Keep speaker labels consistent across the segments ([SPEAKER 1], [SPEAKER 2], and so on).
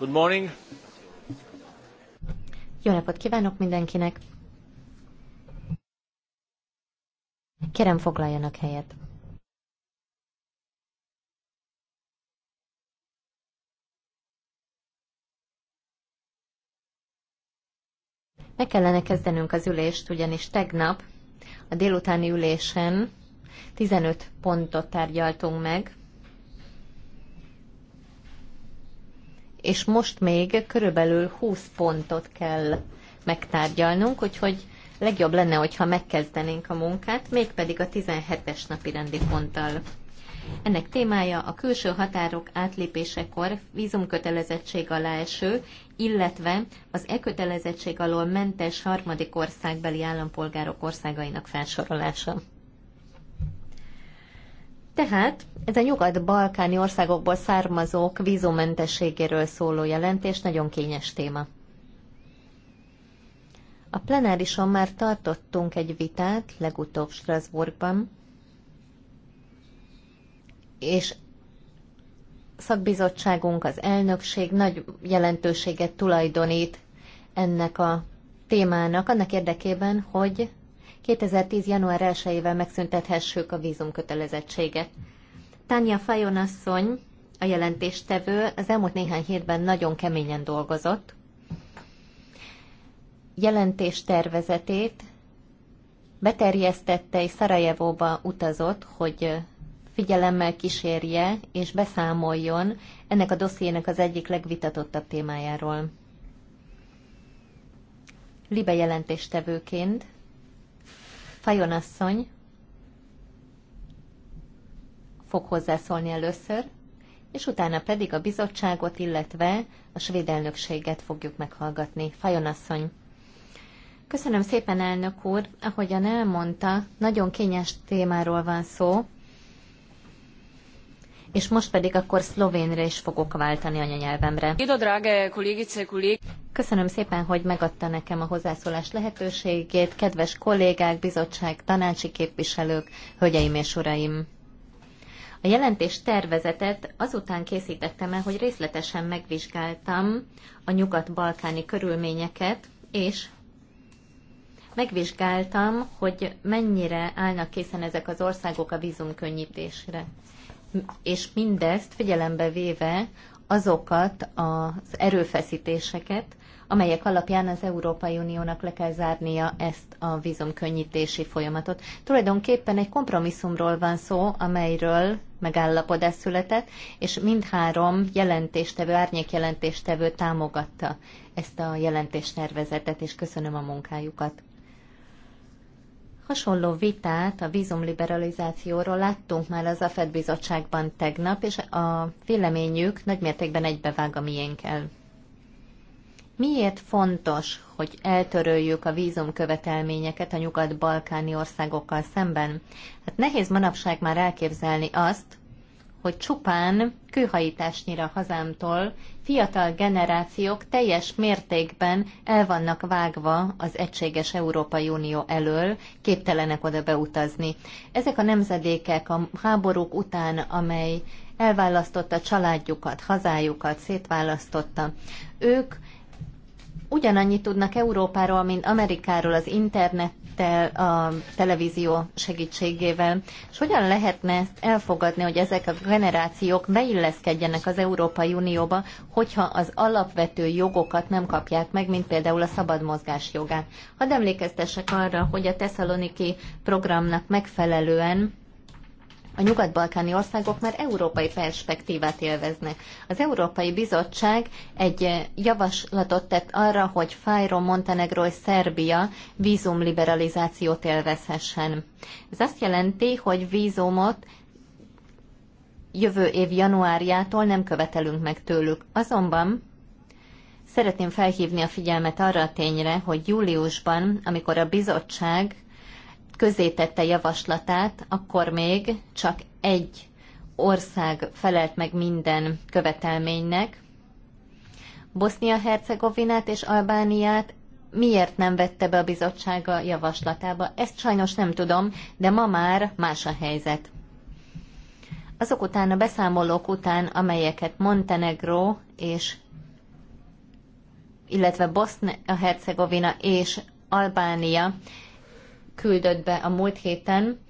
[SPEAKER 1] Good morning.
[SPEAKER 2] Jó napot kívánok mindenkinek! Kérem foglaljanak helyet. Meg kellene kezdenünk az ülést, ugyanis tegnap a délutáni ülésen 15 pontot tárgyaltunk meg, és most még körülbelül 20 pontot kell megtárgyalnunk, úgyhogy legjobb lenne, hogyha megkezdenénk a munkát, mégpedig a 17-es napi rendi ponttal. Ennek témája a külső határok átlépésekor vízumkötelezettség alá eső, illetve az e kötelezettség alól mentes harmadik országbeli állampolgárok országainak felsorolása. Tehát ez a nyugat-balkáni országokból származók vízumentességéről szóló jelentés nagyon kényes téma. A plenárison már tartottunk egy vitát, legutóbb Strasbourgban, és szakbizottságunk, az elnökség nagy jelentőséget tulajdonít ennek a témának, annak érdekében, hogy 2010. január 1-ével megszüntethessük a vízumkötelezettséget. Tanya Fajon asszony, a jelentéstevő, az elmúlt néhány hétben nagyon keményen dolgozott. Jelentés tervezetét beterjesztette és Szarajevóba utazott, hogy figyelemmel kísérje és beszámoljon ennek a dossziének az egyik legvitatottabb témájáról. Libe jelentéstevőként Fajon asszony fog hozzászólni először, és utána pedig a bizottságot, illetve a svéd elnökséget fogjuk meghallgatni. Fajon asszony. Köszönöm szépen, elnök úr. Ahogyan elmondta, nagyon kényes témáról van szó, és most pedig akkor szlovénre is fogok váltani anyanyelvemre. Kido,
[SPEAKER 3] drage kollégice, kollég...
[SPEAKER 2] Köszönöm szépen, hogy megadta nekem a hozzászólás lehetőségét. Kedves kollégák, bizottság, tanácsi képviselők, hölgyeim és uraim! A jelentés tervezetet azután készítettem el, hogy részletesen megvizsgáltam a nyugat-balkáni körülményeket, és megvizsgáltam, hogy mennyire állnak készen ezek az országok a vízumkönnyítésre. És mindezt figyelembe véve azokat az erőfeszítéseket, amelyek alapján az Európai Uniónak le kell zárnia ezt a vízumkönnyítési folyamatot. Tulajdonképpen egy kompromisszumról van szó, amelyről megállapodás született, és mindhárom jelentéstevő, árnyékjelentéstevő támogatta ezt a jelentéstervezetet, és köszönöm a munkájukat. Hasonló vitát a vízumliberalizációról láttunk már az AFED bizottságban tegnap, és a véleményük nagymértékben egybevág a miénkkel. Miért fontos, hogy eltöröljük a vízumkövetelményeket a nyugat-balkáni országokkal szemben? Hát nehéz manapság már elképzelni azt, hogy csupán kőhajításnyira hazámtól fiatal generációk teljes mértékben el vannak vágva az egységes Európai Unió elől, képtelenek oda beutazni. Ezek a nemzedékek a háborúk után, amely elválasztotta családjukat, hazájukat, szétválasztotta, ők ugyanannyit tudnak Európáról, mint Amerikáról az internettel, a televízió segítségével, és hogyan lehetne ezt elfogadni, hogy ezek a generációk beilleszkedjenek az Európai Unióba, hogyha az alapvető jogokat nem kapják meg, mint például a szabad mozgás jogát. Hadd emlékeztessek arra, hogy a Tesszaloniki programnak megfelelően a nyugat-balkáni országok már európai perspektívát élveznek. Az Európai Bizottság egy javaslatot tett arra, hogy Fajro, Montenegro és Szerbia vízumliberalizációt élvezhessen. Ez azt jelenti, hogy vízumot jövő év januárjától nem követelünk meg tőlük. Azonban szeretném felhívni a figyelmet arra a tényre, hogy júliusban, amikor a bizottság közzétette javaslatát, akkor még csak egy ország felelt meg minden követelménynek. Bosznia-Hercegovinát és Albániát miért nem vette be a bizottsága javaslatába? Ezt sajnos nem tudom, de ma már más a helyzet. Azok után, a beszámolók után, amelyeket Montenegro és illetve Bosznia-Hercegovina és Albánia küldött be a múlt héten.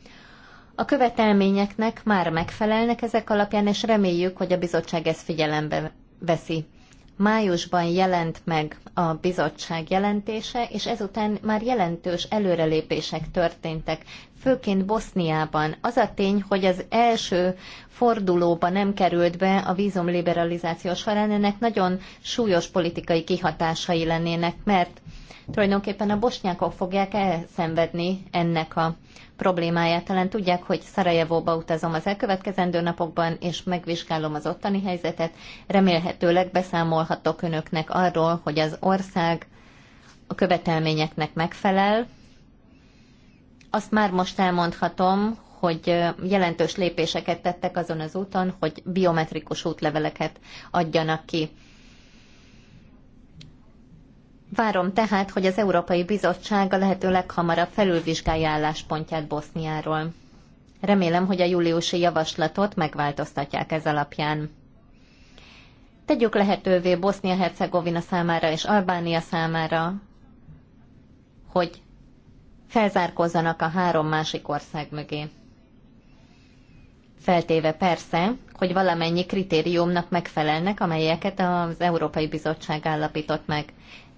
[SPEAKER 2] A követelményeknek már megfelelnek ezek alapján, és reméljük, hogy a bizottság ezt figyelembe veszi. Májusban jelent meg a bizottság jelentése, és ezután már jelentős előrelépések történtek, főként Boszniában. Az a tény, hogy az első fordulóba nem került be a vízumliberalizáció során, ennek nagyon súlyos politikai kihatásai lennének, mert tulajdonképpen a bosnyákok fogják elszenvedni ennek a problémáját. Talán tudják, hogy Szarajevóba utazom az elkövetkezendő napokban, és megvizsgálom az ottani helyzetet. Remélhetőleg beszámolhatok önöknek arról, hogy az ország a követelményeknek megfelel. Azt már most elmondhatom, hogy jelentős lépéseket tettek azon az úton, hogy biometrikus útleveleket adjanak ki. Várom tehát, hogy az Európai Bizottság a lehető leghamarabb felülvizsgálja álláspontját Boszniáról. Remélem, hogy a júliusi javaslatot megváltoztatják ez alapján. Tegyük lehetővé Bosznia-Hercegovina számára és Albánia számára, hogy felzárkozzanak a három másik ország mögé. Feltéve persze, hogy valamennyi kritériumnak megfelelnek, amelyeket az Európai Bizottság állapított meg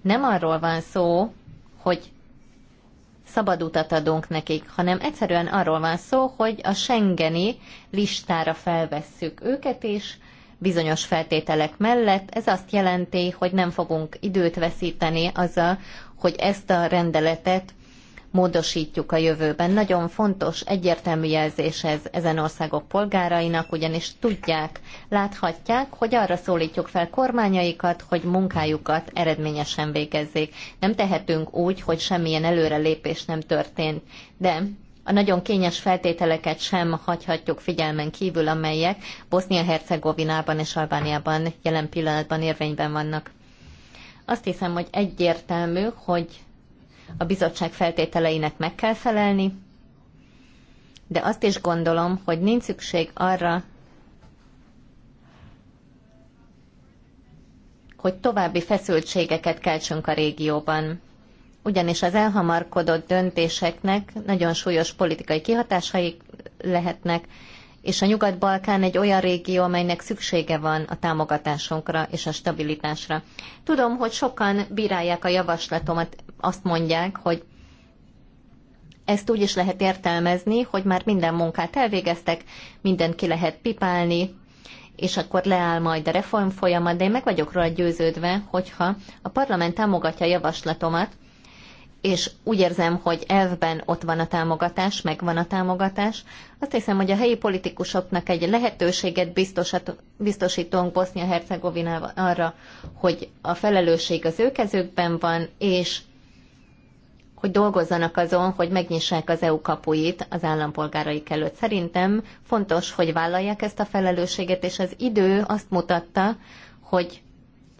[SPEAKER 2] nem arról van szó, hogy szabad utat adunk nekik, hanem egyszerűen arról van szó, hogy a Schengeni listára felvesszük őket, és bizonyos feltételek mellett ez azt jelenti, hogy nem fogunk időt veszíteni azzal, hogy ezt a rendeletet módosítjuk a jövőben. Nagyon fontos egyértelmű jelzés ez ezen országok polgárainak, ugyanis tudják, láthatják, hogy arra szólítjuk fel kormányaikat, hogy munkájukat eredményesen végezzék. Nem tehetünk úgy, hogy semmilyen előrelépés nem történt, de a nagyon kényes feltételeket sem hagyhatjuk figyelmen kívül, amelyek Bosznia-Hercegovinában és Albániában jelen pillanatban érvényben vannak. Azt hiszem, hogy egyértelmű, hogy a bizottság feltételeinek meg kell felelni, de azt is gondolom, hogy nincs szükség arra, hogy további feszültségeket keltsünk a régióban. Ugyanis az elhamarkodott döntéseknek nagyon súlyos politikai kihatásai lehetnek, és a Nyugat-Balkán egy olyan régió, amelynek szüksége van a támogatásunkra és a stabilitásra. Tudom, hogy sokan bírálják a javaslatomat, azt mondják, hogy ezt úgy is lehet értelmezni, hogy már minden munkát elvégeztek, mindent ki lehet pipálni, és akkor leáll majd a reform folyamat, de én meg vagyok róla győződve, hogyha a parlament támogatja a javaslatomat, és úgy érzem, hogy elvben ott van a támogatás, megvan a támogatás. Azt hiszem, hogy a helyi politikusoknak egy lehetőséget biztosítunk Bosznia-Hercegovinával arra, hogy a felelősség az ő kezükben van, és hogy dolgozzanak azon, hogy megnyissák az EU kapuit az állampolgáraik előtt. Szerintem fontos, hogy vállalják ezt a felelősséget, és az idő azt mutatta, hogy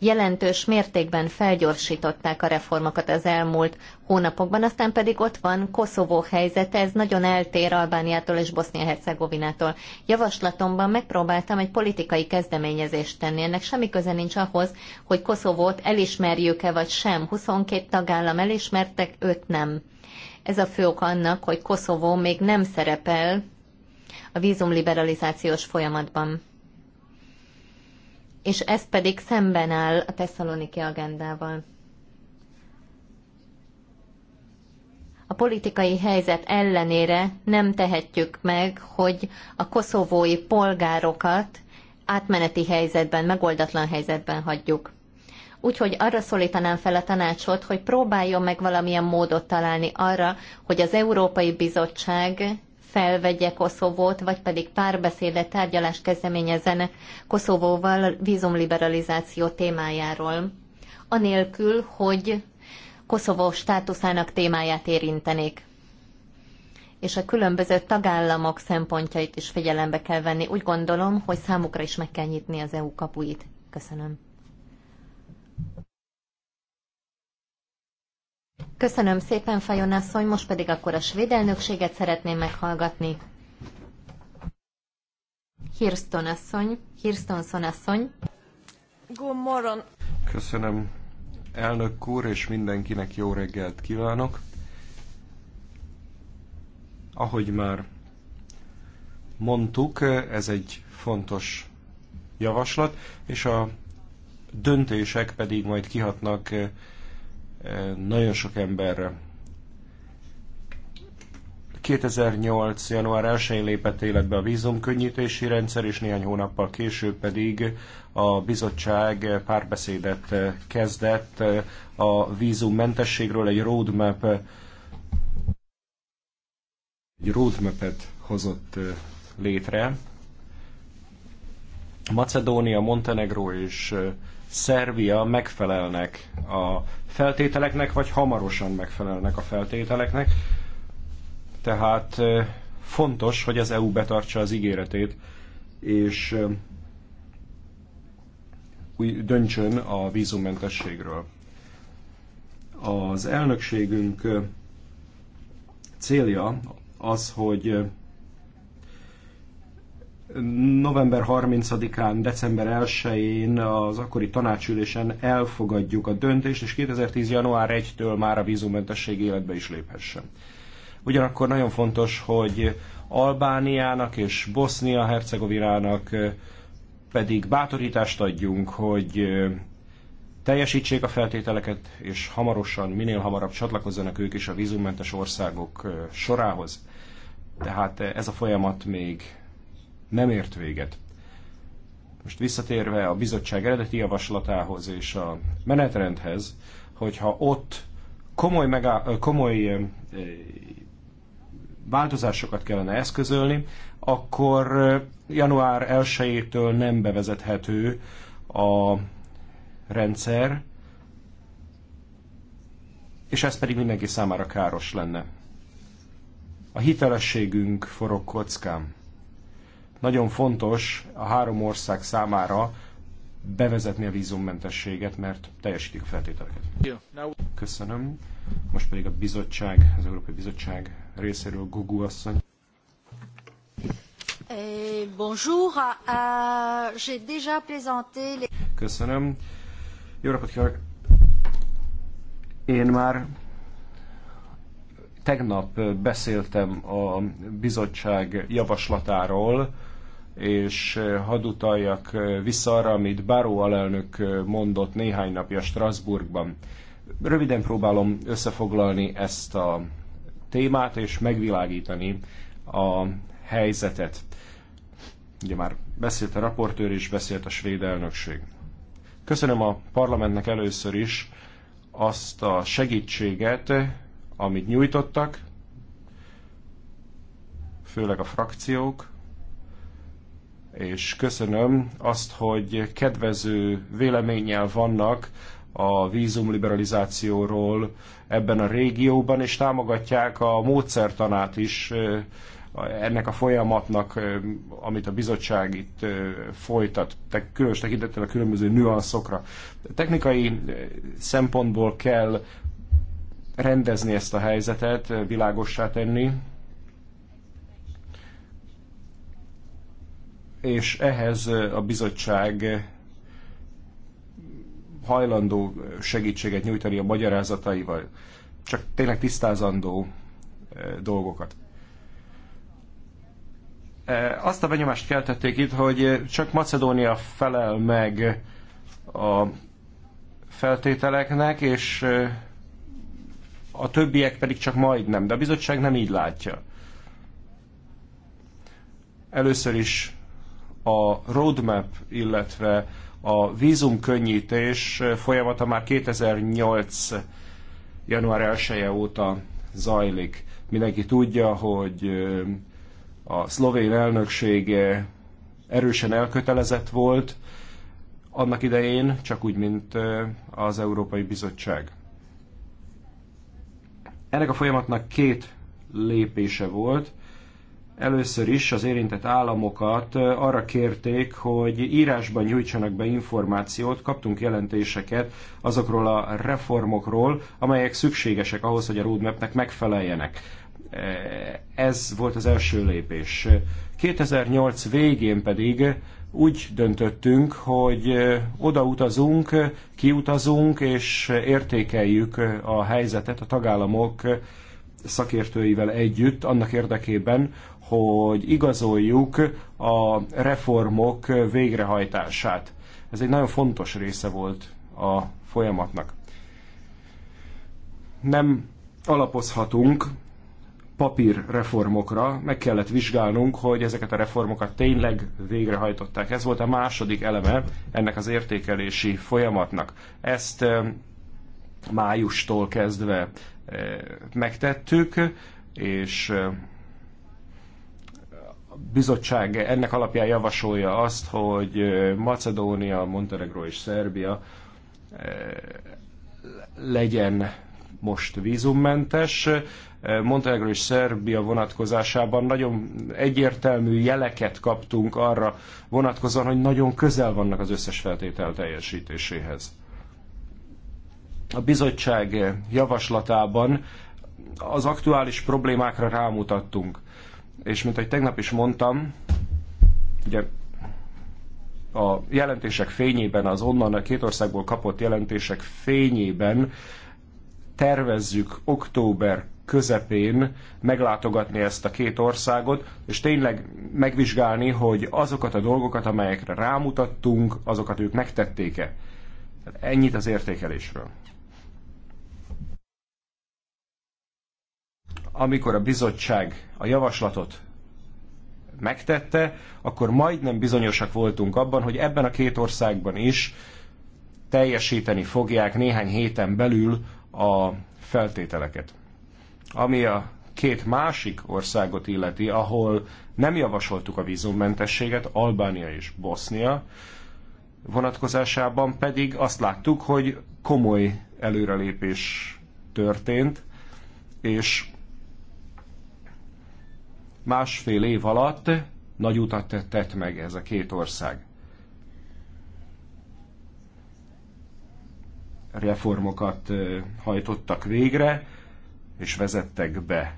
[SPEAKER 2] jelentős mértékben felgyorsították a reformokat az elmúlt hónapokban, aztán pedig ott van Koszovó helyzete, ez nagyon eltér Albániától és Bosznia-Hercegovinától. Javaslatomban megpróbáltam egy politikai kezdeményezést tenni, ennek semmi köze nincs ahhoz, hogy Koszovót elismerjük-e vagy sem. 22 tagállam elismertek, 5 nem. Ez a fő ok annak, hogy Koszovó még nem szerepel a vízumliberalizációs folyamatban és ez pedig szemben áll a tesszaloniki agendával. A politikai helyzet ellenére nem tehetjük meg, hogy a koszovói polgárokat átmeneti helyzetben, megoldatlan helyzetben hagyjuk. Úgyhogy arra szólítanám fel a tanácsot, hogy próbáljon meg valamilyen módot találni arra, hogy az Európai Bizottság felvegye Koszovót, vagy pedig párbeszédet, tárgyalást kezdeményezzen Koszovóval vízumliberalizáció témájáról, anélkül, hogy Koszovó státuszának témáját érintenék és a különböző tagállamok szempontjait is figyelembe kell venni. Úgy gondolom, hogy számukra is meg kell nyitni az EU kapuit. Köszönöm. Köszönöm szépen, Fajon asszony, most pedig akkor a svéd elnökséget szeretném meghallgatni. Hirston asszony, Hirstonson asszony.
[SPEAKER 3] Good morning.
[SPEAKER 4] Köszönöm, elnök úr, és mindenkinek jó reggelt kívánok. Ahogy már mondtuk, ez egy fontos javaslat, és a döntések pedig majd kihatnak nagyon sok emberre. 2008. január 1-én lépett életbe a vízumkönnyítési rendszer, és néhány hónappal később pedig a bizottság párbeszédet kezdett a vízummentességről, egy roadmap egy roadmap-et hozott létre. Macedónia, Montenegró és Szerbia megfelelnek a feltételeknek, vagy hamarosan megfelelnek a feltételeknek. Tehát fontos, hogy az EU betartsa az ígéretét, és úgy döntsön a vízummentességről. Az elnökségünk célja az, hogy november 30-án, december 1-én az akkori tanácsülésen elfogadjuk a döntést, és 2010. január 1-től már a vízumentesség életbe is léphessen. Ugyanakkor nagyon fontos, hogy Albániának és Bosznia-Hercegovinának pedig bátorítást adjunk, hogy teljesítsék a feltételeket, és hamarosan, minél hamarabb csatlakozzanak ők is a vízummentes országok sorához. Tehát ez a folyamat még nem ért véget. Most visszatérve a bizottság eredeti javaslatához és a menetrendhez, hogyha ott komoly, megá- komoly változásokat kellene eszközölni, akkor január 1-től nem bevezethető a rendszer, és ez pedig mindenki számára káros lenne. A hitelességünk forog kockán. Nagyon fontos a három ország számára bevezetni a vízummentességet, mert teljesítik a feltételeket. Köszönöm. Most pedig a bizottság, az Európai Bizottság részéről Gugu asszony.
[SPEAKER 5] Eh, bonjour, ah, ah, j'ai déjà présenté les...
[SPEAKER 4] Köszönöm. Jó napot kívánok! Én már tegnap beszéltem a bizottság javaslatáról, és eh, hadd utaljak eh, vissza arra, amit Baró alelnök eh, mondott néhány napja Strasbourgban. Röviden próbálom összefoglalni ezt a témát, és megvilágítani a helyzetet. Ugye már beszélt a raportőr is, beszélt a svéd elnökség. Köszönöm a parlamentnek először is azt a segítséget, amit nyújtottak, főleg a frakciók, és köszönöm azt, hogy kedvező véleménnyel vannak a vízumliberalizációról ebben a régióban, és támogatják a módszertanát is ennek a folyamatnak, amit a bizottság itt folytat, különös tekintettel a különböző nüanszokra. Technikai szempontból kell rendezni ezt a helyzetet, világossá tenni, és ehhez a bizottság hajlandó segítséget nyújtani a magyarázataival, csak tényleg tisztázandó dolgokat. Azt a benyomást keltették itt, hogy csak Macedónia felel meg a feltételeknek, és a többiek pedig csak majdnem, de a bizottság nem így látja. Először is a roadmap, illetve a vízumkönnyítés folyamata már 2008. január 1 -e óta zajlik. Mindenki tudja, hogy a szlovén elnökség erősen elkötelezett volt annak idején, csak úgy, mint az Európai Bizottság. Ennek a folyamatnak két lépése volt. Először is az érintett államokat arra kérték, hogy írásban nyújtsanak be információt, kaptunk jelentéseket azokról a reformokról, amelyek szükségesek ahhoz, hogy a roadmapnek megfeleljenek. Ez volt az első lépés. 2008 végén pedig úgy döntöttünk, hogy odautazunk, kiutazunk és értékeljük a helyzetet a tagállamok szakértőivel együtt annak érdekében, hogy igazoljuk a reformok végrehajtását. Ez egy nagyon fontos része volt a folyamatnak. Nem alapozhatunk papírreformokra, meg kellett vizsgálnunk, hogy ezeket a reformokat tényleg végrehajtották. Ez volt a második eleme ennek az értékelési folyamatnak. Ezt májustól kezdve megtettük, és bizottság ennek alapján javasolja azt, hogy Macedónia, Montenegro és Szerbia legyen most vízummentes. Montenegro és Szerbia vonatkozásában nagyon egyértelmű jeleket kaptunk arra vonatkozóan, hogy nagyon közel vannak az összes feltétel teljesítéséhez. A bizottság javaslatában az aktuális problémákra rámutattunk és mint ahogy tegnap is mondtam, ugye a jelentések fényében, az onnan a két országból kapott jelentések fényében tervezzük október közepén meglátogatni ezt a két országot, és tényleg megvizsgálni, hogy azokat a dolgokat, amelyekre rámutattunk, azokat ők megtették-e. Ennyit az értékelésről. amikor a bizottság a javaslatot megtette, akkor majdnem bizonyosak voltunk abban, hogy ebben a két országban is teljesíteni fogják néhány héten belül a feltételeket. Ami a két másik országot illeti, ahol nem javasoltuk a vízummentességet, Albánia és Bosznia vonatkozásában pedig azt láttuk, hogy komoly előrelépés történt, és másfél év alatt nagy utat tett meg ez a két ország. Reformokat hajtottak végre, és vezettek be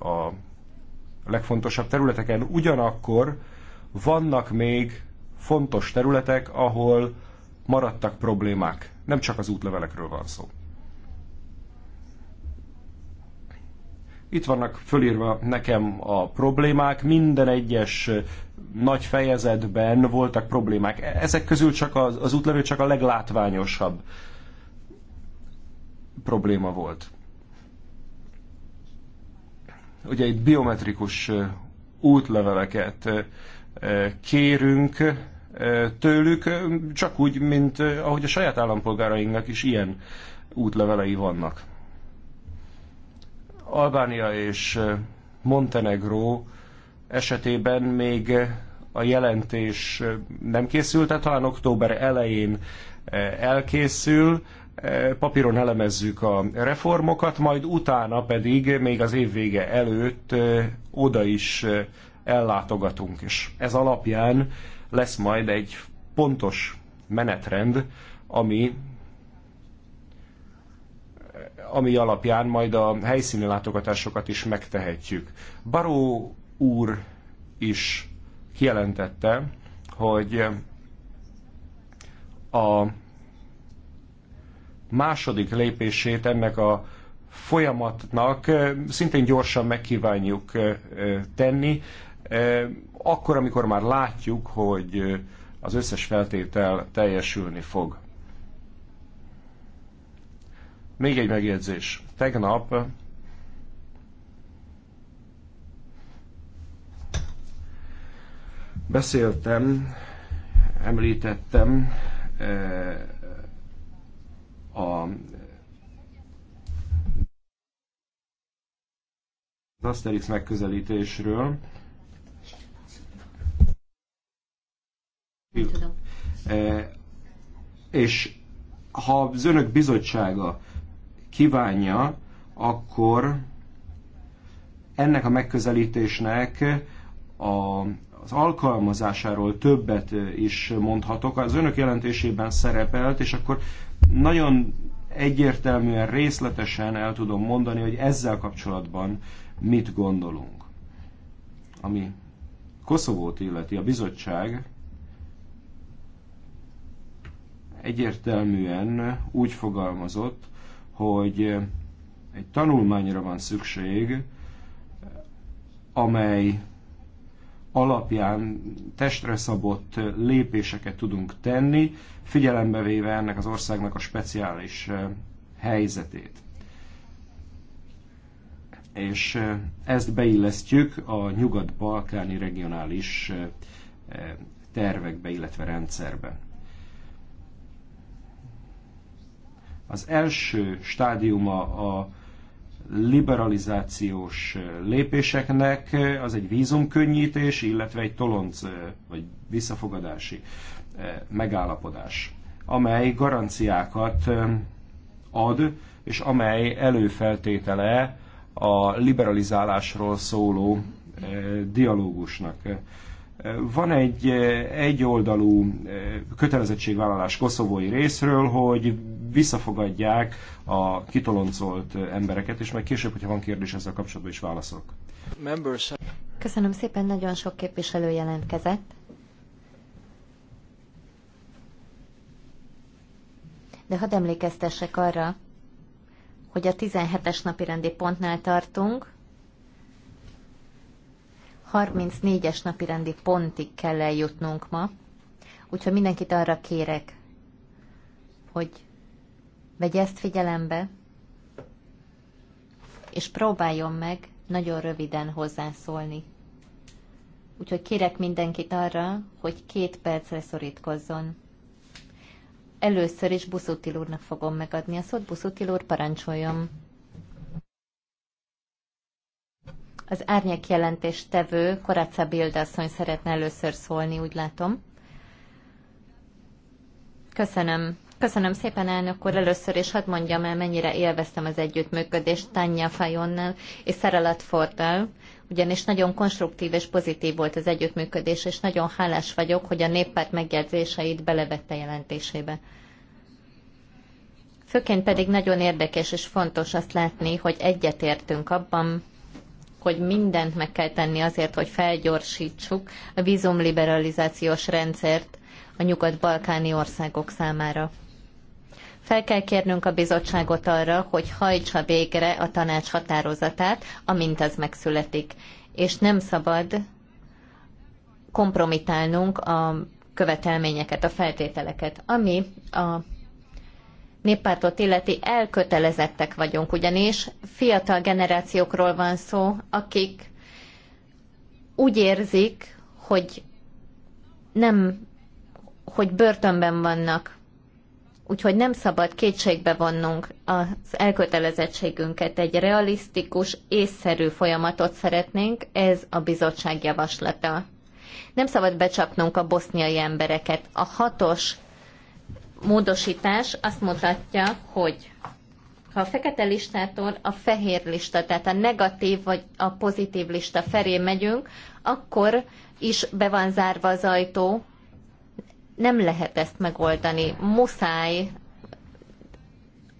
[SPEAKER 4] a legfontosabb területeken. Ugyanakkor vannak még fontos területek, ahol maradtak problémák. Nem csak az útlevelekről van szó. Itt vannak fölírva nekem a problémák, minden egyes nagy fejezetben voltak problémák. E-, ezek közül csak az, az útlevő csak a leglátványosabb probléma volt. Ugye itt biometrikus útleveleket kérünk tőlük, csak úgy, mint ahogy a saját állampolgárainknak is ilyen útlevelei vannak. Albánia és eh, Montenegró esetében még eh, a jelentés eh, nem készült, tehát talán október elején elkészül, papíron elemezzük a reformokat, majd utána pedig még az év vége előtt oda is ellátogatunk. És ez alapján lesz majd egy pontos menetrend, ami ami alapján majd a helyszíni látogatásokat is megtehetjük. Baró úr is kijelentette, hogy a második lépését ennek a folyamatnak szintén gyorsan megkívánjuk tenni, akkor, amikor már látjuk, hogy az összes feltétel teljesülni fog. Még egy megjegyzés. Tegnap beszéltem, említettem e, a az Asterix megközelítésről. Tudom. E, és ha az önök bizottsága kívánja, akkor ennek a megközelítésnek a, az alkalmazásáról többet is mondhatok. Az önök jelentésében szerepelt, és akkor nagyon egyértelműen, részletesen el tudom mondani, hogy ezzel kapcsolatban mit gondolunk. Ami Koszovót illeti, a bizottság egyértelműen úgy fogalmazott, hogy egy tanulmányra van szükség, amely alapján testre szabott lépéseket tudunk tenni, figyelembe véve ennek az országnak a speciális helyzetét. És ezt beillesztjük a nyugat-balkáni regionális tervekbe, illetve rendszerbe. Az első stádiuma a liberalizációs lépéseknek az egy vízumkönnyítés, illetve egy tolonc vagy visszafogadási eh, megállapodás, amely garanciákat eh, ad, és amely előfeltétele a liberalizálásról szóló eh, dialógusnak. Van egy eh, egyoldalú eh, kötelezettségvállalás koszovói részről, hogy visszafogadják a kitoloncolt eh, embereket, és majd később, hogyha van kérdés ezzel kapcsolatban is válaszolok.
[SPEAKER 2] Köszönöm szépen, nagyon sok képviselő jelentkezett. De hadd emlékeztessek arra, hogy a 17-es napi rendi pontnál tartunk, 34-es napi rendi pontig kell eljutnunk ma, úgyhogy mindenkit arra kérek, hogy vegye ezt figyelembe, és próbáljon meg nagyon röviden hozzászólni. Úgyhogy kérek mindenkit arra, hogy két percre szorítkozzon. Először is Buszutil úrnak fogom megadni a szót. Buszutil úr, parancsoljon! Az árnyék tevő Koraca Bildasszony szeretne először szólni, úgy látom. Köszönöm. Köszönöm szépen, elnök úr. Először is hadd mondjam el, mennyire élveztem az együttműködést Tanya Fajonnal és Szerelat Fordal, ugyanis nagyon konstruktív és pozitív volt az együttműködés, és nagyon hálás vagyok, hogy a néppárt megjegyzéseit belevette jelentésébe. Főként pedig nagyon érdekes és fontos azt látni, hogy egyetértünk abban, hogy mindent meg kell tenni azért, hogy felgyorsítsuk a vízumliberalizációs rendszert a nyugat-balkáni országok számára. Fel kell kérnünk a bizottságot arra, hogy hajtsa végre a tanács határozatát, amint ez megszületik. És nem szabad kompromitálnunk a követelményeket, a feltételeket, ami a néppártot illeti elkötelezettek vagyunk, ugyanis fiatal generációkról van szó, akik úgy érzik, hogy nem, hogy börtönben vannak. Úgyhogy nem szabad kétségbe vonnunk az elkötelezettségünket. Egy realisztikus, észszerű folyamatot szeretnénk, ez a bizottság javaslata. Nem szabad becsapnunk a boszniai embereket. A hatos módosítás azt mutatja, hogy ha a fekete listától a fehér lista, tehát a negatív vagy a pozitív lista felé megyünk, akkor is be van zárva az ajtó. Nem lehet ezt megoldani. Muszáj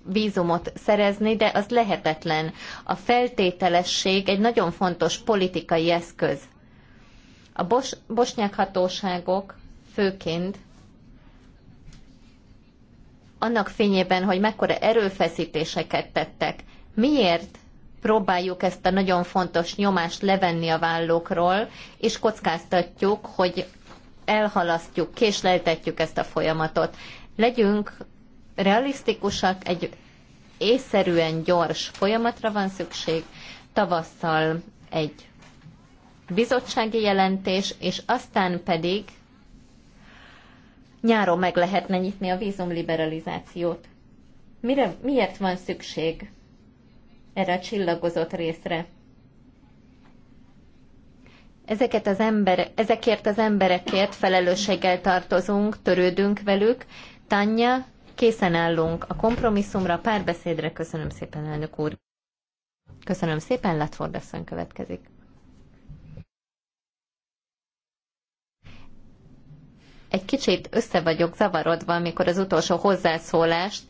[SPEAKER 2] vízumot szerezni, de az lehetetlen. A feltételesség egy nagyon fontos politikai eszköz. A bos- bosnyák hatóságok főként annak fényében, hogy mekkora erőfeszítéseket tettek, miért próbáljuk ezt a nagyon fontos nyomást levenni a vállókról, és kockáztatjuk, hogy elhalasztjuk, késleltetjük ezt a folyamatot. Legyünk realisztikusak, egy észszerűen gyors folyamatra van szükség, tavasszal egy bizottsági jelentés, és aztán pedig nyáron meg lehetne nyitni a vízumliberalizációt. Mire, miért van szükség erre a csillagozott részre? Ezeket az ember, ezekért az emberekért felelősséggel tartozunk, törődünk velük. tanya, készen állunk a kompromisszumra, a párbeszédre. Köszönöm szépen, elnök úr. Köszönöm szépen, Latford következik. egy kicsit össze vagyok zavarodva, amikor az utolsó hozzászólást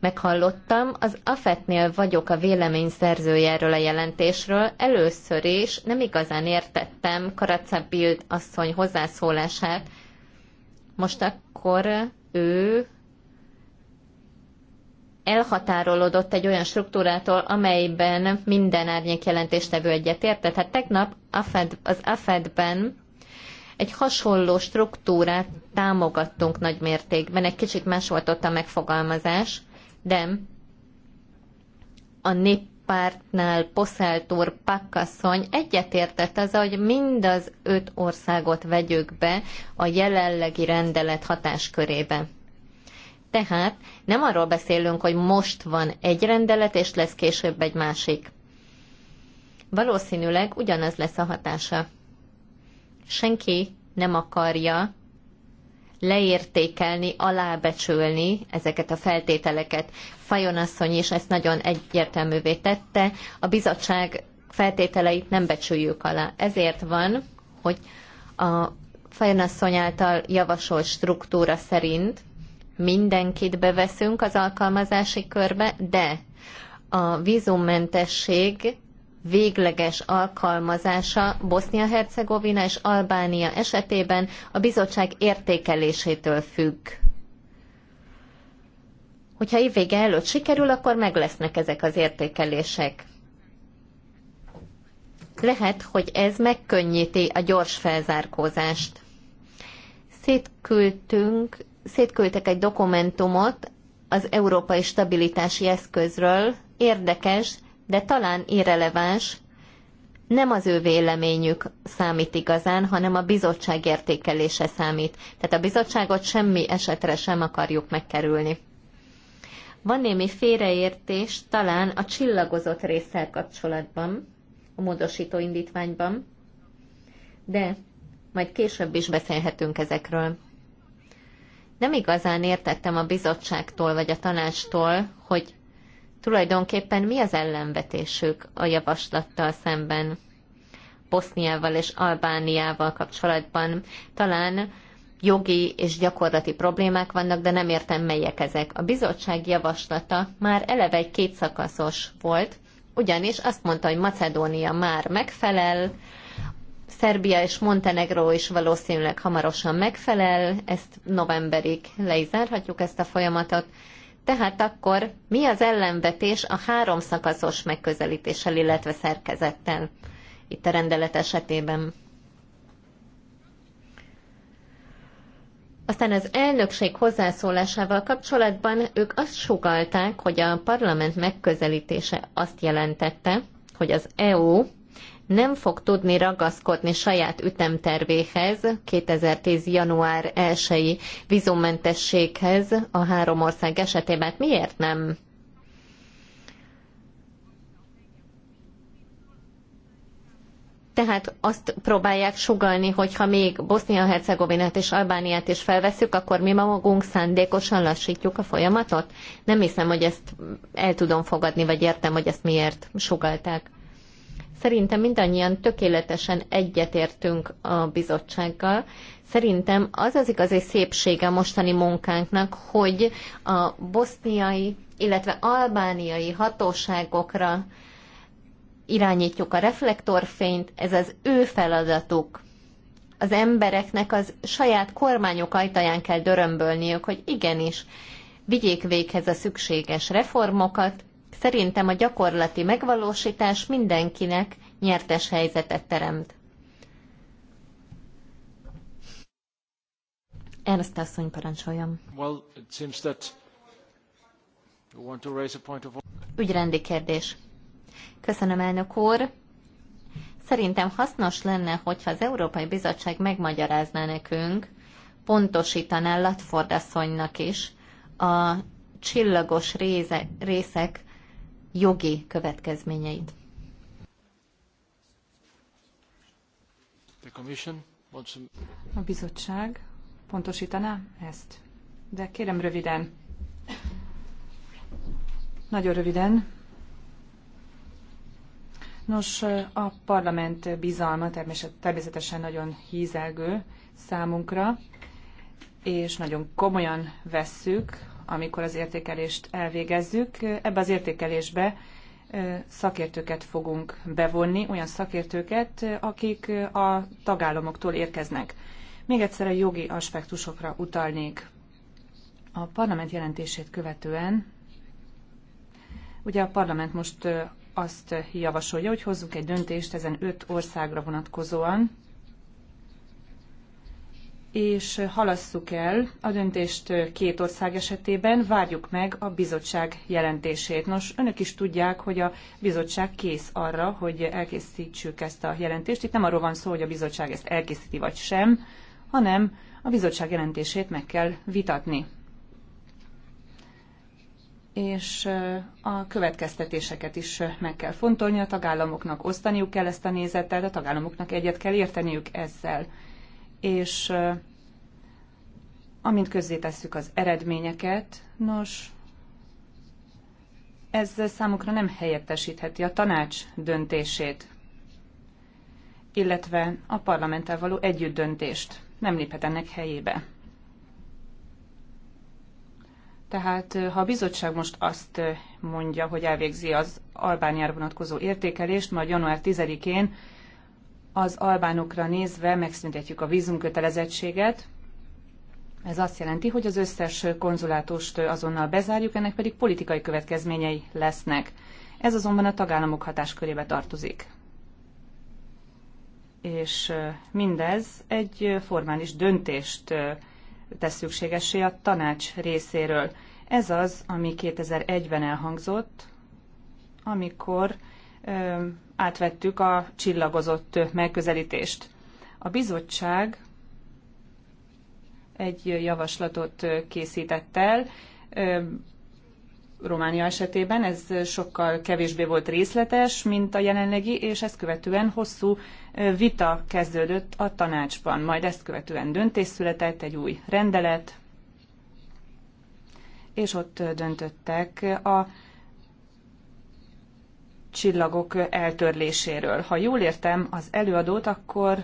[SPEAKER 2] meghallottam. Az AFET-nél vagyok a vélemény szerzőjéről a jelentésről. Először is nem igazán értettem Karaca Bild asszony hozzászólását. Most akkor ő elhatárolódott egy olyan struktúrától, amelyben minden árnyék jelentéstevő egyetért. Tehát tegnap az AFED-ben egy hasonló struktúrát támogattunk nagy mértékben, egy kicsit más volt ott a megfogalmazás, de a néppártnál Poszeltúr Pakkasszony egyetértett az, hogy mind az öt országot vegyük be a jelenlegi rendelet hatáskörébe. Tehát nem arról beszélünk, hogy most van egy rendelet, és lesz később egy másik. Valószínűleg ugyanaz lesz a hatása senki nem akarja leértékelni, alábecsülni ezeket a feltételeket. Fajon asszony is ezt nagyon egyértelművé tette. A bizottság feltételeit nem becsüljük alá. Ezért van, hogy a Fajon asszony által javasolt struktúra szerint mindenkit beveszünk az alkalmazási körbe, de a vízummentesség végleges alkalmazása Bosznia-Hercegovina és Albánia esetében a bizottság értékelésétől függ. Hogyha vége előtt sikerül, akkor meg lesznek ezek az értékelések. Lehet, hogy ez megkönnyíti a gyors felzárkózást. Szétküldtünk, szétküldtek egy dokumentumot az Európai Stabilitási Eszközről. Érdekes, de talán irreleváns, nem az ő véleményük számít igazán, hanem a bizottság értékelése számít. Tehát a bizottságot semmi esetre sem akarjuk megkerülni. Van némi félreértés talán a csillagozott részsel kapcsolatban, a módosító indítványban, de majd később is beszélhetünk ezekről. Nem igazán értettem a bizottságtól vagy a tanástól, hogy tulajdonképpen mi az ellenvetésük a javaslattal szemben Boszniával és Albániával kapcsolatban. Talán jogi és gyakorlati problémák vannak, de nem értem, melyek ezek. A bizottság javaslata már eleve egy kétszakaszos volt, ugyanis azt mondta, hogy Macedónia már megfelel, Szerbia és Montenegró is valószínűleg hamarosan megfelel, ezt novemberig le is zárhatjuk ezt a folyamatot, tehát akkor mi az ellenvetés a három szakaszos megközelítéssel, illetve szerkezettel itt a rendelet esetében? Aztán az elnökség hozzászólásával kapcsolatban ők azt sugalták, hogy a parlament megközelítése azt jelentette, hogy az EU nem fog tudni ragaszkodni saját ütemtervéhez, 2010. január 1-i vízummentességhez a három ország esetében. Miért nem? tehát azt próbálják sugalni, hogy ha még Bosznia-Hercegovinát és Albániát is felveszük, akkor mi magunk szándékosan lassítjuk a folyamatot? Nem hiszem, hogy ezt el tudom fogadni, vagy értem, hogy ezt miért sugalták. Szerintem mindannyian tökéletesen egyetértünk a bizottsággal. Szerintem az az igazi szépsége a mostani munkánknak, hogy a boszniai, illetve albániai hatóságokra irányítjuk a reflektorfényt, ez az ő feladatuk. Az embereknek az saját kormányok ajtaján kell dörömbölniük, hogy igenis, vigyék véghez a szükséges reformokat, Szerintem a gyakorlati megvalósítás mindenkinek nyertes helyzetet teremt. Ernst asszony, parancsoljam.
[SPEAKER 5] Well, that you want to raise a point of...
[SPEAKER 2] Ügyrendi kérdés. Köszönöm, elnök úr. Szerintem hasznos lenne, hogyha az Európai Bizottság megmagyarázná nekünk, pontosítaná Latford asszonynak is a csillagos réze, részek jogi következményeit.
[SPEAKER 3] A bizottság pontosítaná ezt? De kérem röviden. Nagyon röviden. Nos, a parlament bizalma természetesen nagyon hízelgő számunkra, és nagyon komolyan vesszük amikor az értékelést elvégezzük. Ebbe az értékelésbe szakértőket fogunk bevonni, olyan szakértőket, akik a tagállamoktól érkeznek. Még egyszer a jogi aspektusokra utalnék. A parlament jelentését követően, ugye a parlament most azt javasolja, hogy hozzunk egy döntést ezen öt országra vonatkozóan, és halasszuk el a döntést két ország esetében, várjuk meg a bizottság jelentését. Nos, önök is tudják, hogy a bizottság kész arra, hogy elkészítsük ezt a jelentést. Itt nem arról van szó, hogy a bizottság ezt elkészíti vagy sem, hanem a bizottság jelentését meg kell vitatni. És a következtetéseket is meg kell fontolni, a tagállamoknak osztaniuk kell ezt a nézetet, a tagállamoknak egyet kell érteniük ezzel és amint közzétesszük az eredményeket, nos, ez számukra nem helyettesítheti a tanács döntését, illetve a parlamenttel való döntést Nem léphet ennek helyébe. Tehát ha a bizottság most azt mondja, hogy elvégzi az Albániára vonatkozó értékelést, majd január 10-én az albánokra nézve megszüntetjük a vízumkötelezettséget. Ez azt jelenti, hogy az összes konzulátust azonnal bezárjuk, ennek pedig politikai következményei lesznek. Ez azonban a tagállamok hatáskörébe tartozik. És mindez egy formális döntést tesz szükségessé a tanács részéről. Ez az, ami 2001-ben elhangzott, amikor átvettük a csillagozott megközelítést. A bizottság egy javaslatot készített el, Románia esetében ez sokkal kevésbé volt részletes, mint a jelenlegi, és ezt követően hosszú vita kezdődött a tanácsban. Majd ezt követően döntés született, egy új rendelet, és ott döntöttek a csillagok eltörléséről. Ha jól értem az előadót, akkor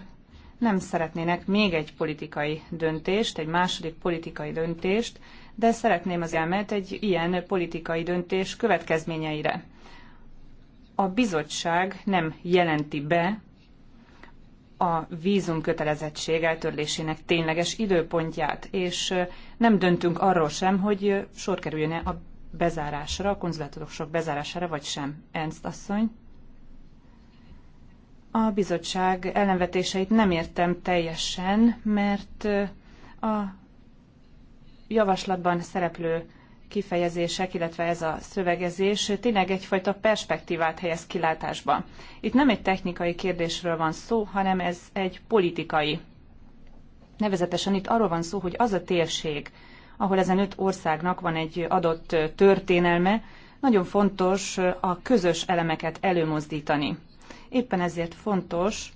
[SPEAKER 3] nem szeretnének még egy politikai döntést, egy második politikai döntést, de szeretném az elmet egy ilyen politikai döntés következményeire. A bizottság nem jelenti be a vízum kötelezettség eltörlésének tényleges időpontját, és nem döntünk arról sem, hogy sor kerüljön-e a bezárásra, a konzulátusok bezárására, vagy sem. Ernst asszony. A bizottság ellenvetéseit nem értem teljesen, mert a javaslatban szereplő kifejezések, illetve ez a szövegezés tényleg egyfajta perspektívát helyez kilátásba. Itt nem egy technikai kérdésről van szó, hanem ez egy politikai. Nevezetesen itt arról van szó, hogy az a térség, ahol ezen öt országnak van egy adott történelme, nagyon fontos a közös elemeket előmozdítani. Éppen ezért fontos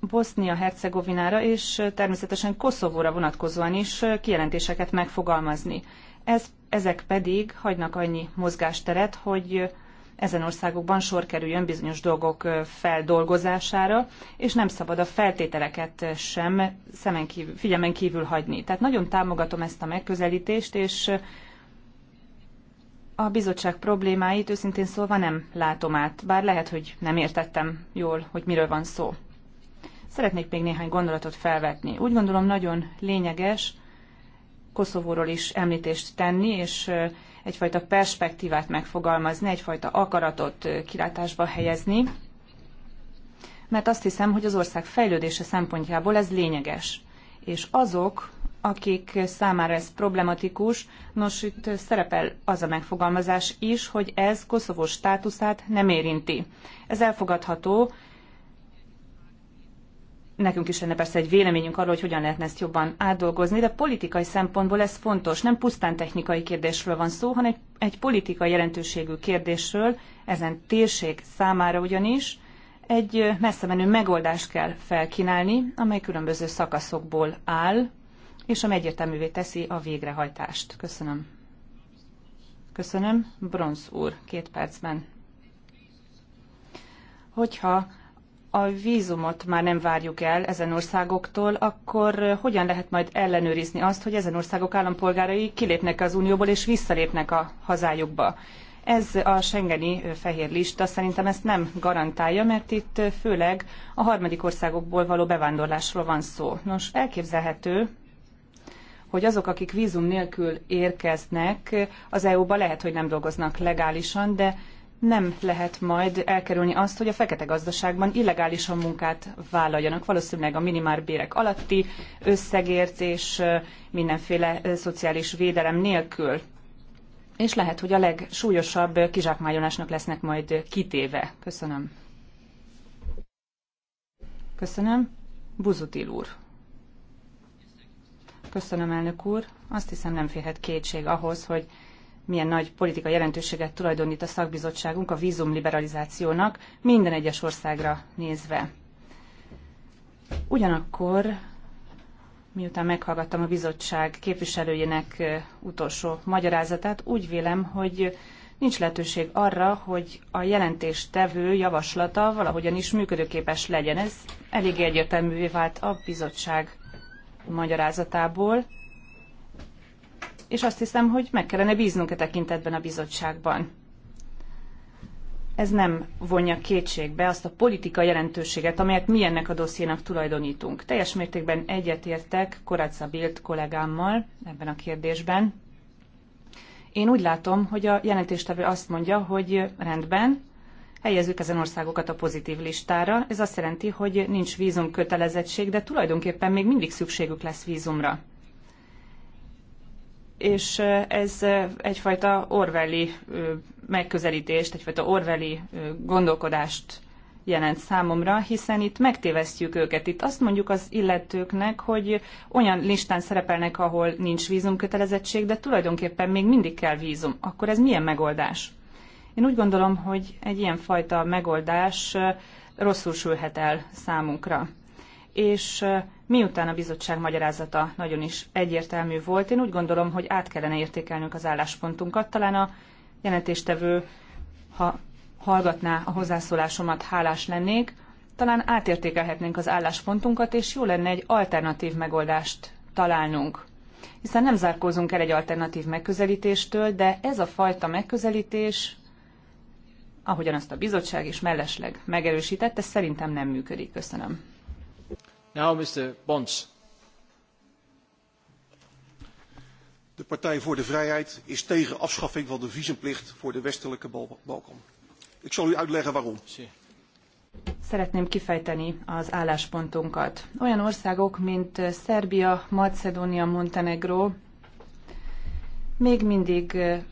[SPEAKER 3] Bosznia-Hercegovinára és természetesen Koszovóra vonatkozóan is kijelentéseket megfogalmazni. Ez, ezek pedig hagynak annyi mozgásteret, hogy ezen országokban sor kerüljön bizonyos dolgok feldolgozására, és nem szabad a feltételeket sem szemen kívül, figyelmen kívül hagyni. Tehát nagyon támogatom ezt a megközelítést, és a bizottság problémáit őszintén szólva nem látom át, bár lehet, hogy nem értettem jól, hogy miről van szó. Szeretnék még néhány gondolatot felvetni. Úgy gondolom nagyon lényeges Koszovóról is említést tenni, és egyfajta perspektívát megfogalmazni, egyfajta akaratot kilátásba helyezni, mert azt hiszem, hogy az ország fejlődése szempontjából ez lényeges. És azok, akik számára ez problematikus, nos itt szerepel az a megfogalmazás is, hogy ez Koszovó státuszát nem érinti. Ez elfogadható, Nekünk is lenne persze egy véleményünk arról, hogy hogyan lehetne ezt jobban átdolgozni, de politikai szempontból ez fontos. Nem pusztán technikai kérdésről van szó, hanem egy, egy politikai jelentőségű kérdésről, ezen térség számára ugyanis egy messze menő megoldást kell felkínálni, amely különböző szakaszokból áll, és amely egyértelművé teszi a végrehajtást. Köszönöm. Köszönöm. Bronz úr, két percben. Hogyha a vízumot már nem várjuk el ezen országoktól, akkor hogyan lehet majd ellenőrizni azt, hogy ezen országok állampolgárai kilépnek az Unióból és visszalépnek a hazájukba? Ez a Schengeni fehér lista szerintem ezt nem garantálja, mert itt főleg a harmadik országokból való bevándorlásról van szó. Nos, elképzelhető, hogy azok, akik vízum nélkül érkeznek, az EU-ba lehet, hogy nem dolgoznak legálisan, de nem lehet majd elkerülni azt, hogy a fekete gazdaságban illegálisan munkát vállaljanak, valószínűleg a minimálbérek alatti összegért és mindenféle szociális védelem nélkül. És lehet, hogy a legsúlyosabb kizsákmányolásnak lesznek majd kitéve. Köszönöm. Köszönöm. Buzutil úr. Köszönöm, elnök úr. Azt hiszem nem férhet kétség ahhoz, hogy milyen nagy politikai jelentőséget tulajdonít a szakbizottságunk a vízumliberalizációnak minden egyes országra nézve. Ugyanakkor, miután meghallgattam a bizottság képviselőjének utolsó magyarázatát, úgy vélem, hogy nincs lehetőség arra, hogy a jelentéstevő javaslata valahogyan is működőképes legyen. Ez elég egyértelművé vált a bizottság magyarázatából, és azt hiszem, hogy meg kellene bíznunk a e tekintetben a bizottságban. Ez nem vonja kétségbe azt a politika jelentőséget, amelyet mi ennek a dossziénak tulajdonítunk. Teljes mértékben egyetértek Koráca Bild kollégámmal ebben a kérdésben. Én úgy látom, hogy a jelentéstevő azt mondja, hogy rendben, helyezzük ezen országokat a pozitív listára. Ez azt jelenti, hogy nincs vízum kötelezettség, de tulajdonképpen még mindig szükségük lesz vízumra és ez egyfajta orveli megközelítést, egyfajta orveli gondolkodást jelent számomra, hiszen itt megtévesztjük őket. Itt azt mondjuk az illetőknek, hogy olyan listán szerepelnek, ahol nincs vízumkötelezettség, de tulajdonképpen még mindig kell vízum. Akkor ez milyen megoldás? Én úgy gondolom, hogy egy ilyen fajta megoldás rosszul sülhet el számunkra és miután a bizottság magyarázata nagyon is egyértelmű volt, én úgy gondolom, hogy át kellene értékelnünk az álláspontunkat. Talán a jelentéstevő, ha hallgatná a hozzászólásomat, hálás lennék, talán átértékelhetnénk az álláspontunkat, és jó lenne egy alternatív megoldást találnunk. Hiszen nem zárkózunk el egy alternatív megközelítéstől, de ez a fajta megközelítés, ahogyan azt a bizottság is mellesleg megerősítette, szerintem nem működik. Köszönöm.
[SPEAKER 6] De Partij voor de Vrijheid is tegen afschaffing van de visumplicht voor de westelijke Balkan. Ik zal u uitleggen waarom.
[SPEAKER 3] Szeretném kifejteni az álláspontunkat. Olyan országok, mint eh, Szerbia, Macedónia, Montenegro még mindig eh,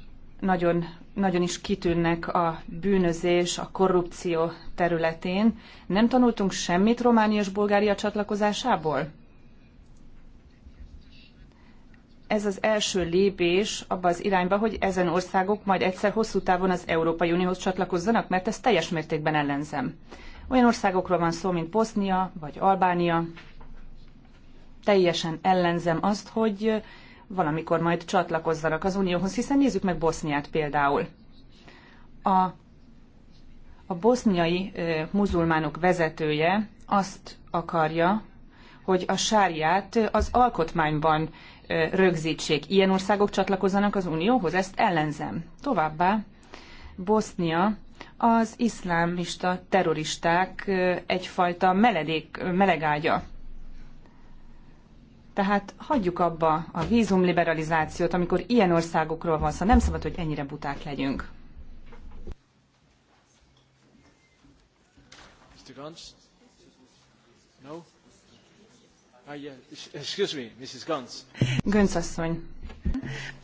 [SPEAKER 3] nagyon nagyon is kitűnnek a bűnözés, a korrupció területén. Nem tanultunk semmit Románia és Bulgária csatlakozásából? Ez az első lépés abba az irányba, hogy ezen országok majd egyszer hosszú távon az Európai Unióhoz csatlakozzanak, mert ezt teljes mértékben ellenzem. Olyan országokról van szó, mint Bosznia vagy Albánia. Teljesen ellenzem azt, hogy valamikor majd csatlakozzanak az Unióhoz, hiszen nézzük meg Boszniát például. A, a boszniai e, muzulmánok vezetője azt akarja, hogy a sáriát az alkotmányban e, rögzítsék. Ilyen országok csatlakozzanak az Unióhoz, ezt ellenzem. Továbbá Bosznia az iszlámista terroristák egyfajta meledék, melegágya. Tehát hagyjuk abba a vízumliberalizációt, amikor ilyen országokról van szó. Szóval nem szabad, hogy ennyire buták legyünk.
[SPEAKER 1] Mr. Gantz? No? Ah, yeah. Excuse me,
[SPEAKER 7] Mrs. Gantz. Gönc asszony.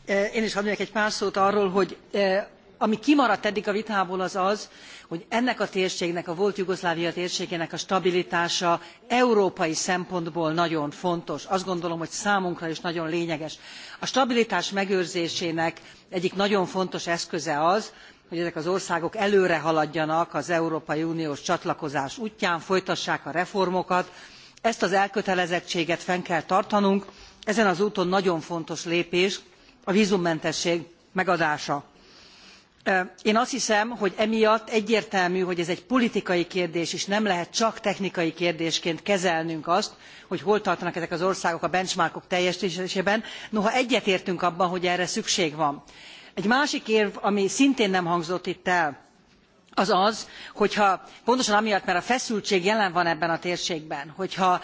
[SPEAKER 7] Eh, én is hadd egy pár szót arról, hogy eh, ami kimaradt eddig a vitából az az hogy ennek a térségnek a volt jugoszlávia térségének a stabilitása európai szempontból nagyon fontos azt gondolom hogy számunkra is nagyon lényeges. a stabilitás megőrzésének egyik nagyon fontos eszköze az hogy ezek az országok előre haladjanak az európai uniós csatlakozás útján folytassák a reformokat ezt az elkötelezettséget fenn kell tartanunk ezen az úton nagyon fontos lépés a vzummentesség megadása én azt hiszem hogy emiatt egyértelmű hogy ez egy politikai kérdés és nem lehet csak technikai kérdésként kezelnünk azt hogy hol tartanak ezek az országok a benchmarkok teljestésében noha egyetértünk abban hogy erre szükség van. egy másik érv ami szintén nem hangzott itt el az az hogyha pontosan amiatt mert a feszültség jelen van ebben a térségben hogyha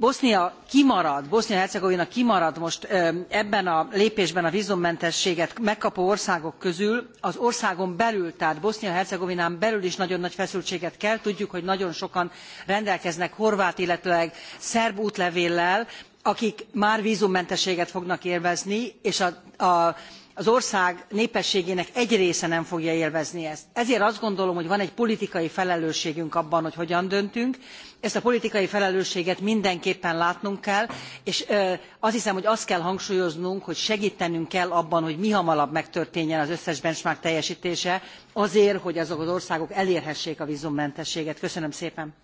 [SPEAKER 7] bosznia kimarad bosznia hercegovina kimarad most ebben a lépésben a vzummentességet megkapó országok közül az országon belül tehát bosznia hercegovinán belül is nagyon nagy feszültséget kelt tudjuk hogy nagyon sokan rendelkeznek horvát illetőleg szerb útlevéllel akik már vzummentességet fognak élvezni és a, a az ország népességének egy része nem fogja élvezni ezt. ezért azt gondolom hogy van egy politikai felelősségünk abban hogy hogyan döntünk ezt a politikai felelősséget mindenképpen látnunk kell és azt hiszem hogy azt kell hangsúlyoznunk hogy segtenünk kell abban hogy mihamarabb megtörténjen az összes benchmark teljestése azért hogy azok az országok elérhessék a vzummentességet. köszönöm szépen!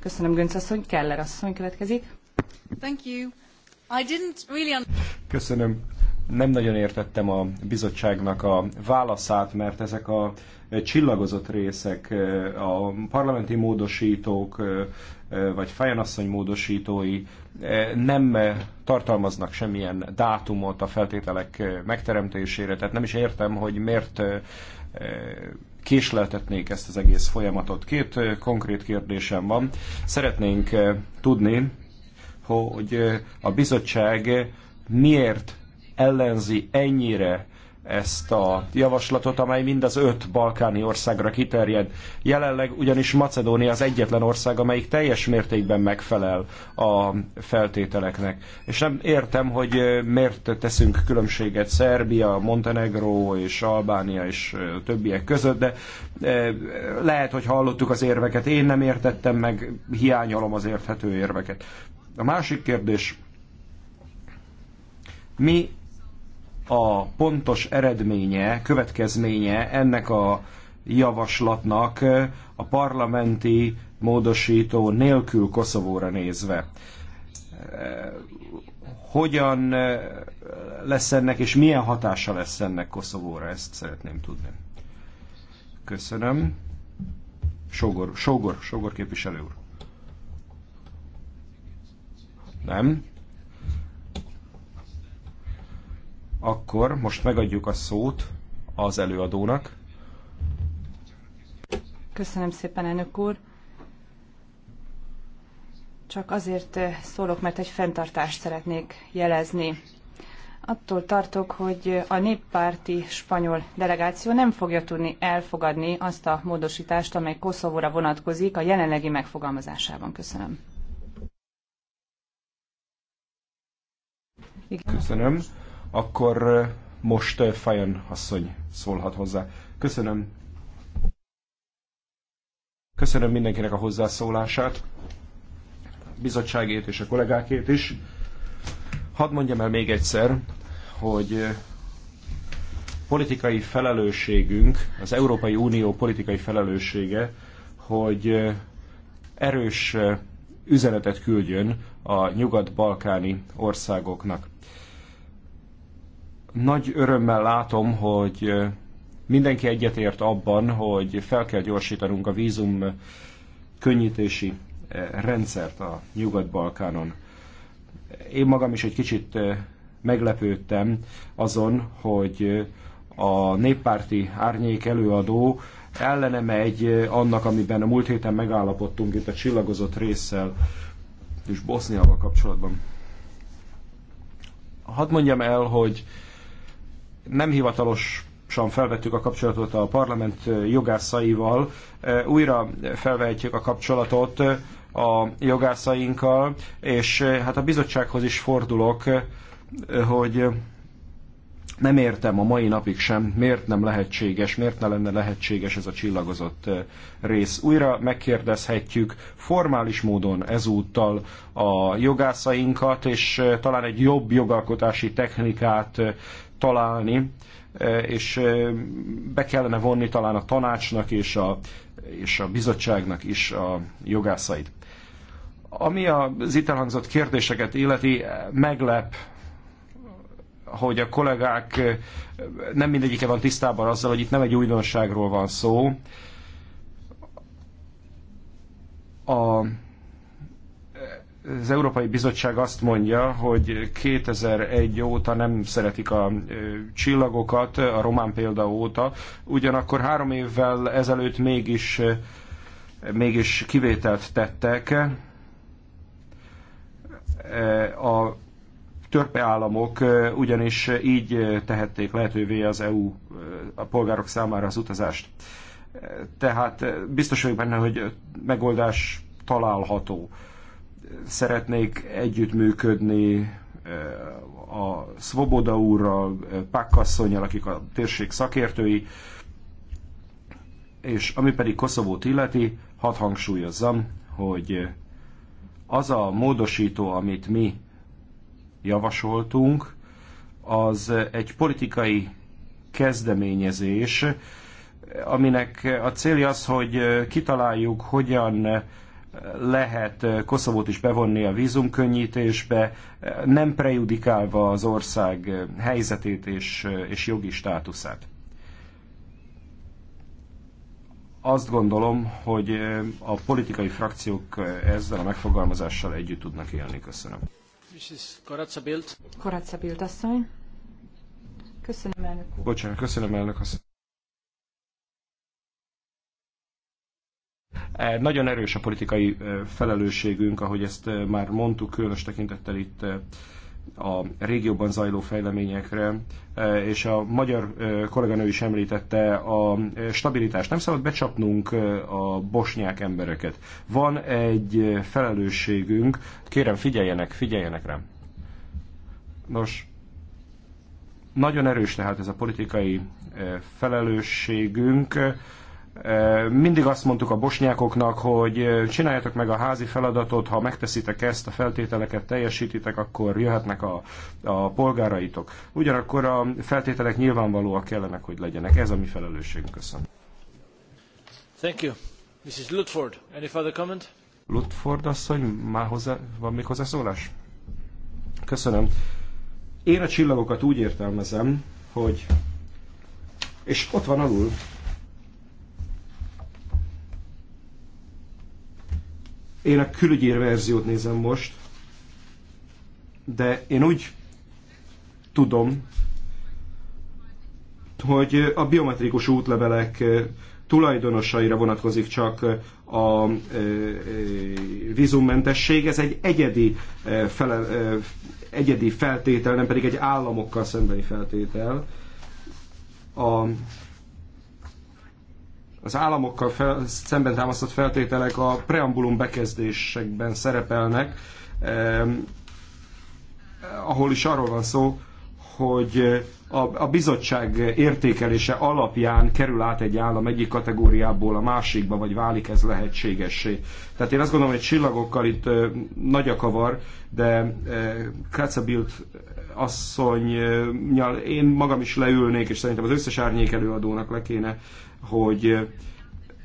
[SPEAKER 3] Köszönöm, Gönc asszony. Keller asszony következik.
[SPEAKER 4] Köszönöm. Nem nagyon értettem a bizottságnak a válaszát, mert ezek a eh, csillagozott részek, eh, a parlamenti módosítók, eh, vagy Fejenasszony módosítói nem tartalmaznak semmilyen dátumot a feltételek megteremtésére, tehát nem is értem, hogy miért késleltetnék ezt az egész folyamatot. Két konkrét kérdésem van. Szeretnénk tudni, hogy a bizottság miért ellenzi ennyire ezt a javaslatot, amely mind az öt balkáni országra kiterjed. Jelenleg ugyanis Macedónia az egyetlen ország, amelyik teljes mértékben megfelel a feltételeknek. És nem értem, hogy miért teszünk különbséget Szerbia, Montenegro és Albánia és többiek között, de lehet, hogy hallottuk az érveket, én nem értettem meg, hiányolom az érthető érveket. A másik kérdés, mi a pontos eredménye, következménye ennek a javaslatnak a parlamenti módosító nélkül Koszovóra nézve. Hogyan lesz ennek, és milyen hatása lesz ennek Koszovóra? Ezt szeretném tudni. Köszönöm. Sógor, Sógor, Sógor képviselő úr. Nem? Akkor most megadjuk a szót az előadónak.
[SPEAKER 3] Köszönöm szépen, elnök úr. Csak azért eh, szólok, mert egy fenntartást szeretnék jelezni. Attól tartok, hogy a néppárti spanyol delegáció nem fogja tudni elfogadni azt a módosítást, amely Koszovóra vonatkozik a jelenlegi megfogalmazásában. Köszönöm.
[SPEAKER 4] Igen. Köszönöm. Akkor most Fajon asszony szólhat hozzá. Köszönöm. Köszönöm mindenkinek a hozzászólását, a bizottságét és a kollégákét is. Hadd mondjam el még egyszer, hogy politikai felelősségünk, az Európai Unió politikai felelőssége, hogy erős üzenetet küldjön a nyugat-balkáni országoknak. Nagy örömmel látom, hogy mindenki egyetért abban, hogy fel kell gyorsítanunk a vízum könnyítési rendszert a Nyugat-Balkánon. Én magam is egy kicsit meglepődtem azon, hogy a néppárti árnyék előadó ellene megy eh, annak, amiben a múlt héten megállapodtunk itt a csillagozott résszel és Boszniával kapcsolatban. Hadd mondjam el, hogy nem hivatalos felvettük a kapcsolatot a parlament eh, jogászaival, eh, újra felvehetjük a kapcsolatot a jogászainkkal, és hát a bizottsághoz is fordulok, hogy nem értem a mai napig sem, miért nem lehetséges, miért ne lenne lehetséges ez a csillagozott rész. Újra megkérdezhetjük formális módon ezúttal a jogászainkat, és talán egy jobb jogalkotási technikát találni, és be kellene vonni talán a tanácsnak és a, és a bizottságnak is a jogászait. Ami az itt elhangzott kérdéseket illeti, meglep hogy a kollégák nem mindegyike van tisztában azzal, hogy itt nem egy újdonságról van szó. A az Európai Bizottság azt mondja, hogy 2001 óta nem szeretik a csillagokat, a román példa óta, ugyanakkor három évvel ezelőtt mégis, mégis kivételt tettek. A törpe államok ugyanis így tehették lehetővé az EU a polgárok számára az utazást. Tehát biztos vagyok benne, hogy megoldás található. Szeretnék együttműködni a Svoboda úrral, Pákasszonyjal, akik a térség szakértői, és ami pedig Koszovót illeti, hadd hangsúlyozzam, hogy az a módosító, amit mi javasoltunk, az egy politikai kezdeményezés, aminek a célja az, hogy kitaláljuk, hogyan lehet Koszovót is bevonni a vízumkönnyítésbe, nem prejudikálva az ország helyzetét és, és jogi státuszát. Azt gondolom, hogy a politikai frakciók ezzel a megfogalmazással együtt tudnak élni. Köszönöm.
[SPEAKER 3] Mrs. Karatza Bild. Karatza Bild asszony. Köszönöm, elnök úr.
[SPEAKER 4] Bocsánat, köszönöm, elnök asszony. E, nagyon erős a politikai e, felelősségünk, ahogy ezt e, már mondtuk, különös tekintettel itt a régióban zajló fejleményekre, eh, és a magyar eh, kolléganő is említette a eh, stabilitást. Nem szabad becsapnunk a bosnyák embereket. Van egy felelősségünk, kérem figyeljenek, figyeljenek rám. Nos, nagyon erős tehát ez a politikai felelősségünk, mindig azt mondtuk a bosnyákoknak, hogy csináljátok meg a házi feladatot, ha megteszitek ezt, a feltételeket teljesítitek, akkor jöhetnek a, a polgáraitok. Ugyanakkor a feltételek nyilvánvalóak kellenek, hogy legyenek. Ez a mi felelősségünk. Köszönöm.
[SPEAKER 5] Thank you. Mrs. Lutford, any further comment?
[SPEAKER 4] Lutford asszony, már hozzá, van még hozzászólás? Köszönöm. Én a csillagokat úgy értelmezem, hogy... És ott van alul Én a külügyi verziót nézem most, de én úgy tudom, hogy a biometrikus útlevelek eh, tulajdonosaira vonatkozik csak eh, a eh, vízummentesség. Ez egy egyedi, fele, egyedi feltétel, nem pedig egy államokkal szembeni feltétel. A az államokkal fel, szemben támasztott feltételek a preambulum bekezdésekben szerepelnek, eh, ahol is arról van szó, hogy a, a bizottság értékelése alapján kerül át egy állam egyik kategóriából a másikba, vagy válik ez lehetségessé. Tehát én azt gondolom, hogy csillagokkal itt ö, nagy a kavar, de Kratzabilt asszonynyal én magam is leülnék, és szerintem az összes árnyék előadónak le kéne hogy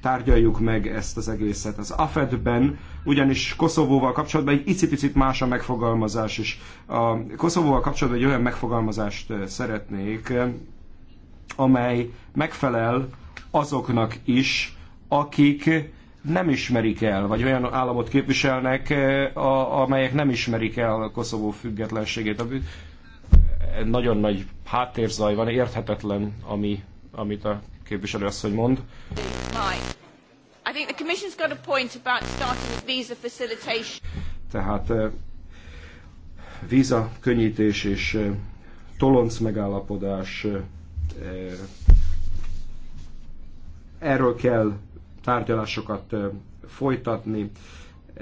[SPEAKER 4] tárgyaljuk meg ezt az egészet az AFED-ben, ugyanis Koszovóval kapcsolatban egy icipicit más a megfogalmazás is. A Koszovóval kapcsolatban egy olyan megfogalmazást szeretnék, amely megfelel azoknak is, akik nem ismerik el, vagy olyan államot képviselnek, a, amelyek nem ismerik el a Koszovó függetlenségét. Nagyon nagy háttérzaj van, érthetetlen, ami, amit a képviselő asszony mond.
[SPEAKER 3] I think the Commission's got a point about starting with
[SPEAKER 7] visa facilitation.
[SPEAKER 4] Tehát eh, víza könnyítés és eh, tolonc megállapodás eh, erről kell tárgyalásokat folytatni,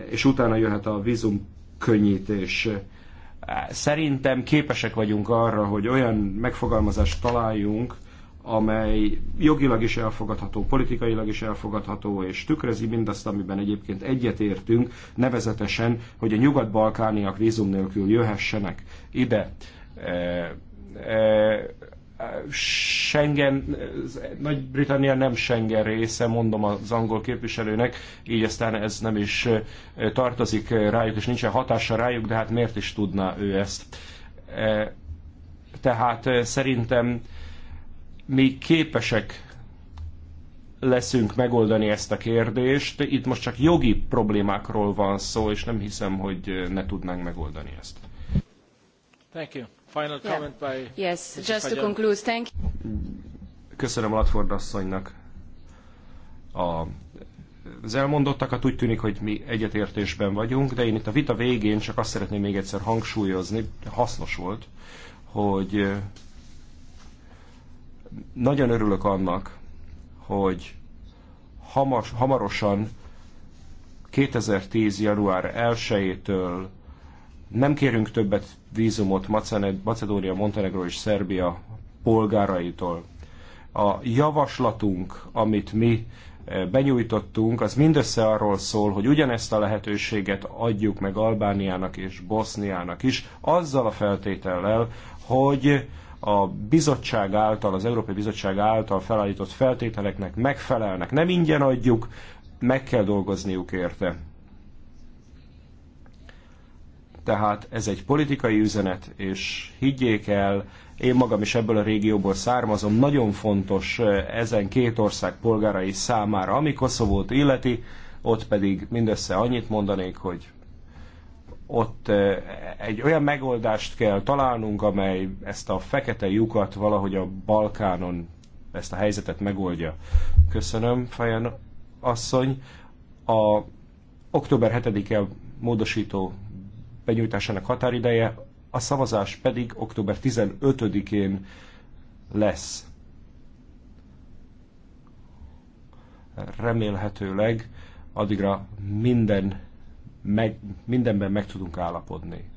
[SPEAKER 4] és utána jöhet a vízum könnyítés. Szerintem képesek vagyunk arra, hogy olyan megfogalmazást találjunk, amely jogilag is elfogadható, politikailag is elfogadható, és tükrözi mindazt, amiben egyébként egyetértünk, nevezetesen, hogy a nyugat-balkániak vízum nélkül jöhessenek ide. E, e, Schengen, Nagy-Britannia nem Schengen része, mondom az angol képviselőnek, így aztán ez nem is e, tartozik rájuk, és nincsen hatása rájuk, de hát miért is tudná ő ezt. E, tehát e, szerintem mi képesek leszünk megoldani ezt a kérdést. Itt most csak jogi problémákról van szó, és nem hiszem, hogy ne tudnánk megoldani ezt.
[SPEAKER 3] Thank
[SPEAKER 5] you. Final comment yeah. by yes, just to conclude,
[SPEAKER 3] thank you.
[SPEAKER 4] Köszönöm Latford asszonynak a az elmondottakat úgy tűnik, hogy mi egyetértésben vagyunk, de én itt a vita végén csak azt szeretném még egyszer hangsúlyozni, hasznos volt, hogy nagyon örülök annak, hogy hamas, hamarosan 2010. január 1-től nem kérünk többet vízumot Macedónia, Montenegro és Szerbia polgáraitól. A javaslatunk, amit mi e, benyújtottunk, az mindössze arról szól, hogy ugyanezt a lehetőséget adjuk meg Albániának és Boszniának is, azzal a feltétellel, hogy a bizottság által, az Európai Bizottság által felállított feltételeknek megfelelnek. Nem ingyen adjuk, meg kell dolgozniuk érte. Tehát ez egy politikai üzenet, és higgyék el, én magam is ebből a régióból származom, nagyon fontos eh, ezen két ország polgárai számára, ami Koszovót illeti, ott pedig mindössze annyit mondanék, hogy ott egy olyan megoldást kell találnunk, amely ezt a fekete lyukat valahogy a Balkánon ezt a helyzetet megoldja. Köszönöm, Fajan asszony. A október 7-e módosító benyújtásának határideje, a szavazás pedig október 15-én lesz. Remélhetőleg addigra minden meg, mindenben meg tudunk állapodni.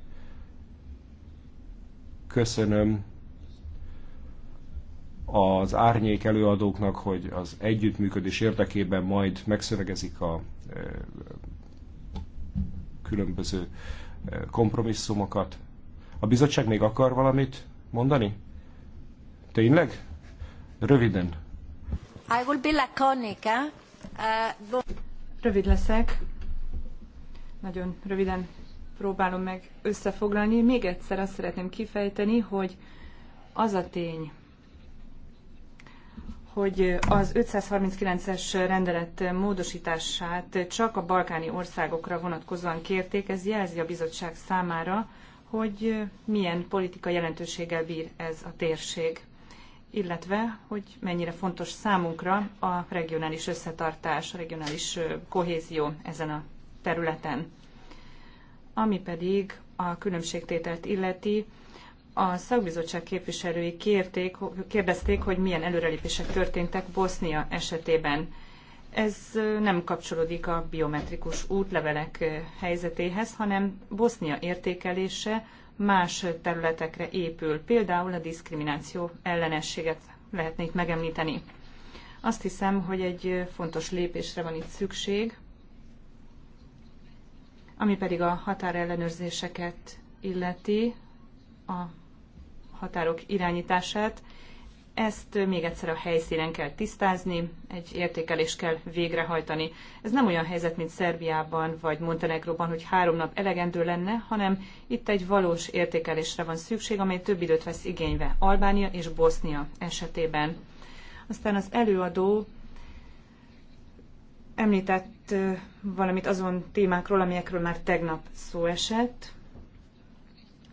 [SPEAKER 4] Köszönöm az árnyék előadóknak, hogy az együttműködés érdekében majd megszövegezik a különböző kompromisszumokat. A bizottság még akar valamit mondani? Tényleg? Röviden.
[SPEAKER 2] I will be
[SPEAKER 3] laconic,
[SPEAKER 2] eh? uh, Rövid leszek.
[SPEAKER 3] Nagyon röviden próbálom meg összefoglalni. Még egyszer azt szeretném kifejteni, hogy az a tény, hogy az 539-es rendelet módosítását csak a balkáni országokra vonatkozóan kérték, ez jelzi a bizottság számára, hogy milyen politika jelentőséggel bír ez a térség, illetve hogy mennyire fontos számunkra a regionális összetartás, a regionális kohézió ezen a területen. Ami pedig a különbségtételt illeti, a szakbizottság képviselői kérték, kérdezték, hogy milyen előrelépések történtek Bosznia esetében. Ez nem kapcsolódik a biometrikus útlevelek helyzetéhez, hanem Bosznia értékelése más területekre épül, például a diszkrimináció ellenességet lehetnék megemlíteni. Azt hiszem, hogy egy fontos lépésre van itt szükség, ami pedig a határellenőrzéseket illeti, a határok irányítását, ezt még egyszer a helyszínen kell tisztázni, egy értékelést kell végrehajtani. Ez nem olyan helyzet, mint Szerbiában vagy Montenegróban, hogy három nap elegendő lenne, hanem itt egy valós értékelésre van szükség, amely több időt vesz igénybe Albánia és Bosznia esetében. Aztán az előadó említett valamit azon témákról, amelyekről már tegnap szó esett.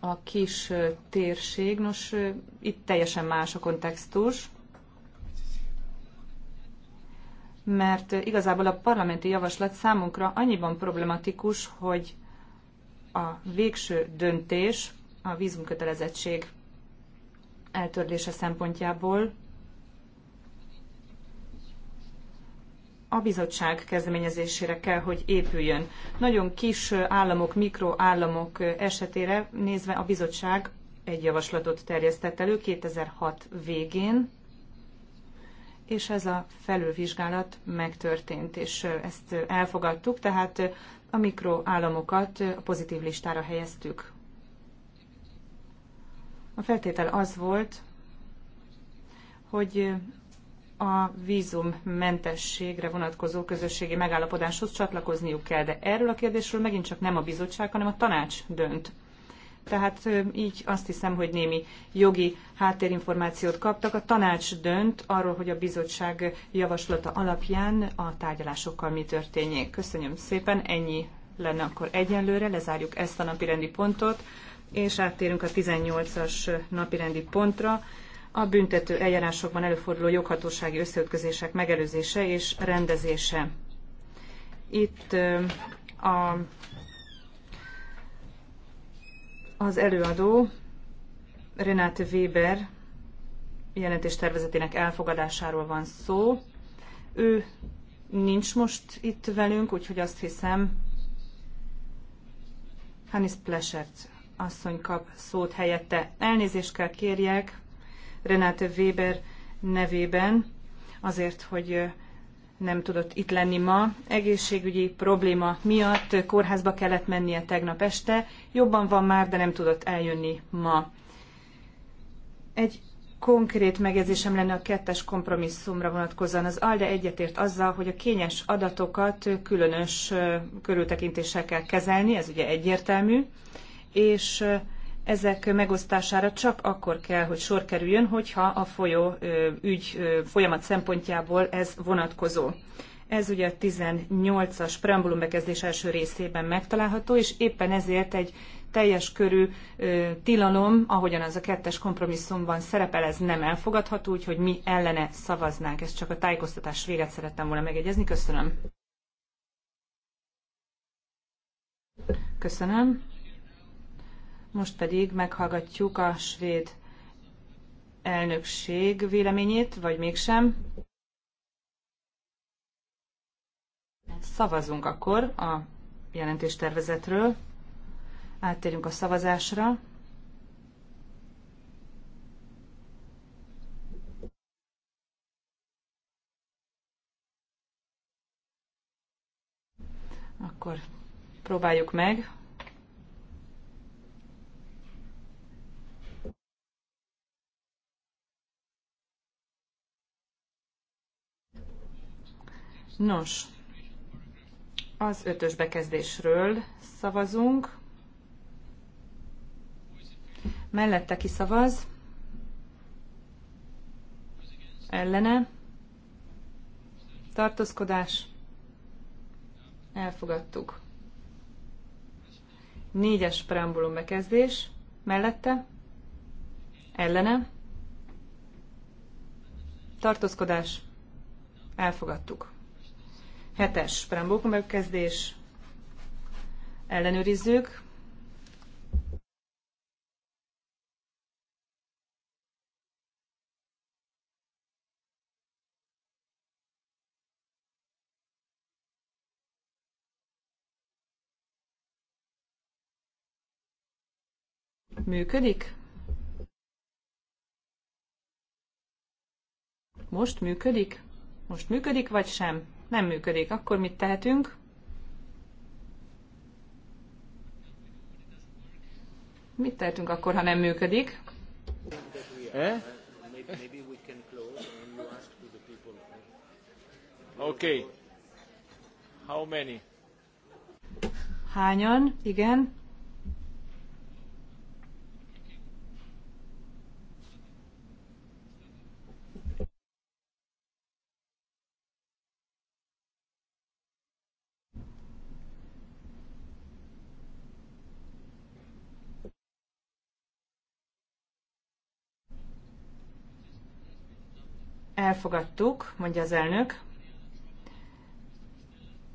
[SPEAKER 3] A kis térség, nos, itt teljesen más a kontextus, mert igazából a parlamenti javaslat számunkra annyiban problematikus, hogy a végső döntés a vízumkötelezettség eltörlése szempontjából a bizottság kezdeményezésére kell, hogy épüljön. Nagyon kis államok, mikroállamok esetére nézve a bizottság egy javaslatot terjesztett elő 2006 végén, és ez a felülvizsgálat megtörtént, és ezt elfogadtuk, tehát a mikroállamokat a pozitív listára helyeztük. A feltétel az volt, hogy a vízummentességre vonatkozó közösségi megállapodáshoz csatlakozniuk kell, de erről a kérdésről megint csak nem a bizottság, hanem a tanács dönt. Tehát így azt hiszem, hogy némi jogi háttérinformációt kaptak. A tanács dönt arról, hogy a bizottság javaslata alapján a tárgyalásokkal mi történjék. Köszönöm szépen, ennyi lenne akkor egyenlőre, lezárjuk ezt a napirendi pontot, és áttérünk a 18-as napirendi pontra a büntető eljárásokban előforduló joghatósági összeütközések megelőzése és rendezése. Itt a, az előadó Renate Weber jelentéstervezetének elfogadásáról van szó. Ő nincs most itt velünk, úgyhogy azt hiszem, Hannes Plesert asszony kap szót helyette. Elnézést kell kérjek, Renate Weber nevében, azért, hogy nem tudott itt lenni ma. Egészségügyi probléma miatt kórházba kellett mennie tegnap este. Jobban van már, de nem tudott eljönni ma. Egy konkrét megjegyzésem lenne a kettes kompromisszumra vonatkozóan. Az ALDE egyetért azzal, hogy a kényes adatokat különös körültekintéssel kell kezelni, ez ugye egyértelmű, és ezek megosztására csak akkor kell, hogy sor kerüljön, hogyha a folyó ügy folyamat szempontjából ez vonatkozó. Ez ugye a 18-as preambulum bekezdés első részében megtalálható, és éppen ezért egy teljes körű ö, tilalom, ahogyan az a kettes kompromisszumban szerepel, ez nem elfogadható, úgyhogy mi ellene szavaznánk. Ez csak a tájékoztatás véget szerettem volna megegyezni. Köszönöm. Köszönöm. Most pedig meghallgatjuk a svéd elnökség véleményét, vagy mégsem. Szavazunk akkor a jelentéstervezetről. Áttérjünk a szavazásra. Akkor próbáljuk meg. Nos, az ötös bekezdésről szavazunk. Mellette ki szavaz? Ellene? Tartózkodás? Elfogadtuk. Négyes preambulum bekezdés. Mellette? Ellene? Tartózkodás? Elfogadtuk. Hetes preambulkum megkezdés. Ellenőrizzük. Működik? Most működik? Most működik, vagy sem? nem működik. Akkor mit tehetünk? Mit tehetünk akkor, ha nem működik?
[SPEAKER 1] Hm?
[SPEAKER 4] Okay. How many?
[SPEAKER 3] Hányan? Igen. Elfogadtuk, mondja az elnök.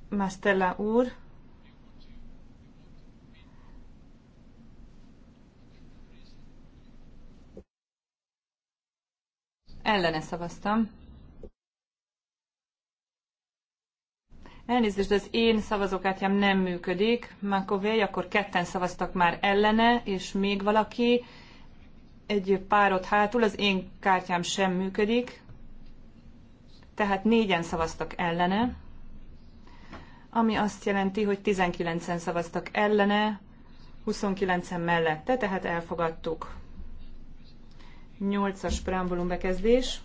[SPEAKER 3] Mastella úr, ellene szavaztam. Elnézést, de az én szavazókártyám nem működik. Makovej, akkor ketten szavaztak már ellene, és még valaki. Egy párot hátul, az én kártyám sem működik tehát négyen szavaztak ellene, ami azt jelenti, hogy 19-en szavaztak ellene, 29-en mellette, tehát elfogadtuk. 8-as preambulum bekezdés.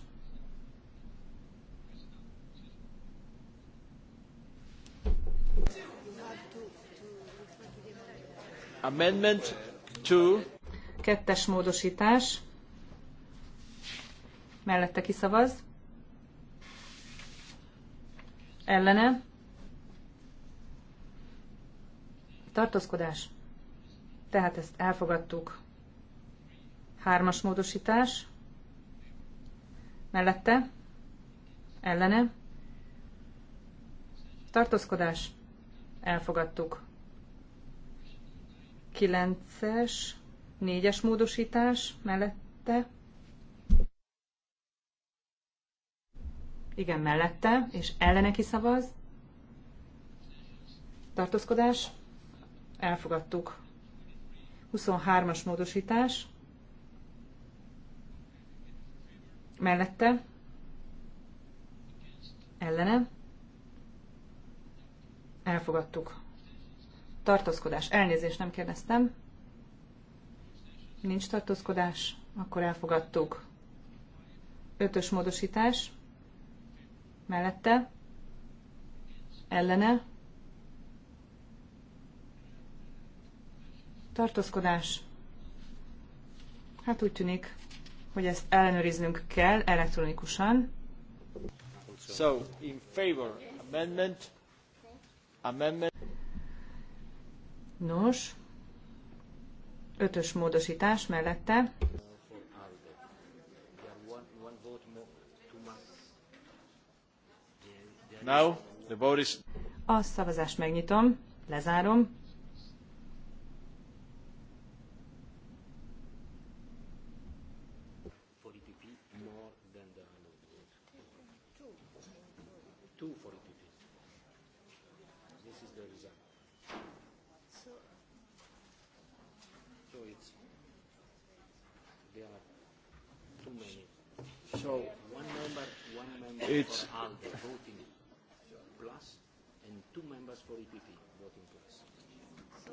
[SPEAKER 3] Amendment 2. Kettes módosítás. Mellette kiszavaz ellene, tartózkodás, tehát ezt elfogadtuk. Hármas módosítás, mellette, ellene, tartózkodás, elfogadtuk. Kilences, négyes módosítás, mellette, igen mellette, és ellene kiszavaz, tartózkodás, elfogadtuk. 23-as módosítás, mellette, ellene, elfogadtuk. Tartózkodás, elnézést nem kérdeztem. Nincs tartózkodás, akkor elfogadtuk. Ötös módosítás, mellette, ellene, tartózkodás. Hát úgy tűnik, hogy ezt ellenőriznünk kell elektronikusan.
[SPEAKER 1] So, in favor, amendment, amendment.
[SPEAKER 3] Nos, ötös módosítás mellette.
[SPEAKER 5] Now the vote is...
[SPEAKER 3] A szavazást megnyitom, lezárom.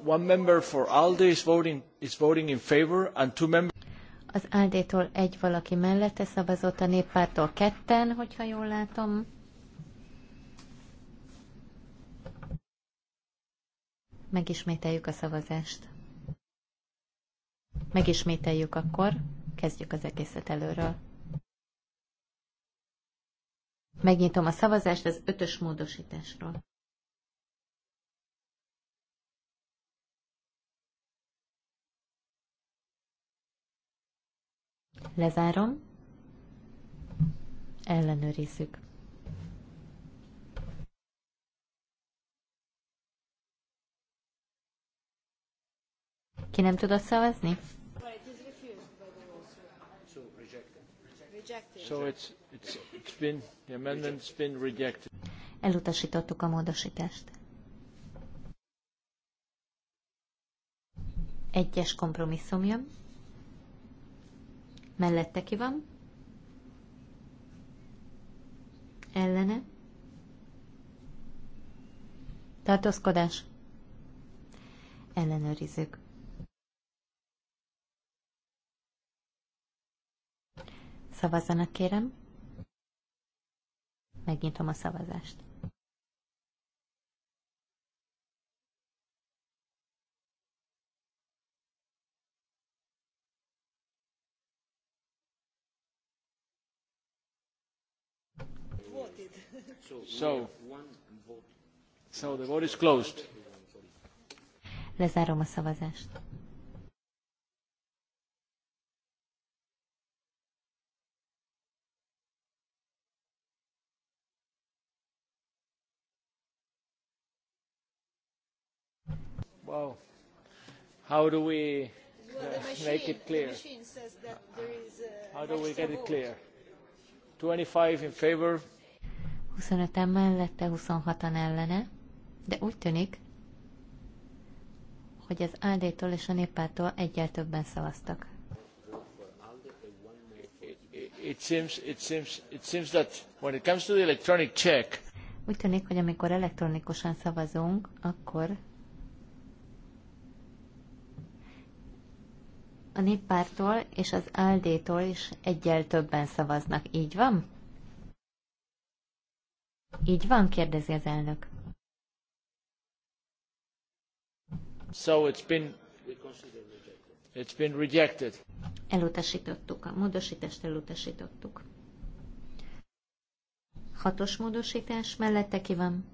[SPEAKER 1] one member for ALDE is voting, is voting in favor and two members
[SPEAKER 2] az ALDE-tól egy valaki mellette szavazott, a néppártól ketten, hogyha jól látom. Megismételjük a szavazást. Megismételjük akkor, kezdjük az egészet előről. Megnyitom a szavazást az ötös módosításról. Lezárom. Ellenőrizzük. Ki nem tudott szavazni? Elutasítottuk a módosítást. Egyes kompromisszum jön. Mellette ki van? Ellene? Tartózkodás? Ellenőrizzük. Szavazzanak, kérem. Megnyitom a szavazást.
[SPEAKER 1] So, so the vote is closed.
[SPEAKER 2] Lezárom a szavazást.
[SPEAKER 5] Wow. How do we well, uh, machine, make it clear? The
[SPEAKER 3] machine says that there is a uh, How do we get it clear?
[SPEAKER 5] 25 in favor,
[SPEAKER 2] 25-en mellette, 26-an ellene, de úgy tűnik, hogy az AD-tól és a népától egyel többen szavaztak. úgy tűnik, hogy amikor elektronikusan szavazunk, akkor a néppártól és az ALD-tól is egyel többen szavaznak. Így van? Így van, kérdezi az elnök.
[SPEAKER 1] So it's been, it's been rejected.
[SPEAKER 2] Elutasítottuk, a módosítást elutasítottuk. Hatos módosítás mellette ki van?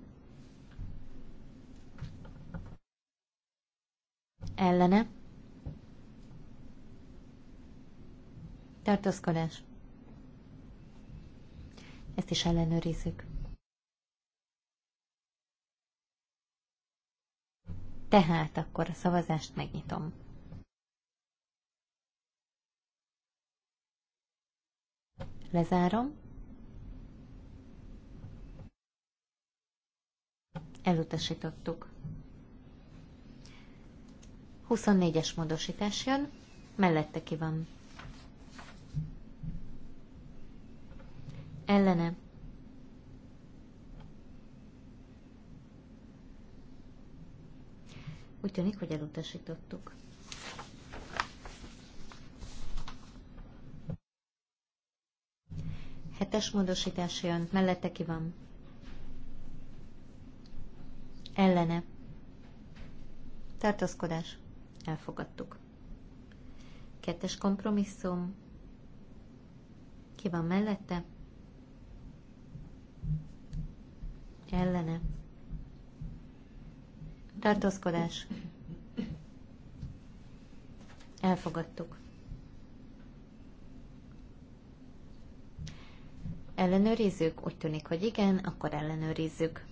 [SPEAKER 2] Ellene? Tartózkodás. Ezt is ellenőrizzük. Tehát akkor a szavazást megnyitom. Lezárom. Elutasítottuk. 24-es módosítás jön, mellette ki van. Ellene Úgy tűnik, hogy elutasítottuk. Hetes módosítás jön, mellette ki van. Ellene. Tartózkodás. Elfogadtuk. Kettes kompromisszum. Ki van mellette? Ellene. Tartózkodás. Elfogadtuk. Ellenőrizzük? Úgy tűnik, hogy igen, akkor ellenőrizzük.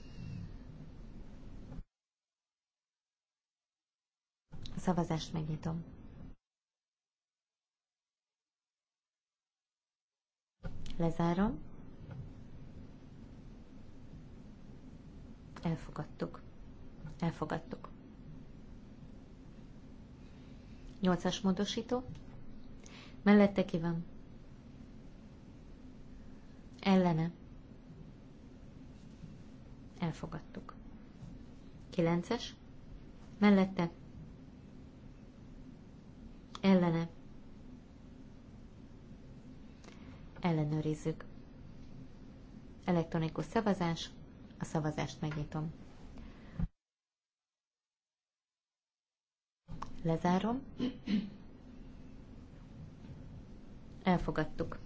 [SPEAKER 2] A szavazást megnyitom. Lezárom. Elfogadtuk. Elfogadtuk. Nyolcas módosító. Mellette ki van? Ellene. Elfogadtuk. Kilences Mellette. Ellene. Ellenőrizzük. Elektronikus szavazás. A szavazást megnyitom. Lezárom. Elfogadtuk.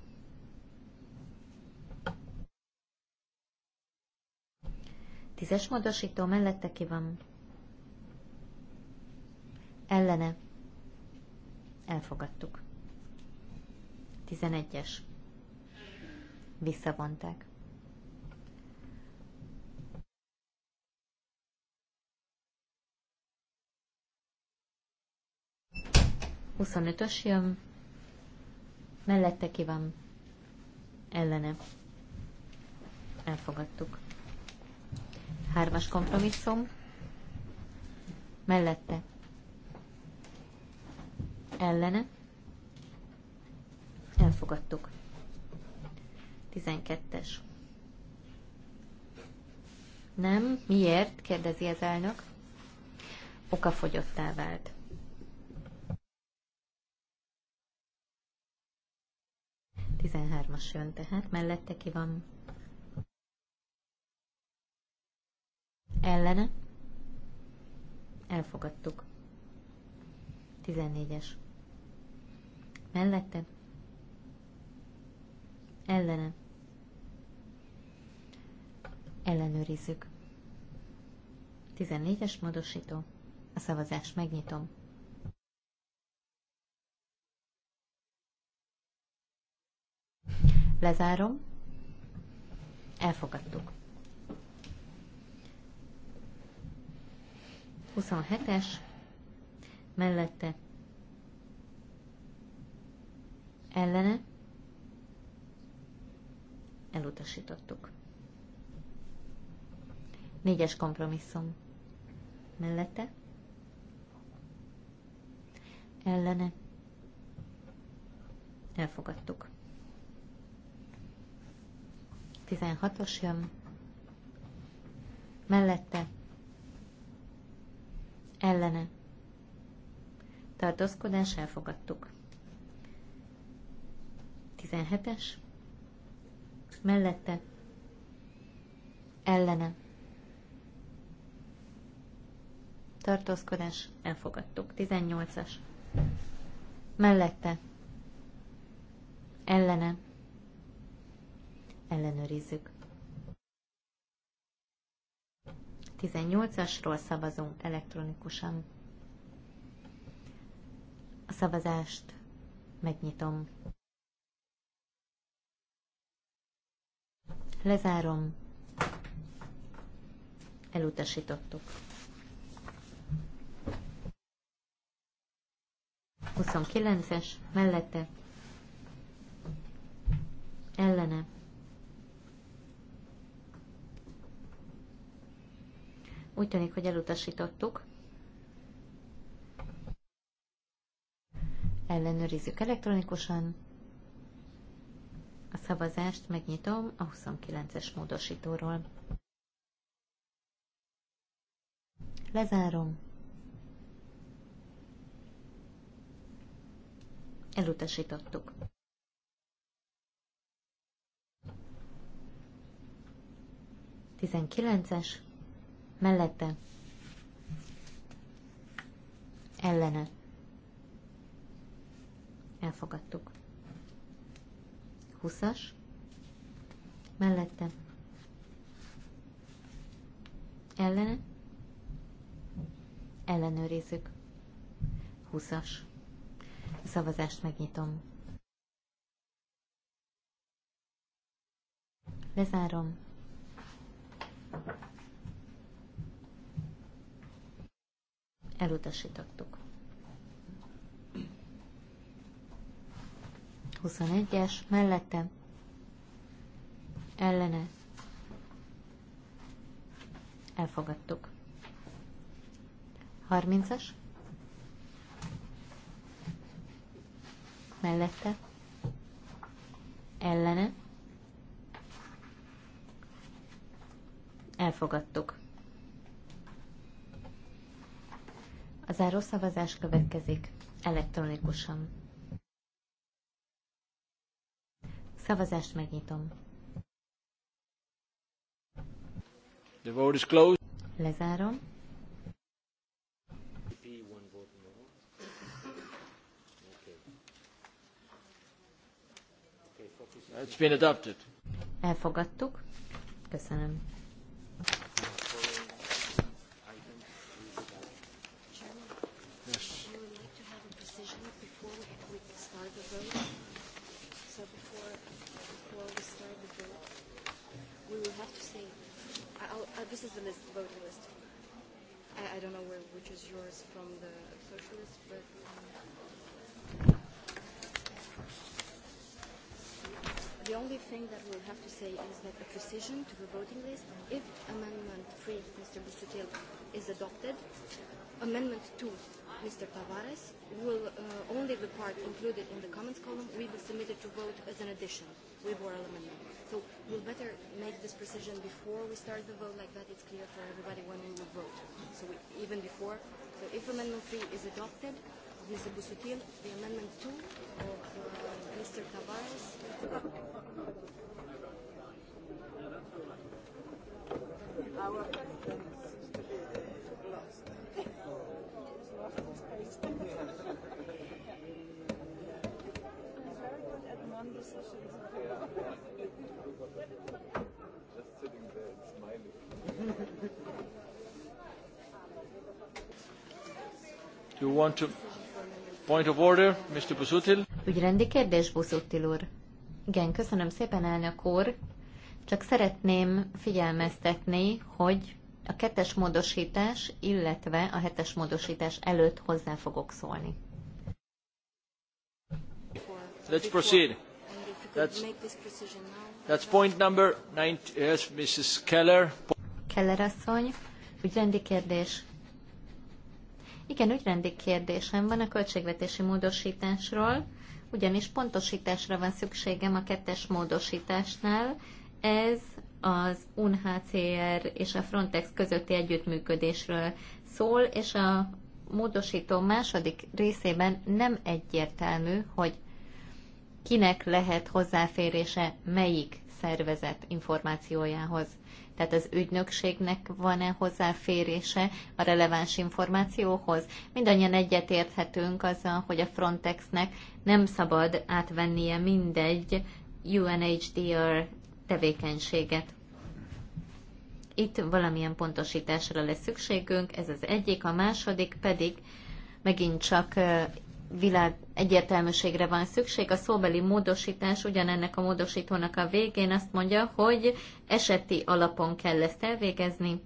[SPEAKER 2] Tízes módosító mellette ki van? Ellene. Elfogadtuk. Tizenegyes. Visszavonták. 25-ös jön, mellette ki van, ellene. Elfogadtuk. Hármas kompromisszum, mellette, ellene. Elfogadtuk. 12-es. Nem, miért? kérdezi az elnök. Oka fogyottá vált. 13-as jön tehát, mellette ki van ellene. Elfogadtuk. 14-es. Mellette. Ellene. Ellenőrizzük. 14-es módosító. A szavazást megnyitom. Lezárom. Elfogadtuk. 27-es mellette ellene elutasítottuk. Négyes kompromisszum mellette ellene elfogadtuk. 16 os jön. Mellette. Ellene. Tartózkodás elfogadtuk. 17-es. Mellette. Ellene. Tartózkodás elfogadtuk. 18-as. Mellette. Ellene ellenőrizzük. 18-asról szavazunk elektronikusan. A szavazást megnyitom. Lezárom. Elutasítottuk. 29-es mellette ellene Úgy tűnik, hogy elutasítottuk. Ellenőrizzük elektronikusan. A szavazást megnyitom a 29-es módosítóról. Lezárom. Elutasítottuk. Tizenkilences mellette, ellene. Elfogadtuk. 20-as, mellette, ellene, ellenőrizzük. 20-as. Szavazást megnyitom. Lezárom. elutasítottuk. 21-es mellette ellene elfogadtuk. 30-as mellette ellene elfogadtuk. A záró szavazás következik elektronikusan. Szavazást megnyitom.
[SPEAKER 1] The vote is closed. Lezárom. It's been
[SPEAKER 5] adopted.
[SPEAKER 2] Elfogadtuk. Köszönöm.
[SPEAKER 5] this is the list, voting list. I, I don't know where, which is yours from the socialist, but. Um, the only thing that we'll have to say is that a precision to the voting list, if Amendment 3, Mr. Busutil, is adopted, Amendment 2, Mr. Tavares, will uh, only the part included in the comments column will be submitted to vote as an addition with oral amendment. So we'll better make this precision before we start the vote, like that it's clear for everybody when we will vote. So we, even before, so if Amendment 3 is adopted, Mr. Busutil, the Amendment 2 of uh, Mr. Tavares. Our lost. you want to... Point of order, Mr. Ügyrendi kérdés,
[SPEAKER 2] Busutil úr. Igen, köszönöm szépen, elnök úr. Csak szeretném figyelmeztetni, hogy a kettes módosítás, illetve a hetes módosítás előtt hozzá fogok szólni.
[SPEAKER 5] Let's proceed. That's, that's point number nine, yes, Mrs. Keller.
[SPEAKER 2] Keller asszony, ügyrendi kérdés, igen, ügyrendi kérdésem van a költségvetési módosításról, ugyanis pontosításra van szükségem a kettes módosításnál. Ez az UNHCR és a Frontex közötti együttműködésről szól, és a módosító második részében nem egyértelmű, hogy kinek lehet hozzáférése melyik szervezet információjához. Tehát az ügynökségnek van-e hozzáférése a releváns információhoz? Mindannyian egyetérthetünk azzal, hogy a Frontexnek nem szabad átvennie mindegy UNHDR tevékenységet. Itt valamilyen pontosításra lesz szükségünk, ez az egyik, a második pedig megint csak világ egyértelműségre van szükség. A szóbeli módosítás ugyanennek a módosítónak a végén azt mondja, hogy eseti alapon kell ezt elvégezni.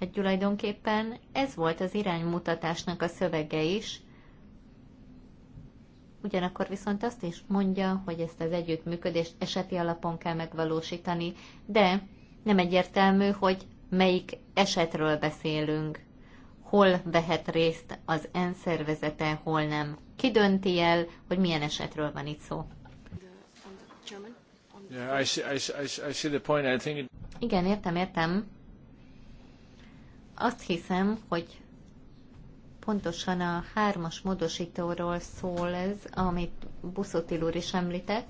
[SPEAKER 2] Hát tulajdonképpen ez volt az iránymutatásnak a szövege is. Ugyanakkor viszont azt is mondja, hogy ezt az együttműködést eseti alapon kell megvalósítani, de nem egyértelmű, hogy melyik esetről beszélünk hol vehet részt az enszervezete, hol nem. Ki dönti el, hogy milyen esetről van itt szó? Igen, értem, értem. Azt hiszem, hogy pontosan a hármas módosítóról szól ez, amit Buszotil úr is említett.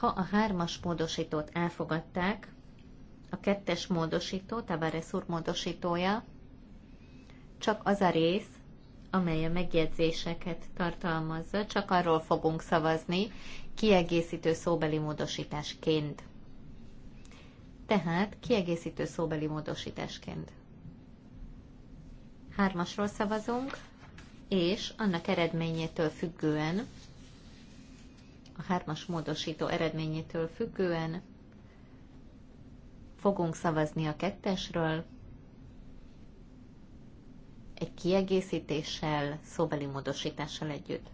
[SPEAKER 2] Ha a hármas módosítót elfogadták, a kettes módosító, Tavares úr módosítója, csak az a rész, amely a megjegyzéseket tartalmazza, csak arról fogunk szavazni, kiegészítő szóbeli módosításként. Tehát kiegészítő szóbeli módosításként. Hármasról szavazunk, és annak eredményétől függően, a hármas módosító eredményétől függően Fogunk szavazni a kettesről, egy kiegészítéssel, szóbeli módosítással együtt.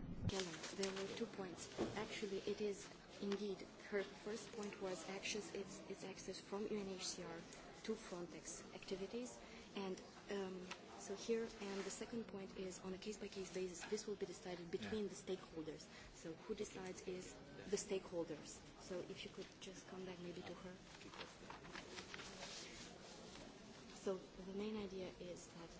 [SPEAKER 5] Um, so here, and the second point is on a case-by-case -case basis, this will be decided between yeah. the stakeholders. So who decides is the stakeholders. So if you could just come back maybe to her. So the main idea is that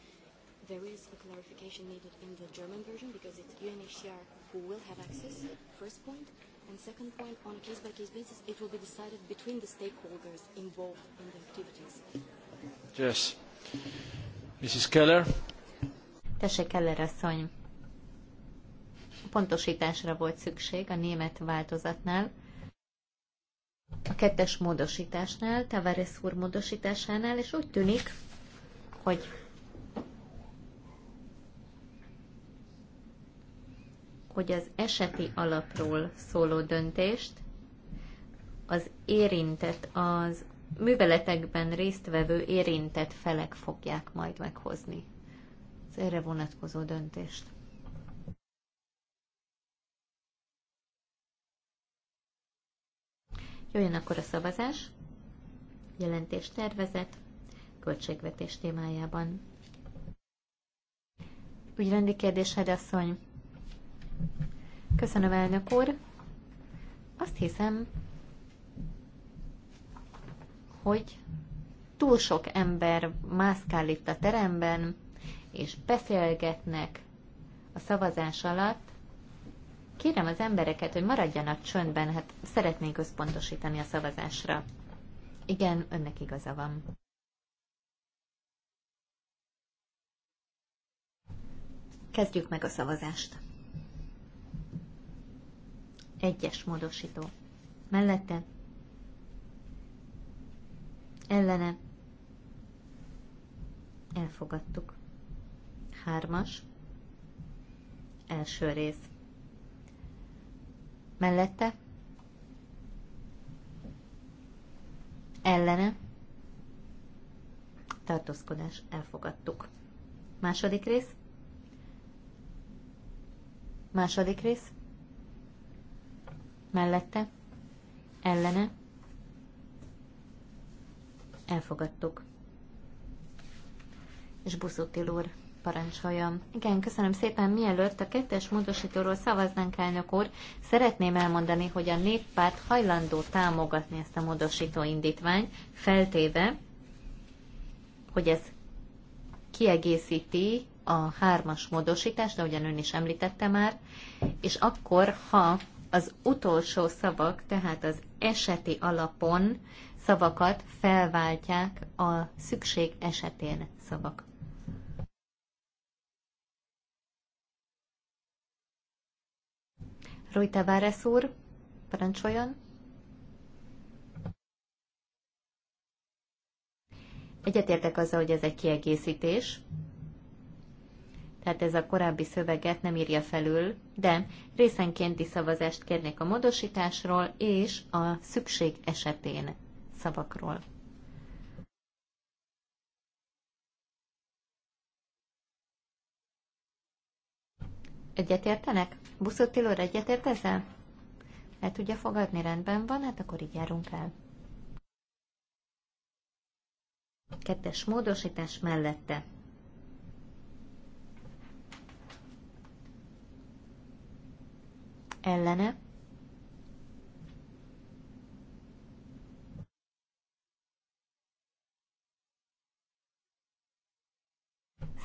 [SPEAKER 5] there is a clarification needed in the German version because it's UNHCR who will have access, first point. And second point, on a case-by-case -case basis, it will be decided between the stakeholders involved in the activities. Yes. Mrs. Keller.
[SPEAKER 2] Tessék, Keller asszony. Pontosításra volt szükség a német változatnál kettes módosításnál, Tavares úr módosításánál, és úgy tűnik, hogy hogy az eseti alapról szóló döntést az érintett, az műveletekben résztvevő érintett felek fogják majd meghozni az erre vonatkozó döntést. Jöjjön akkor a szavazás, jelentés tervezet, költségvetés témájában. Ügyrendi kérdésed, asszony. Köszönöm, elnök úr. Azt hiszem, hogy túl sok ember mászkál itt a teremben, és beszélgetnek a szavazás alatt, Kérem az embereket, hogy maradjanak csöndben, hát szeretnénk összpontosítani a szavazásra. Igen, önnek igaza van. Kezdjük meg a szavazást. Egyes módosító. Mellette. Ellene. Elfogadtuk. Hármas. Első rész mellette, ellene, tartózkodás, elfogadtuk. Második rész, második rész, mellette, ellene, elfogadtuk. És buszotil úr parancsoljon. Igen, köszönöm szépen. Mielőtt a kettes módosítóról szavaznánk, elnök úr, szeretném elmondani, hogy a néppárt hajlandó támogatni ezt a módosító indítványt, feltéve, hogy ez kiegészíti a hármas módosítást, de ugyan ön is említette már, és akkor, ha az utolsó szavak, tehát az eseti alapon szavakat felváltják a szükség esetén szavak. Rui Tavares úr, parancsoljon. Egyetértek azzal, hogy ez egy kiegészítés, tehát ez a korábbi szöveget nem írja felül, de részenkénti szavazást kérnék a módosításról és a szükség esetén szavakról. Egyetértenek? Buszottil úr, egyetért ezzel? El tudja fogadni, rendben van, hát akkor így járunk el. Kettes módosítás mellette. Ellene.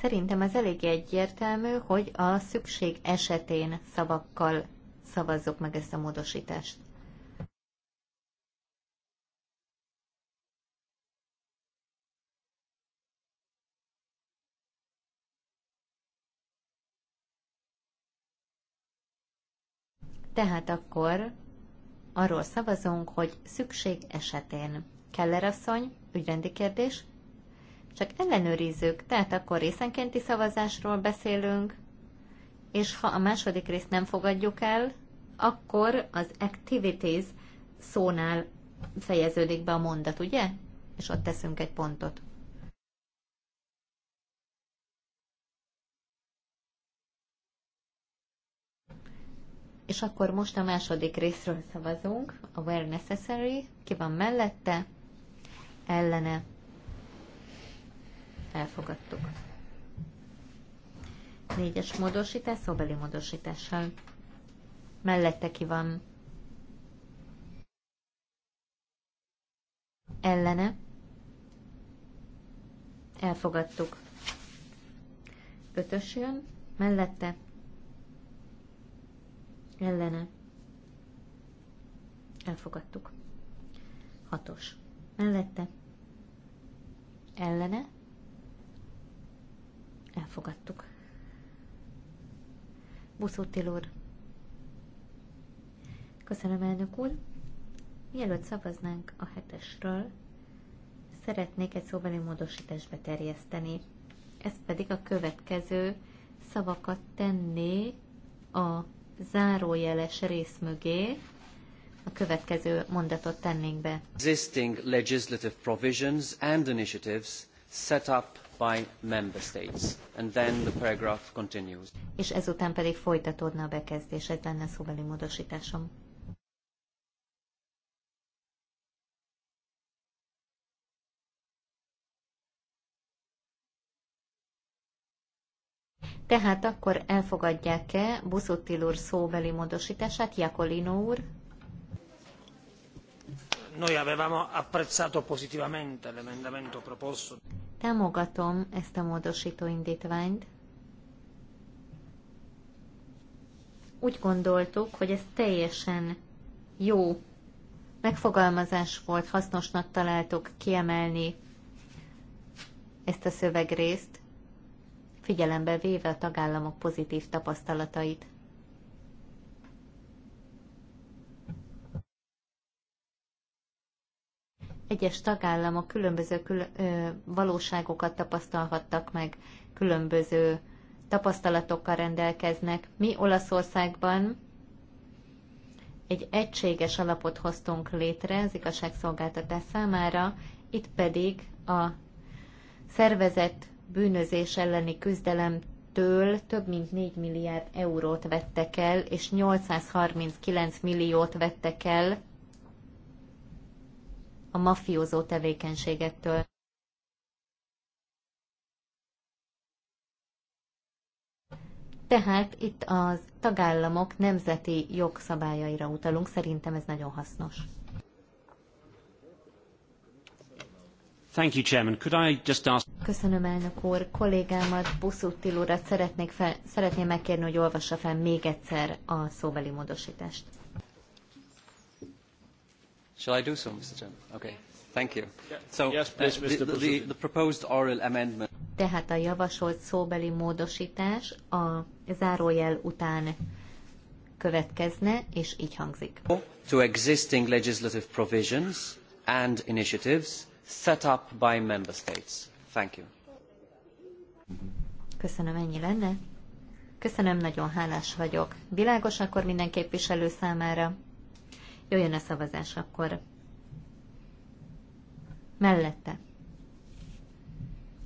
[SPEAKER 2] Szerintem az elég egyértelmű, hogy a szükség esetén szavakkal szavazzuk meg ezt a módosítást. Tehát akkor arról szavazunk, hogy szükség esetén. Keller asszony, ügyrendi kérdés. Csak ellenőrizzük, tehát akkor részenkénti szavazásról beszélünk, és ha a második részt nem fogadjuk el, akkor az activities szónál fejeződik be a mondat, ugye? És ott teszünk egy pontot. És akkor most a második részről szavazunk, a where necessary, ki van mellette, ellene, elfogadtuk. Négyes módosítás, szóbeli módosítással. Mellette ki van. Ellene. Elfogadtuk. Ötös jön. Mellette. Ellene. Elfogadtuk. Hatos. Mellette. Ellene. Elfogadtuk. Buszútil úr. Köszönöm, elnök úr. Mielőtt szavaznánk a hetesről, szeretnék egy szóbeli módosítást beterjeszteni. Ez pedig a következő szavakat tenni a zárójeles rész mögé, a következő mondatot tennénk be.
[SPEAKER 1] Existing legislative provisions and initiatives set up by member states. And then the paragraph continues. És
[SPEAKER 2] ezután pedig folytatódna a bekezdés, ez lenne szóbeli módosításom. Tehát akkor elfogadják-e Buszottil úr szóbeli módosítását, Jakolino úr? Támogatom ezt a módosító indítványt. Úgy gondoltuk, hogy ez teljesen jó megfogalmazás volt, hasznosnak találtuk kiemelni ezt a szövegrészt, figyelembe véve a tagállamok pozitív tapasztalatait. egyes tagállamok különböző kül- ö, valóságokat tapasztalhattak meg, különböző tapasztalatokkal rendelkeznek. Mi Olaszországban egy egységes alapot hoztunk létre az igazságszolgáltatás számára, itt pedig a szervezett bűnözés elleni küzdelemtől több mint 4 milliárd eurót vettek el, és 839 milliót vettek el a mafiózó tevékenységektől. Tehát itt a tagállamok nemzeti jogszabályaira utalunk, szerintem ez nagyon hasznos.
[SPEAKER 3] Thank you, Chairman. Could I just ask...
[SPEAKER 2] Köszönöm, elnök úr. Kollégámat, Buszúttil urat szeretnék fel, szeretném megkérni, hogy olvassa fel még egyszer a szóbeli módosítást.
[SPEAKER 1] Shall I do so, Mr. Chairman? Okay. Thank you. So, yes, please, Mr. The, the, the proposed oral amendment.
[SPEAKER 2] Tehát a javasolt szóbeli módosítás a zárójel után következne, és így hangzik.
[SPEAKER 1] To existing legislative provisions and initiatives set up by member states.
[SPEAKER 7] Thank you.
[SPEAKER 2] Köszönöm, ennyi lenne. Köszönöm, nagyon hálás vagyok. Világos akkor minden képviselő számára. Jöjjön a szavazás akkor. Mellette.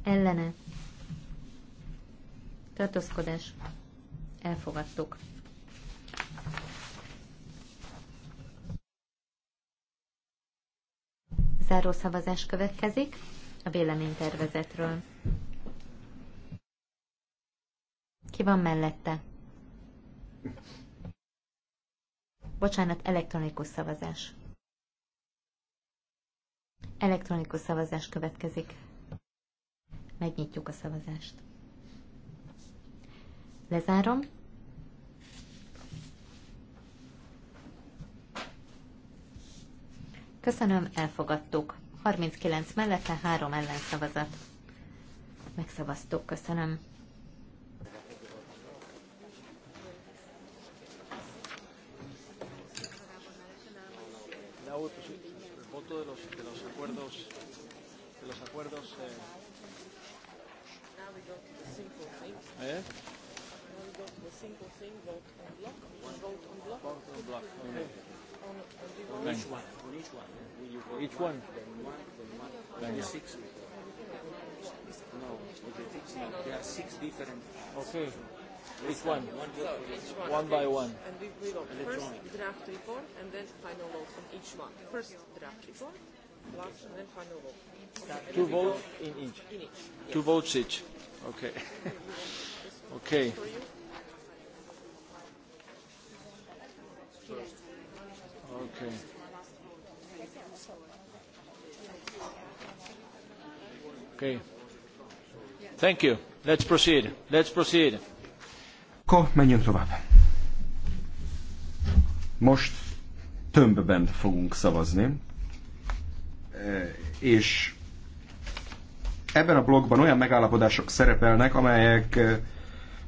[SPEAKER 2] Ellene. Tartózkodás. Elfogadtuk. Záró szavazás következik a véleménytervezetről. Ki van mellette? Bocsánat, elektronikus szavazás. Elektronikus szavazás következik. Megnyitjuk a szavazást. Lezárom. Köszönöm, elfogadtuk. 39 mellette 3 ellenszavazat. Megszavaztuk, köszönöm.
[SPEAKER 5] asunto de los, de los acuerdos, de los acuerdos. Eh. ¿Eh? each one. Then one. Then one. Then six. No. There are six different. Okay. Options. Which one?
[SPEAKER 3] One, by one. And we will first draft report and then final vote on each one. First draft report, last and then final vote. Okay. Two votes in each. In each. Yes. Two votes
[SPEAKER 5] each. Okay. okay. Okay.
[SPEAKER 1] Okay. Thank you. Let's proceed. Let's proceed.
[SPEAKER 4] Akkor menjünk tovább. Most tömbben fogunk szavazni, eh, és ebben a blogban olyan megállapodások szerepelnek, amelyek eh,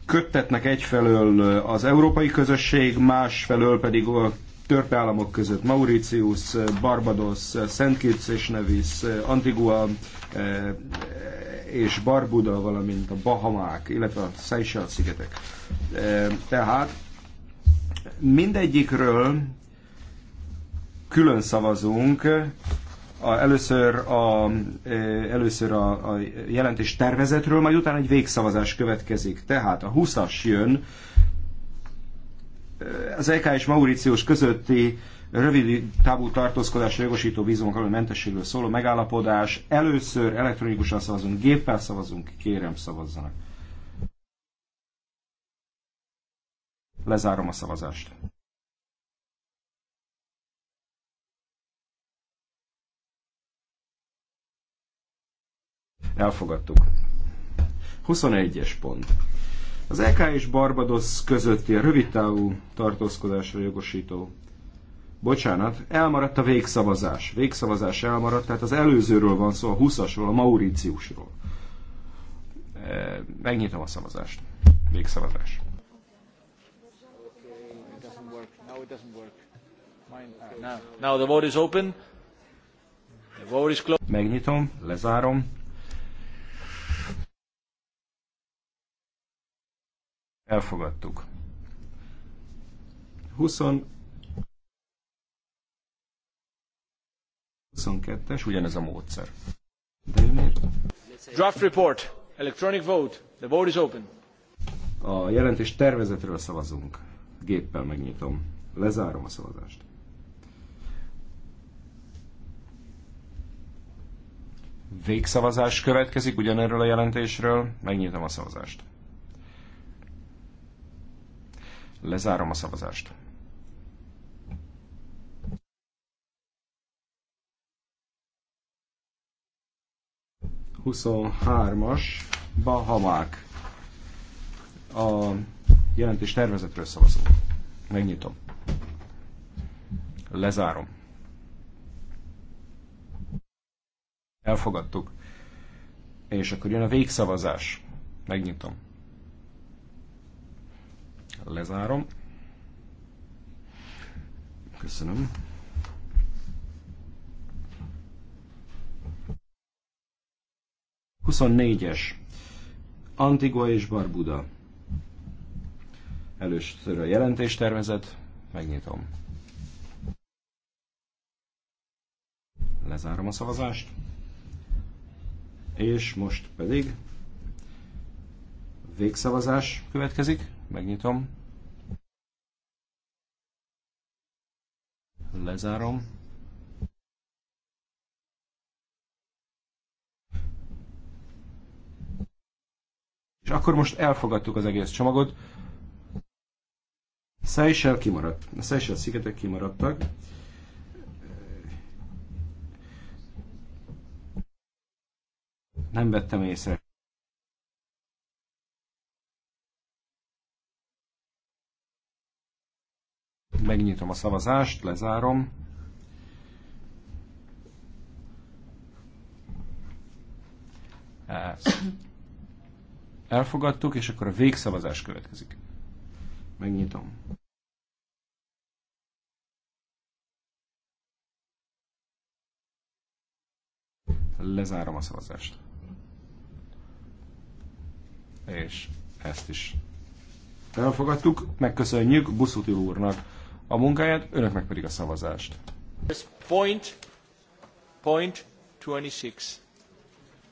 [SPEAKER 4] köttetnek egyfelől eh, az európai közösség, másfelől pedig a törpe államok között Mauritius, Barbados, Szent Kitts és Nevis, Antigua, és Barbuda, valamint a Bahamák, illetve a Seychelles szigetek. E, tehát mindegyikről külön szavazunk, a, először a, e, először a, a jelentés tervezetről, majd utána egy végszavazás következik. Tehát a 20-as jön, e, az EK és Mauríciós közötti rövid távú tartózkodásra jogosító vízumok alól mentességről szóló megállapodás. Először elektronikusan szavazunk, géppel szavazunk, kérem szavazzanak. Lezárom a szavazást. Elfogadtuk. 21-es pont. Az EK és Barbados közötti a rövidtávú tartózkodásra jogosító bocsánat, elmaradt a végszavazás. Végszavazás elmaradt, tehát az előzőről van szó, a 20-asról, a Mauritiusról. E, megnyitom a szavazást. Végszavazás. Megnyitom, lezárom. Elfogadtuk. 20 22-es, ugyanez a módszer. De
[SPEAKER 5] miért? Draft report, electronic vote, the vote is open.
[SPEAKER 4] A jelentés tervezetről szavazunk. Géppel megnyitom. Lezárom a szavazást. Végszavazás következik ugyanerről a jelentésről. Megnyitom a szavazást. Lezárom a szavazást. 23-as Bahamák. A jelentés tervezetről szavazunk. Megnyitom. Lezárom. Elfogadtuk. És akkor jön a végszavazás. Megnyitom. Lezárom. Köszönöm. 24-es. Antigua és Barbuda. Először a jelentéstervezet. Megnyitom. Lezárom a szavazást. És most pedig végszavazás következik. Megnyitom. Lezárom. És akkor most elfogadtuk az egész csomagot. Seychelles kimaradt. A Seychelles szigetek kimaradtak. Nem vettem észre. Megnyitom a szavazást, lezárom. Ez. Elfogadtuk, és akkor a végszavazás következik. Megnyitom. Lezárom a szavazást. És ezt is elfogadtuk. Megköszönjük Buszuti úrnak a munkáját, önöknek pedig a szavazást.
[SPEAKER 5] Point, point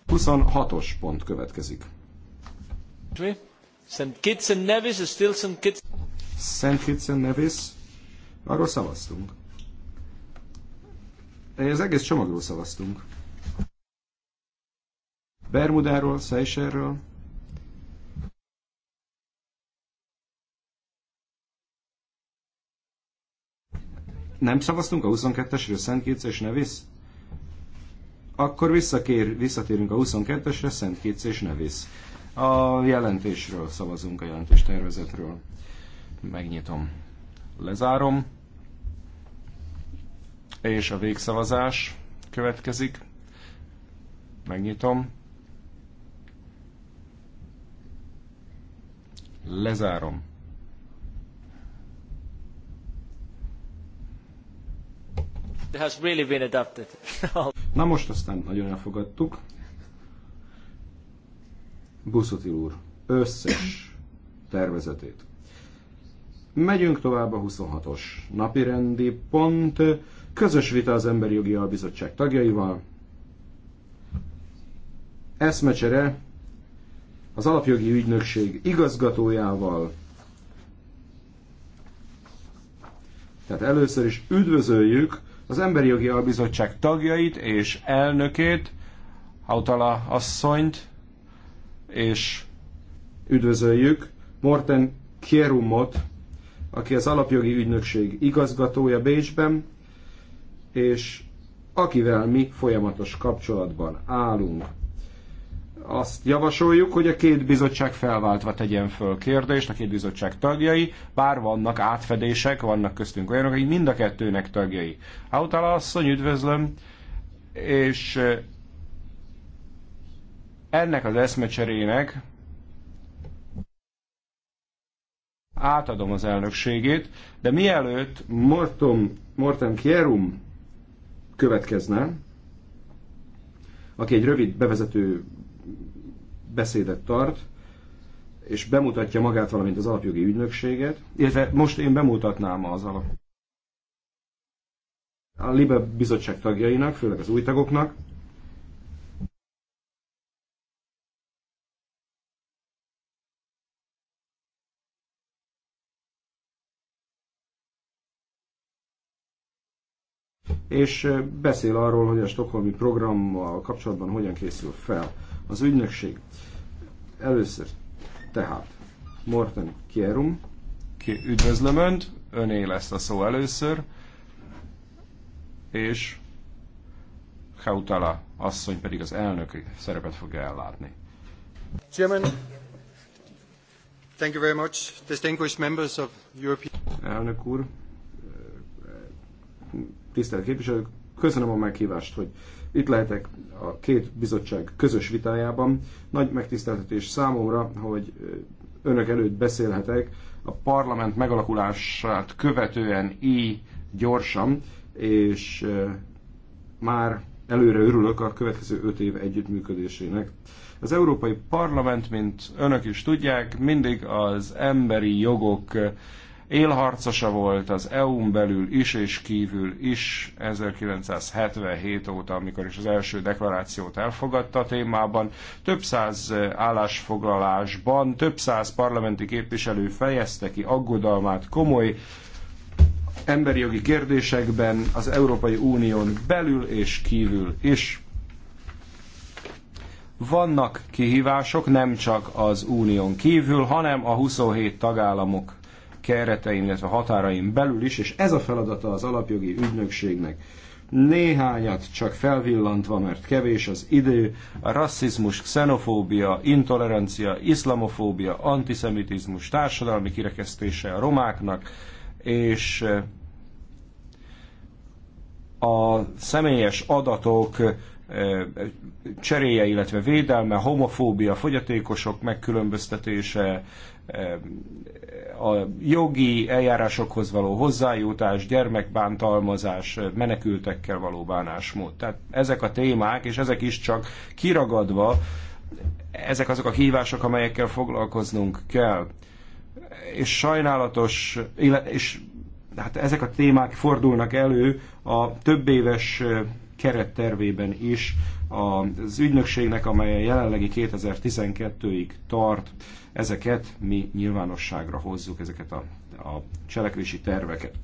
[SPEAKER 4] 26. 26-os pont következik.
[SPEAKER 5] Szent Kitts and Nevis, still St. Kitts.
[SPEAKER 4] Szent Kitts and Nevis, arról szavaztunk. Az egész csomagról szavaztunk. Bermudáról, Seychelről. Nem szavaztunk a 22-esről, Szent Kitts és Nevis? Akkor visszakér, visszatérünk a 22-esre, Szent Kitts és Nevis. A jelentésről szavazunk, a jelentés tervezetről. Megnyitom, lezárom. És a végszavazás következik. Megnyitom. Lezárom.
[SPEAKER 5] It has
[SPEAKER 1] really been adapted.
[SPEAKER 4] Na most aztán nagyon elfogadtuk. Buszutil úr összes tervezetét. Megyünk tovább a 26-os napi rendi pont. Közös vita az Emberi Jogi Albizottság tagjaival. Eszmecsere az Alapjogi Ügynökség igazgatójával. Tehát először is üdvözöljük az Emberi Jogi Albizottság tagjait és elnökét, Hautala asszonyt, és üdvözöljük Morten Kierumot, aki az alapjogi ügynökség igazgatója Bécsben, és akivel mi folyamatos kapcsolatban állunk. Azt javasoljuk, hogy a két bizottság felváltva tegyen föl kérdést, a két bizottság tagjai, bár vannak átfedések, vannak köztünk olyanok, akik mind a kettőnek tagjai. Autala asszony, üdvözlöm, és ennek az eszmecserének átadom az elnökségét, de mielőtt Mortum, mortem Kierum következne, aki egy rövid bevezető beszédet tart, és bemutatja magát, valamint az alapjogi ügynökséget, illetve most én bemutatnám az alap a Libe bizottság tagjainak, főleg az új tagoknak, és beszél arról, hogy a stokholmi programmal kapcsolatban hogyan készül fel az ügynökség. Először tehát Morten Kierum. Ki, üdvözlöm Önt, Öné lesz a szó először, és Kautala asszony pedig az elnök szerepet fogja ellátni.
[SPEAKER 6] Chairman, thank you very much. Distinguished members of European...
[SPEAKER 4] Elnök úr, tisztelt képviselők, köszönöm a meghívást, hogy itt lehetek a két bizottság közös vitájában. Nagy megtiszteltetés számomra, hogy önök előtt beszélhetek a parlament megalakulását követően így gyorsan, és már előre örülök a következő öt év együttműködésének. Az Európai Parlament, mint önök is tudják, mindig az emberi jogok élharcosa volt az EU-n belül is és kívül is 1977 óta, amikor is az első deklarációt elfogadta a témában. Több száz eh, állásfoglalásban, több száz parlamenti képviselő fejezte ki aggodalmát komoly emberi jogi kérdésekben az Európai Unión belül és kívül is. Vannak kihívások nem csak az unión kívül, hanem a 27 tagállamok keretein, illetve határain belül is, és ez a feladata az alapjogi ügynökségnek. Néhányat csak felvillantva, mert kevés az idő, a rasszizmus, xenofóbia, intolerancia, iszlamofóbia, antiszemitizmus, társadalmi kirekesztése a romáknak, és eh, a személyes adatok eh, cseréje, illetve védelme, homofóbia, fogyatékosok megkülönböztetése, a jogi eljárásokhoz való hozzájutás, gyermekbántalmazás, menekültekkel való bánásmód. Tehát ezek a témák, és ezek is csak kiragadva, ezek azok a hívások, amelyekkel foglalkoznunk kell. És sajnálatos, és hát ezek a témák fordulnak elő a több éves kerettervében is, az ügynökségnek, amely a jelenlegi 2012-ig tart. Ezeket mi nyilvánosságra hozzuk, ezeket a, a cselekvési terveket.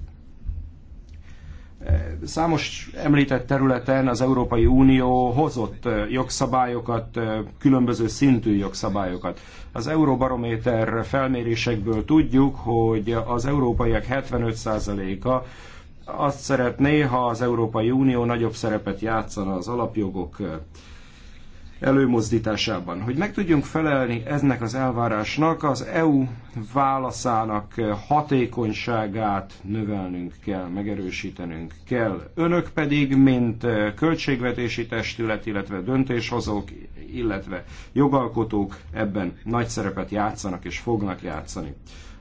[SPEAKER 4] Számos említett területen az Európai Unió hozott jogszabályokat, különböző szintű jogszabályokat. Az Euróbarométer felmérésekből tudjuk, hogy az európaiak 75%-a azt szeretné, ha az Európai Unió nagyobb szerepet játszana az alapjogok előmozdításában. Hogy meg tudjunk felelni eznek az elvárásnak, az EU válaszának hatékonyságát növelnünk kell, megerősítenünk kell. Önök pedig, mint költségvetési testület, illetve döntéshozók, illetve jogalkotók ebben nagy szerepet játszanak és fognak játszani.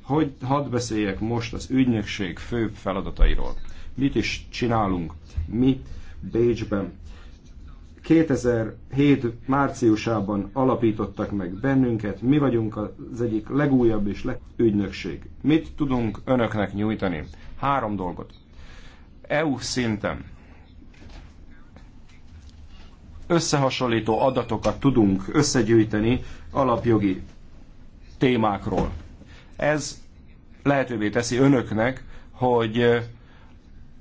[SPEAKER 4] Hogy hadd beszéljek most az ügynökség főbb feladatairól. Mit is csinálunk? Mi Bécsben 2007 márciusában alapítottak meg bennünket, mi vagyunk az egyik legújabb és legügynökség. Mit tudunk önöknek nyújtani? Három dolgot. EU szinten összehasonlító adatokat tudunk összegyűjteni alapjogi témákról. Ez lehetővé teszi önöknek, hogy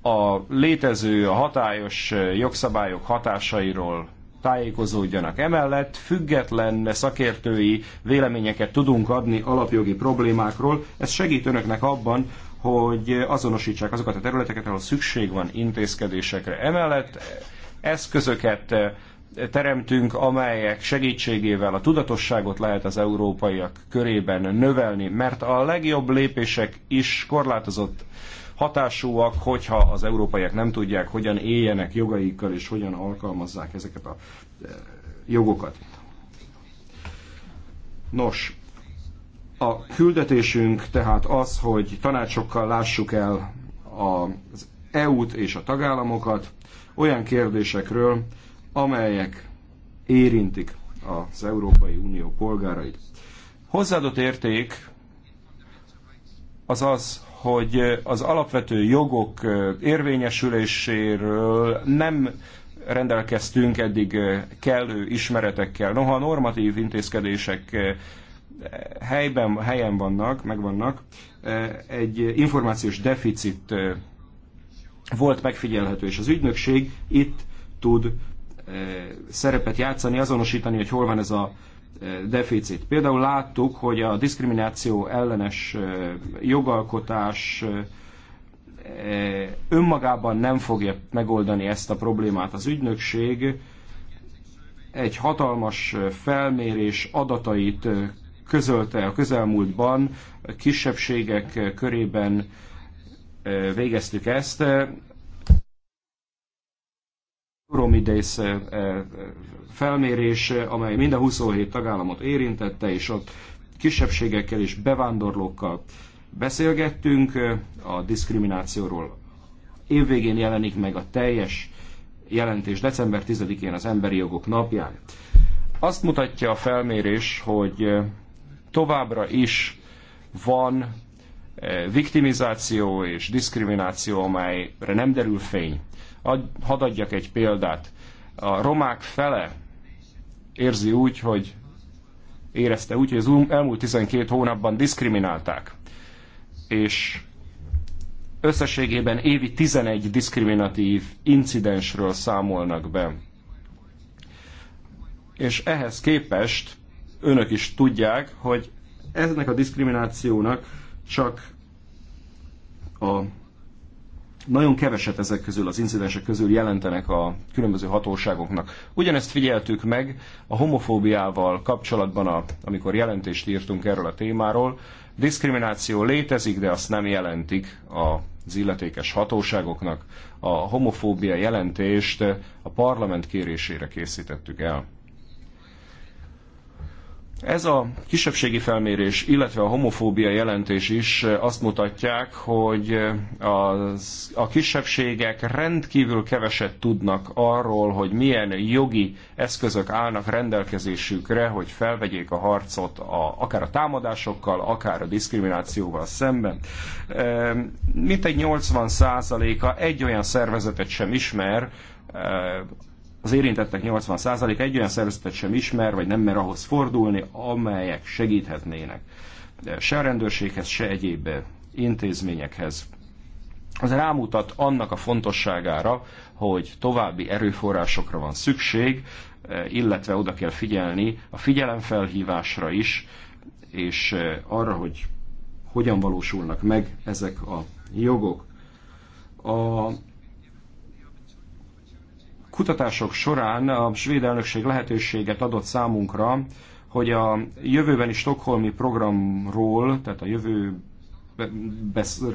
[SPEAKER 4] a létező, a hatályos eh, jogszabályok hatásairól tájékozódjanak. Emellett független szakértői véleményeket tudunk adni alapjogi problémákról. Ez segít önöknek abban, hogy azonosítsák azokat a területeket, ahol szükség van intézkedésekre. Emellett eh, eszközöket eh, teremtünk, amelyek segítségével a tudatosságot lehet az európaiak körében növelni, mert a legjobb lépések is korlátozott hatásúak, hogyha az európaiak nem tudják, hogyan éljenek jogaikkal és hogyan alkalmazzák ezeket a e, jogokat. Nos, a küldetésünk tehát az, hogy tanácsokkal lássuk el az EU-t és a tagállamokat olyan kérdésekről, amelyek érintik az Európai Unió polgárait. Hozzáadott érték az az, hogy az alapvető jogok érvényesüléséről nem rendelkeztünk eddig kellő ismeretekkel. Noha a normatív intézkedések helyben, helyen vannak, megvannak, egy információs deficit volt megfigyelhető, és az ügynökség itt tud szerepet játszani, azonosítani, hogy hol van ez a deficit. Például láttuk, hogy a diszkrimináció ellenes jogalkotás önmagában nem fogja megoldani ezt a problémát. Az ügynökség egy hatalmas felmérés adatait közölte a közelmúltban, kisebbségek körében végeztük ezt. Euromidész eh, eh, felmérés, amely mind a 27 tagállamot érintette, és ott kisebbségekkel és bevándorlókkal beszélgettünk eh, a diszkriminációról. Évvégén jelenik meg a teljes jelentés december 10-én az Emberi Jogok napján. Azt mutatja a felmérés, hogy továbbra is van viktimizáció és diszkrimináció, amelyre nem derül fény Hadd adjak egy példát. A romák fele érzi úgy, hogy érezte úgy, hogy az elmúlt 12 hónapban diszkriminálták. És összességében évi 11 diszkriminatív incidensről számolnak be. És ehhez képest önök is tudják, hogy ennek a diszkriminációnak csak a nagyon keveset ezek közül, az incidensek közül jelentenek a különböző hatóságoknak. Ugyanezt figyeltük meg a homofóbiával kapcsolatban, a, amikor jelentést írtunk erről a témáról. Diszkrimináció létezik, de azt nem jelentik az illetékes hatóságoknak. A homofóbia jelentést a parlament kérésére készítettük el. Ez a kisebbségi felmérés, illetve a homofóbia jelentés is azt mutatják, hogy az, a kisebbségek rendkívül keveset tudnak arról, hogy milyen jogi eszközök állnak rendelkezésükre, hogy felvegyék a harcot a, akár a támadásokkal, akár a diszkriminációval szemben. Mintegy 80%-a egy olyan szervezetet sem ismer, az érintettek 80% egy olyan szervezetet sem ismer, vagy nem mer ahhoz fordulni, amelyek segíthetnének. De se a rendőrséghez, se egyéb intézményekhez. Az rámutat annak a fontosságára, hogy további erőforrásokra van szükség, illetve oda kell figyelni a figyelemfelhívásra is, és arra, hogy hogyan valósulnak meg ezek a jogok. A kutatások során a svéd elnökség lehetőséget adott számunkra, hogy a jövőbeni stokholmi programról, tehát a jövő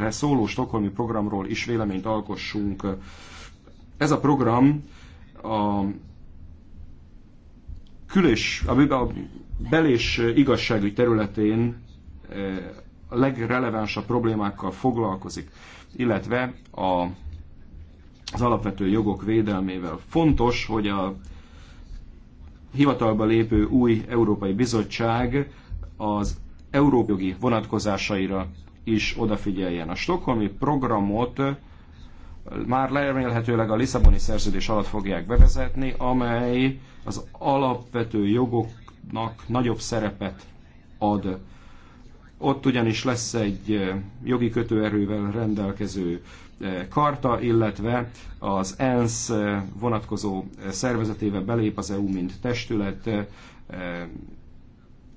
[SPEAKER 4] szóló stokholmi programról is véleményt alkossunk. Ez a program a külös, a belés igazságügy területén eh, a legrelevánsabb problémákkal foglalkozik, illetve a az alapvető jogok védelmével. Fontos, hogy a hivatalba lépő új Európai Bizottság az európai jogi vonatkozásaira is odafigyeljen. A stokholmi programot már remélhetőleg a Lisszaboni szerződés alatt fogják bevezetni, amely az alapvető jogoknak nagyobb szerepet ad. Ott ugyanis lesz egy jogi kötőerővel rendelkező karta, illetve az ENSZ vonatkozó szervezetébe belép az EU, mint testület,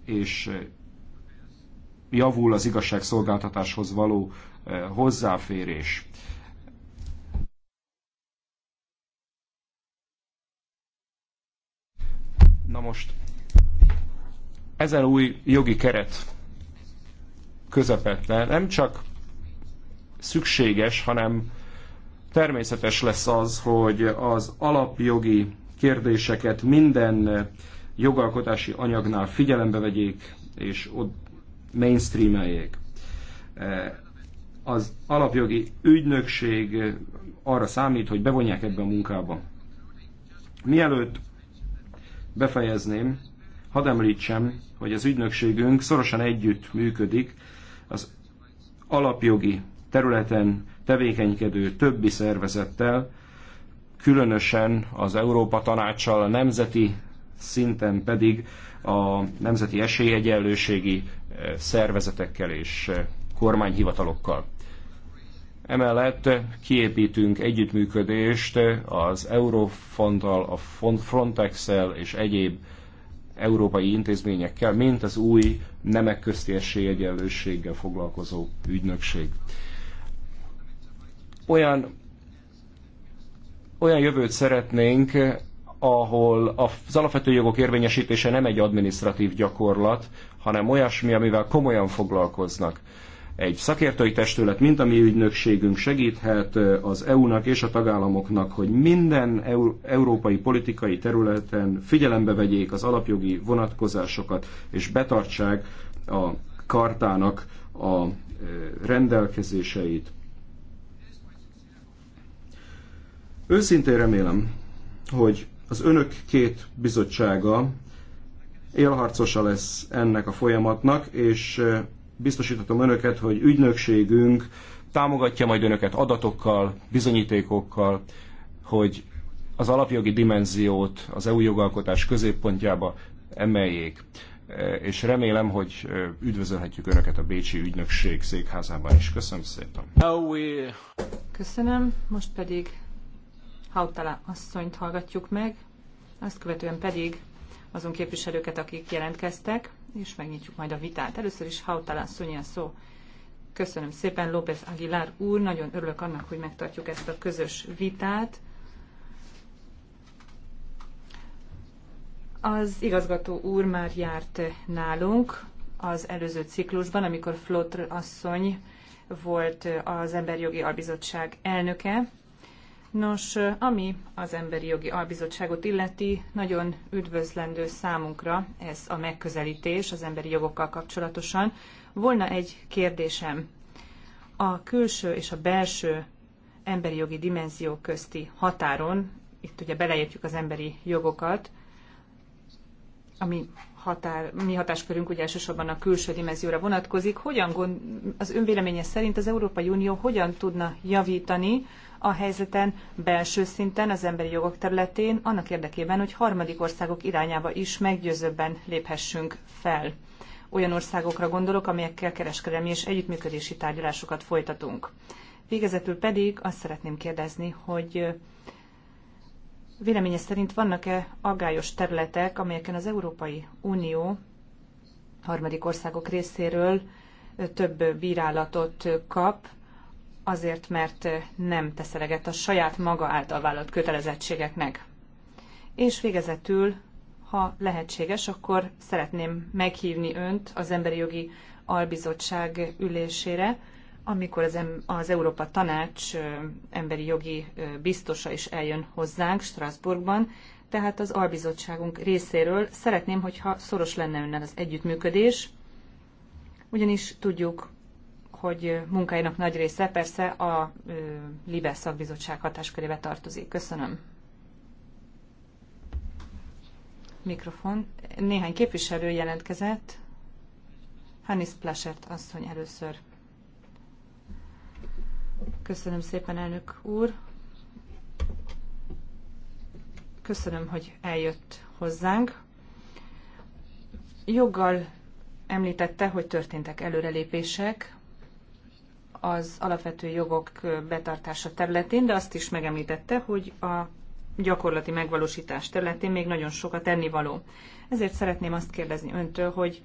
[SPEAKER 4] és javul az igazságszolgáltatáshoz való hozzáférés. Na most, ezen új jogi keret közepette nem csak szükséges, hanem természetes lesz az, hogy az alapjogi kérdéseket minden jogalkotási anyagnál figyelembe vegyék, és ott mainstreameljék. Az alapjogi ügynökség arra számít, hogy bevonják ebbe a munkába. Mielőtt befejezném, hadd említsem, hogy az ügynökségünk szorosan együtt működik az alapjogi területen tevékenykedő többi szervezettel, különösen az Európa Tanácssal, a nemzeti szinten pedig a nemzeti esélyegyenlőségi eh, szervezetekkel és eh, kormányhivatalokkal. Emellett eh, kiépítünk együttműködést az Eurofonttal, a Frontex-el és egyéb európai intézményekkel, mint az új nemek közti esélyegyenlőséggel foglalkozó ügynökség olyan, olyan jövőt szeretnénk, ahol az alapvető jogok érvényesítése nem egy administratív gyakorlat, hanem olyasmi, amivel komolyan foglalkoznak. Egy szakértői testület, mint a mi ügynökségünk segíthet eh, az EU-nak és a tagállamoknak, hogy minden európai politikai területen figyelembe vegyék az alapjogi vonatkozásokat, és betartsák a kartának a eh, rendelkezéseit. Őszintén remélem, hogy az önök két bizottsága élharcosa lesz ennek a folyamatnak, és biztosítatom önöket, hogy ügynökségünk támogatja majd önöket adatokkal, bizonyítékokkal, hogy az alapjogi dimenziót az EU jogalkotás középpontjába emeljék. És remélem, hogy üdvözölhetjük Önöket a Bécsi Ügynökség székházában is. Köszönöm szépen.
[SPEAKER 3] Köszönöm, most pedig Hautala asszonyt hallgatjuk meg, azt követően pedig azon képviselőket, akik jelentkeztek, és megnyitjuk majd a vitát. Először is Hautala asszony a szó. Köszönöm szépen, López Aguilar úr, nagyon örülök annak, hogy megtartjuk ezt a közös vitát. Az igazgató úr már járt nálunk az előző ciklusban, amikor Flotr asszony volt az Emberjogi Albizottság elnöke, Nos, ami az Emberi Jogi Albizottságot illeti, nagyon üdvözlendő számunkra ez a megközelítés az emberi jogokkal kapcsolatosan. Volna egy kérdésem. A külső és a belső emberi jogi dimenzió közti határon, itt ugye beleértjük az emberi jogokat, ami határ, mi hatáskörünk ugye elsősorban a külső dimenzióra vonatkozik, hogyan gond, az önvéleménye szerint az Európai Unió hogyan tudna javítani a helyzeten belső szinten, az emberi jogok területén, annak érdekében, hogy harmadik országok irányába is meggyőzőbben léphessünk fel. Olyan országokra gondolok, amelyekkel kereskedelmi és együttműködési tárgyalásokat folytatunk. Végezetül pedig azt szeretném kérdezni, hogy véleménye szerint vannak-e aggályos területek, amelyeken az Európai Unió harmadik országok részéről több bírálatot kap, azért, mert nem tesz eleget a saját maga által vállalt kötelezettségeknek. És végezetül, ha lehetséges, akkor szeretném meghívni önt az Emberi Jogi Albizottság ülésére, amikor az, az Európa Tanács emberi jogi biztosa is eljön hozzánk Strasbourgban, tehát az albizottságunk részéről szeretném, hogyha szoros lenne önnel az együttműködés, ugyanis tudjuk, hogy munkáinak nagy része persze a Libe szakbizottság hatáskörébe tartozik. Köszönöm. Mikrofon. Néhány képviselő jelentkezett. Hannis Plasert asszony először. Köszönöm szépen, elnök úr. Köszönöm, hogy eljött hozzánk. Joggal említette, hogy történtek előrelépések az alapvető jogok betartása területén, de azt is megemlítette, hogy a gyakorlati megvalósítás területén még nagyon sokat tennivaló. Ezért szeretném azt kérdezni öntől, hogy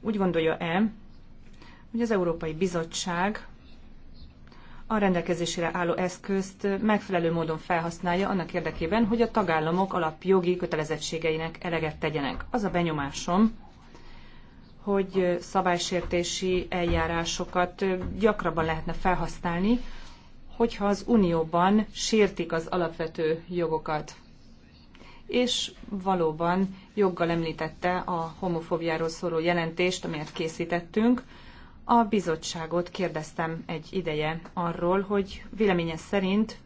[SPEAKER 3] úgy gondolja-e, hogy az Európai Bizottság a rendelkezésére álló eszközt megfelelő módon felhasználja annak érdekében, hogy a tagállamok alapjogi kötelezettségeinek eleget tegyenek. Az a benyomásom, hogy szabálysértési eljárásokat gyakrabban lehetne felhasználni, hogyha az Unióban sértik az alapvető jogokat. És valóban joggal említette a homofóbiáról szóló jelentést, amelyet készítettünk. A bizottságot kérdeztem egy ideje arról, hogy véleménye szerint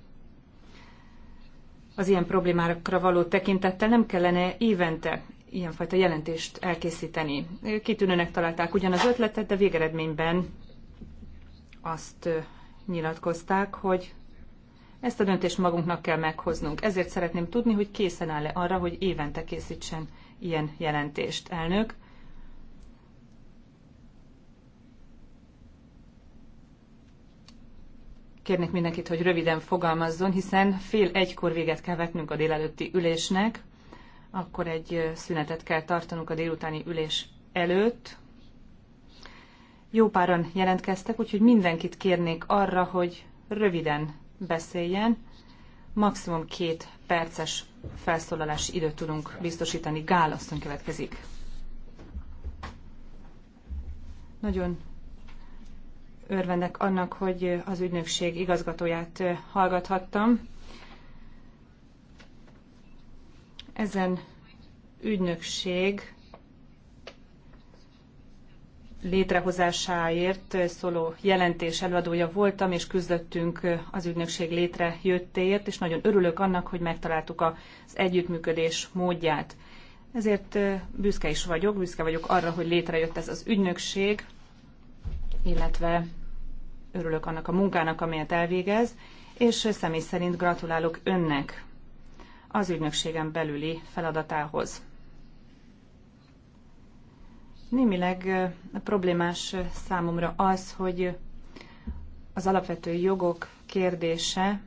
[SPEAKER 3] az ilyen problémákra való tekintettel nem kellene évente ilyenfajta jelentést elkészíteni. Kitűnőnek találták ugyanaz az ötletet, de végeredményben azt nyilatkozták, hogy ezt a döntést magunknak kell meghoznunk. Ezért szeretném tudni, hogy készen áll-e arra, hogy évente készítsen ilyen jelentést. Elnök, kérnék mindenkit, hogy röviden fogalmazzon, hiszen fél egykor véget kell vetnünk a délelőtti ülésnek akkor egy szünetet kell tartanunk a délutáni ülés előtt. Jó páran jelentkeztek, úgyhogy mindenkit kérnék arra, hogy röviden beszéljen. Maximum két perces felszólalási időt tudunk biztosítani. Gál asszony következik. Nagyon örvendek annak, hogy az ügynökség igazgatóját hallgathattam Ezen ügynökség létrehozásáért szóló jelentés előadója voltam, és küzdöttünk az ügynökség létrejöttéért, és nagyon örülök annak, hogy megtaláltuk az együttműködés módját. Ezért büszke is vagyok, büszke vagyok arra, hogy létrejött ez az ügynökség, illetve örülök annak a munkának, amelyet elvégez, és személy szerint gratulálok önnek az ügynökségen belüli feladatához. Némileg problémás számomra az, hogy az alapvető jogok kérdése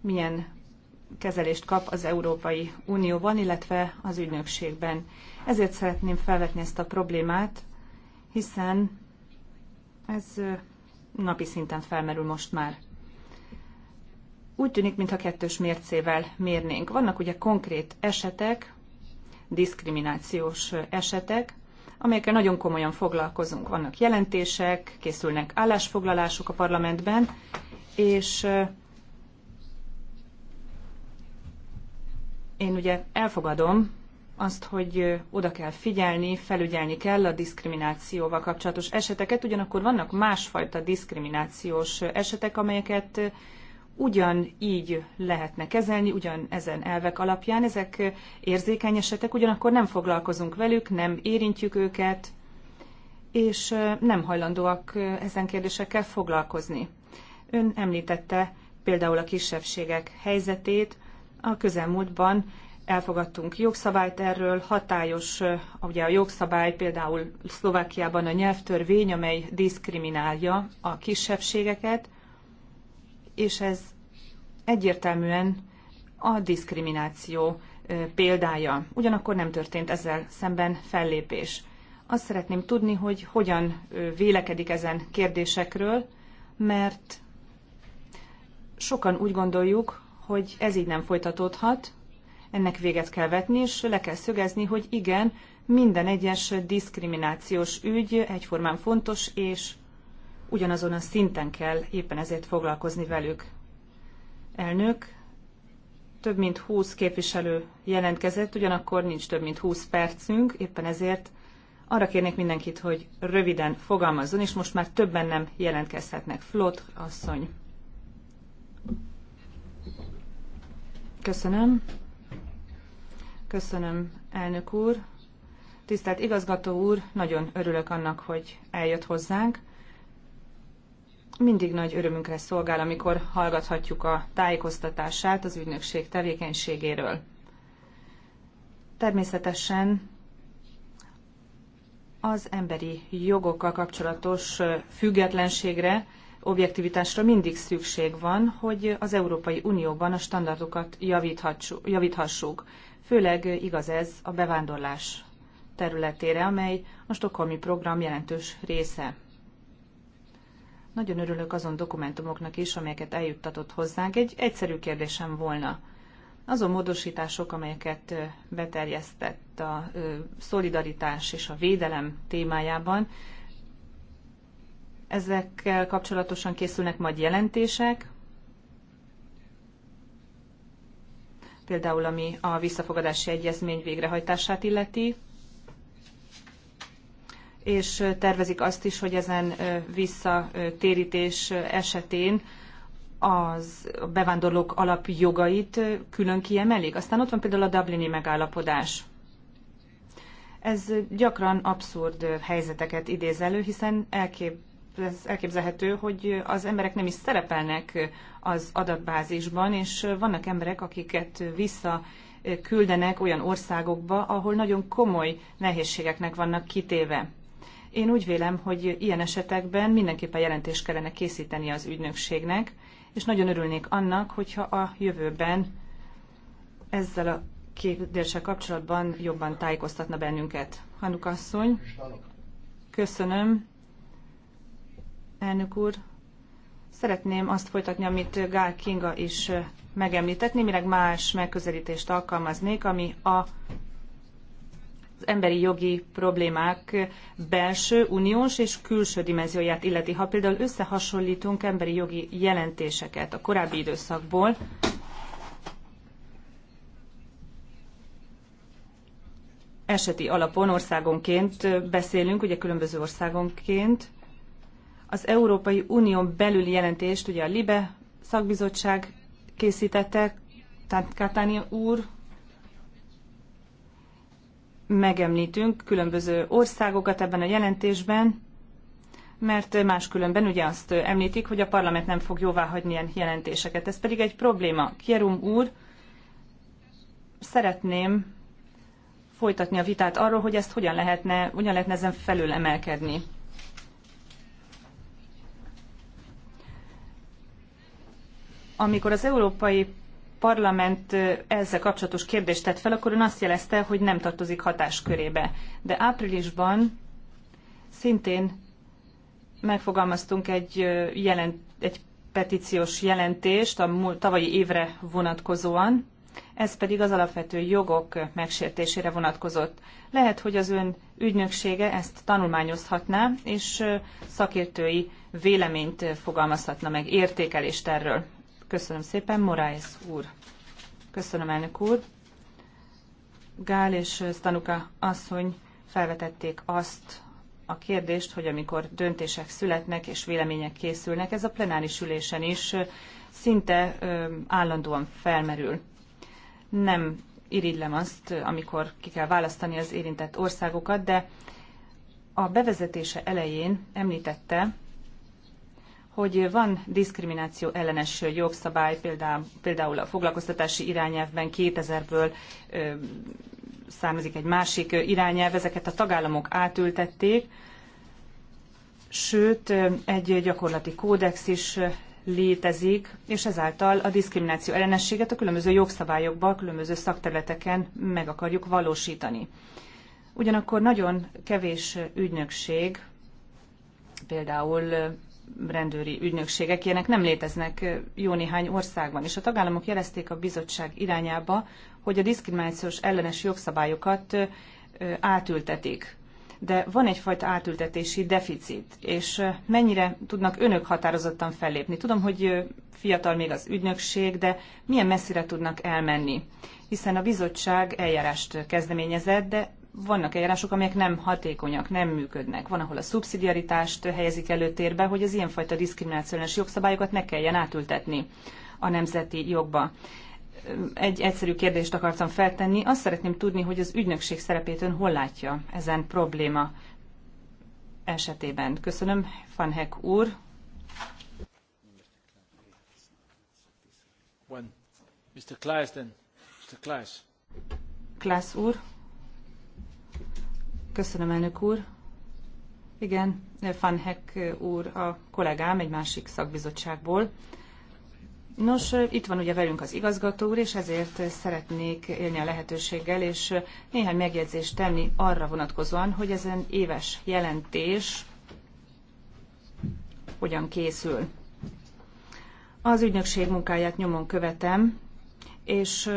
[SPEAKER 3] milyen kezelést kap az Európai Unióban, illetve az ügynökségben. Ezért szeretném felvetni ezt a problémát, hiszen ez napi szinten felmerül most már úgy tűnik, mintha kettős mércével mérnénk. Vannak ugye konkrét esetek, diszkriminációs esetek, amelyekkel nagyon komolyan foglalkozunk. Vannak jelentések, készülnek állásfoglalások a parlamentben, és én ugye elfogadom azt, hogy oda kell figyelni, felügyelni kell a diszkriminációval kapcsolatos eseteket, ugyanakkor vannak másfajta diszkriminációs esetek, amelyeket ugyanígy lehetne kezelni, ugyan ezen elvek alapján. Ezek érzékeny esetek, ugyanakkor nem foglalkozunk velük, nem érintjük őket, és nem hajlandóak ezen kérdésekkel foglalkozni. Ön említette például a kisebbségek helyzetét. A közelmúltban elfogadtunk jogszabályt erről, hatályos ugye a jogszabály például Szlovákiában a nyelvtörvény, amely diszkriminálja a kisebbségeket, és ez egyértelműen a diszkrimináció példája. Ugyanakkor nem történt ezzel szemben fellépés. Azt szeretném tudni, hogy hogyan vélekedik ezen kérdésekről, mert sokan úgy gondoljuk, hogy ez így nem folytatódhat, ennek véget kell vetni, és le kell szögezni, hogy igen, minden egyes diszkriminációs ügy egyformán fontos és ugyanazon a szinten kell éppen ezért foglalkozni velük. Elnök, több mint 20 képviselő jelentkezett, ugyanakkor nincs több mint 20 percünk, éppen ezért arra kérnék mindenkit, hogy röviden fogalmazzon, és most már többen nem jelentkezhetnek. Flott asszony. Köszönöm. Köszönöm, elnök úr. Tisztelt igazgató úr, nagyon örülök annak, hogy eljött hozzánk. Mindig nagy örömünkre szolgál, amikor hallgathatjuk a tájékoztatását az ügynökség tevékenységéről. Természetesen az emberi jogokkal kapcsolatos függetlenségre, objektivitásra mindig szükség van, hogy az Európai Unióban a standardokat javíthassuk. Főleg igaz ez a bevándorlás területére, amely a stokholmi program jelentős része. Nagyon örülök azon dokumentumoknak is, amelyeket eljuttatott hozzánk. Egy egyszerű kérdésem volna. Azon módosítások, amelyeket beterjesztett a szolidaritás és a védelem témájában, ezekkel kapcsolatosan készülnek majd jelentések, például ami a visszafogadási egyezmény végrehajtását illeti, és tervezik azt is, hogy ezen visszatérítés esetén az bevándorlók alapjogait külön kiemelik. Aztán ott van például a Dublini megállapodás. Ez gyakran abszurd helyzeteket idéz elő, hiszen elkép, ez elképzelhető, hogy az emberek nem is szerepelnek az adatbázisban, és vannak emberek, akiket vissza küldenek olyan országokba, ahol nagyon komoly nehézségeknek vannak kitéve. Én úgy vélem, hogy ilyen esetekben mindenképpen jelentést kellene készíteni az ügynökségnek, és nagyon örülnék annak, hogyha a jövőben ezzel a kérdéssel kapcsolatban jobban tájékoztatna bennünket. Hanuk asszony, köszönöm. Elnök úr, szeretném azt folytatni, amit Gál Kinga is megemlített, némileg más megközelítést alkalmaznék, ami a az emberi jogi problémák belső, uniós és külső dimenzióját illeti. Ha például összehasonlítunk emberi jogi jelentéseket a korábbi időszakból, eseti alapon országonként beszélünk, ugye különböző országonként. Az Európai Unión belüli jelentést ugye a LIBE szakbizottság készítette, tehát Katáni úr megemlítünk különböző országokat ebben a jelentésben, mert máskülönben ugye azt említik, hogy a parlament nem fog jóváhagyni ilyen jelentéseket. Ez pedig egy probléma. Kierum úr, szeretném folytatni a vitát arról, hogy ezt hogyan lehetne, hogyan lehetne ezen felül emelkedni. Amikor az Európai parlament ezzel kapcsolatos kérdést tett fel, akkor ön azt jelezte, hogy nem tartozik hatáskörébe. De áprilisban szintén megfogalmaztunk egy, jelent, egy petíciós jelentést a tavalyi évre vonatkozóan, ez pedig az alapvető jogok megsértésére vonatkozott. Lehet, hogy az ön ügynöksége ezt tanulmányozhatná, és szakértői véleményt fogalmazhatna meg, értékelést erről. Köszönöm szépen, Moraes úr. Köszönöm, elnök úr. Gál és Stanuka asszony felvetették azt a kérdést, hogy amikor döntések születnek és vélemények készülnek, ez a plenáris ülésen is szinte állandóan felmerül. Nem irigylem azt, amikor ki kell választani az érintett országokat, de a bevezetése elején említette, hogy van diszkrimináció ellenes jogszabály, például, például a foglalkoztatási irányelvben 2000-ből származik egy másik irányelv, ezeket a tagállamok átültették, sőt egy gyakorlati kódex is létezik, és ezáltal a diszkrimináció ellenességet a különböző jogszabályokban a különböző szakterületeken meg akarjuk valósítani. Ugyanakkor nagyon kevés ügynökség, például rendőri ügynökségek, ilyenek nem léteznek jó néhány országban, és a tagállamok jelezték a bizottság irányába, hogy a diszkriminációs ellenes jogszabályokat átültetik. De van egyfajta átültetési deficit, és mennyire tudnak önök határozottan fellépni? Tudom, hogy fiatal még az ügynökség, de milyen messzire tudnak elmenni? Hiszen a bizottság eljárást kezdeményezett, de vannak eljárások, amelyek nem hatékonyak, nem működnek. Van, ahol a szubszidiaritást helyezik előtérbe, hogy az ilyenfajta diszkriminációs jogszabályokat ne kelljen átültetni a nemzeti jogba. Egy egyszerű kérdést akartam feltenni. Azt szeretném tudni, hogy az ügynökség szerepét ön hol látja ezen probléma esetében. Köszönöm, Fanhek úr.
[SPEAKER 5] Mr. Klaes, then.
[SPEAKER 3] Mr. úr. Köszönöm, elnök úr. Igen, Van Heck úr a kollégám egy másik szakbizottságból. Nos, itt van ugye velünk az igazgató úr, és ezért szeretnék élni a lehetőséggel, és néhány megjegyzést tenni arra vonatkozóan, hogy ezen éves jelentés hogyan készül. Az ügynökség munkáját nyomon követem, és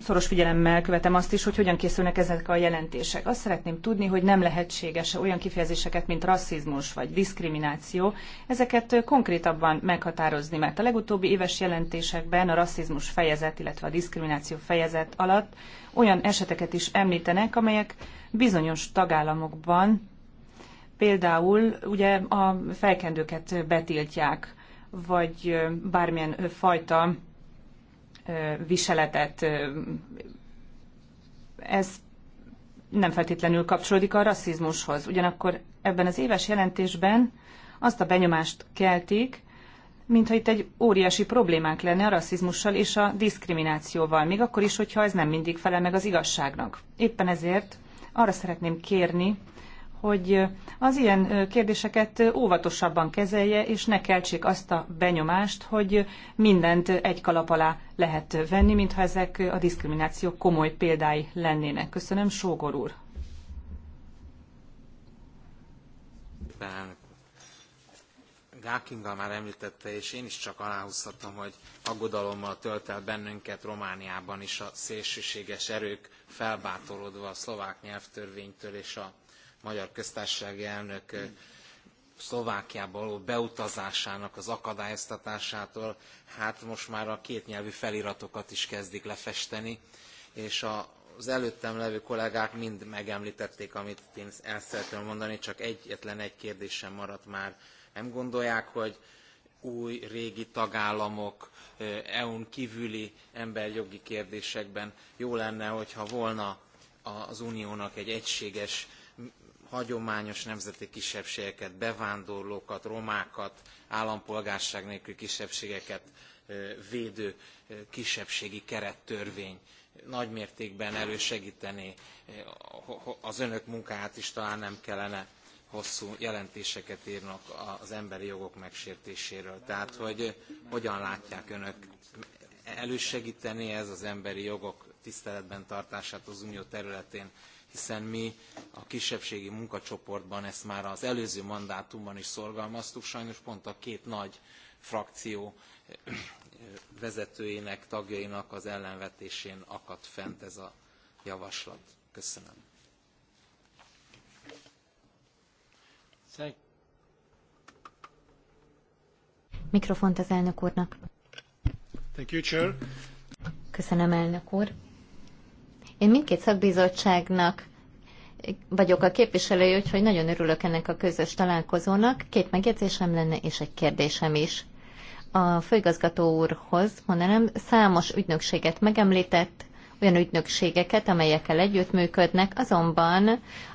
[SPEAKER 3] szoros figyelemmel követem azt is, hogy hogyan készülnek ezek a jelentések. Azt szeretném tudni, hogy nem lehetséges olyan kifejezéseket, mint rasszizmus vagy diszkrimináció, ezeket konkrétabban meghatározni, mert a legutóbbi éves jelentésekben a rasszizmus fejezet, illetve a diszkrimináció fejezet alatt olyan eseteket is említenek, amelyek bizonyos tagállamokban például ugye a felkendőket betiltják, vagy bármilyen fajta viseletet. Ez nem feltétlenül kapcsolódik a rasszizmushoz. Ugyanakkor ebben az éves jelentésben azt a benyomást keltik, mintha itt egy óriási problémánk lenne a rasszizmussal és a diszkriminációval, még akkor is, hogyha ez nem mindig felel meg az igazságnak. Éppen ezért arra szeretném kérni hogy az ilyen kérdéseket óvatosabban kezelje, és ne keltsék azt a benyomást, hogy mindent egy kalap alá lehet venni, mintha ezek a diszkrimináció komoly példái lennének. Köszönöm, Sógor úr.
[SPEAKER 1] Gákinga már említette, és én is csak aláhúzhatom, hogy aggodalommal tölt el bennünket Romániában is a szélsőséges erők felbátorodva a szlovák nyelvtörvénytől és a magyar köztársasági elnök Szlovákiába való beutazásának az akadályoztatásától, hát most már a kétnyelvű feliratokat is kezdik lefesteni, és az előttem levő kollégák mind megemlítették, amit én el szeretném mondani, csak egyetlen egy kérdésem maradt már. Nem gondolják, hogy új, régi tagállamok, EU-n kívüli emberjogi kérdésekben jó lenne, hogyha volna az uniónak egy egységes hagyományos nemzeti kisebbségeket, bevándorlókat, romákat, állampolgárság nélküli kisebbségeket védő kisebbségi kerettörvény nagymértékben elősegítené az önök munkáját is talán nem kellene hosszú jelentéseket írnak az emberi jogok megsértéséről. Tehát, hogy hogyan látják önök, elősegíteni ez az emberi jogok tiszteletben tartását az unió területén hiszen mi a kisebbségi munkacsoportban ezt már az előző mandátumban is szorgalmaztuk, sajnos pont a két nagy frakció vezetőinek, tagjainak az ellenvetésén akadt fent ez a javaslat. Köszönöm.
[SPEAKER 2] Mikrofont az elnök úrnak.
[SPEAKER 5] Thank you, Chair.
[SPEAKER 2] Köszönöm, elnök úr. Én mindkét szakbizottságnak vagyok a képviselője, úgyhogy nagyon örülök ennek a közös találkozónak. Két megjegyzésem lenne, és egy kérdésem is. A főigazgató úrhoz mondanám, számos ügynökséget megemlített, olyan ügynökségeket, amelyekkel együttműködnek, azonban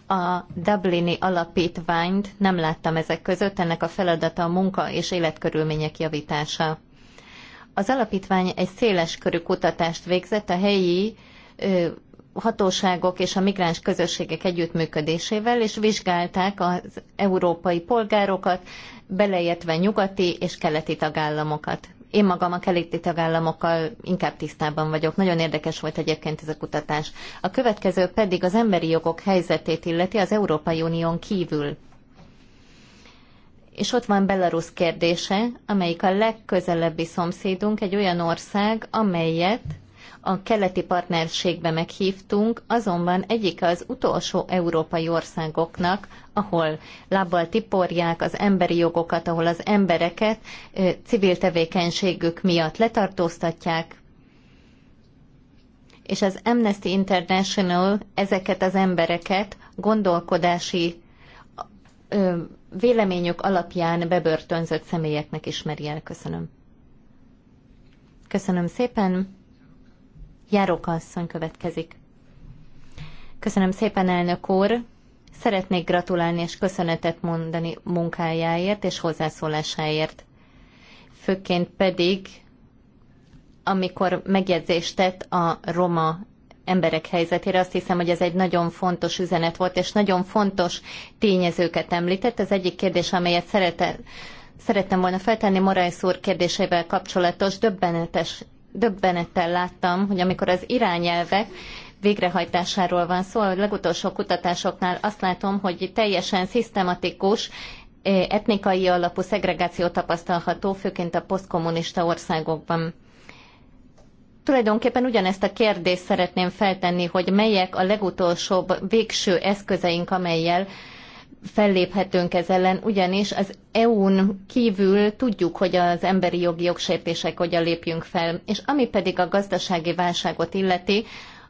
[SPEAKER 2] a Dublini alapítványt nem láttam ezek között, ennek a feladata a munka és életkörülmények javítása. Az alapítvány egy széles körű kutatást végzett a helyi hatóságok és a migráns közösségek együttműködésével, és vizsgálták az európai polgárokat, beleértve nyugati és keleti tagállamokat. Én magam a keleti tagállamokkal inkább tisztában vagyok. Nagyon érdekes volt egyébként ez a kutatás. A következő pedig az emberi jogok helyzetét illeti az Európai Unión kívül. És ott van Belarus kérdése, amelyik a legközelebbi szomszédunk, egy olyan ország, amelyet a keleti partnerségbe meghívtunk, azonban egyik az utolsó európai országoknak, ahol lábbal tiporják az emberi jogokat, ahol az embereket civil tevékenységük miatt letartóztatják, és az Amnesty International ezeket az embereket gondolkodási véleményük alapján bebörtönzött személyeknek ismeri el. Köszönöm. Köszönöm szépen. Járóka asszony következik. Köszönöm szépen, elnök úr! Szeretnék gratulálni és köszönetet mondani munkájáért és hozzászólásáért. Főként pedig, amikor megjegyzést tett a roma emberek helyzetére. Azt hiszem, hogy ez egy nagyon fontos üzenet volt, és nagyon fontos tényezőket említett. Az egyik kérdés, amelyet szerettem volna feltenni Morajsz úr kérdésével kapcsolatos, döbbenetes döbbenettel láttam, hogy amikor az irányelvek végrehajtásáról van szó, a legutolsó kutatásoknál azt látom, hogy teljesen szisztematikus eh, etnikai alapú szegregáció tapasztalható, főként a posztkommunista országokban. Tulajdonképpen ugyanezt a kérdést szeretném feltenni, hogy melyek a legutolsóbb végső eszközeink, amelyel felléphetünk ez ellen, ugyanis az EU-n kívül tudjuk, hogy az emberi jogi jogsértések hogyan lépjünk fel, és ami pedig a gazdasági válságot illeti,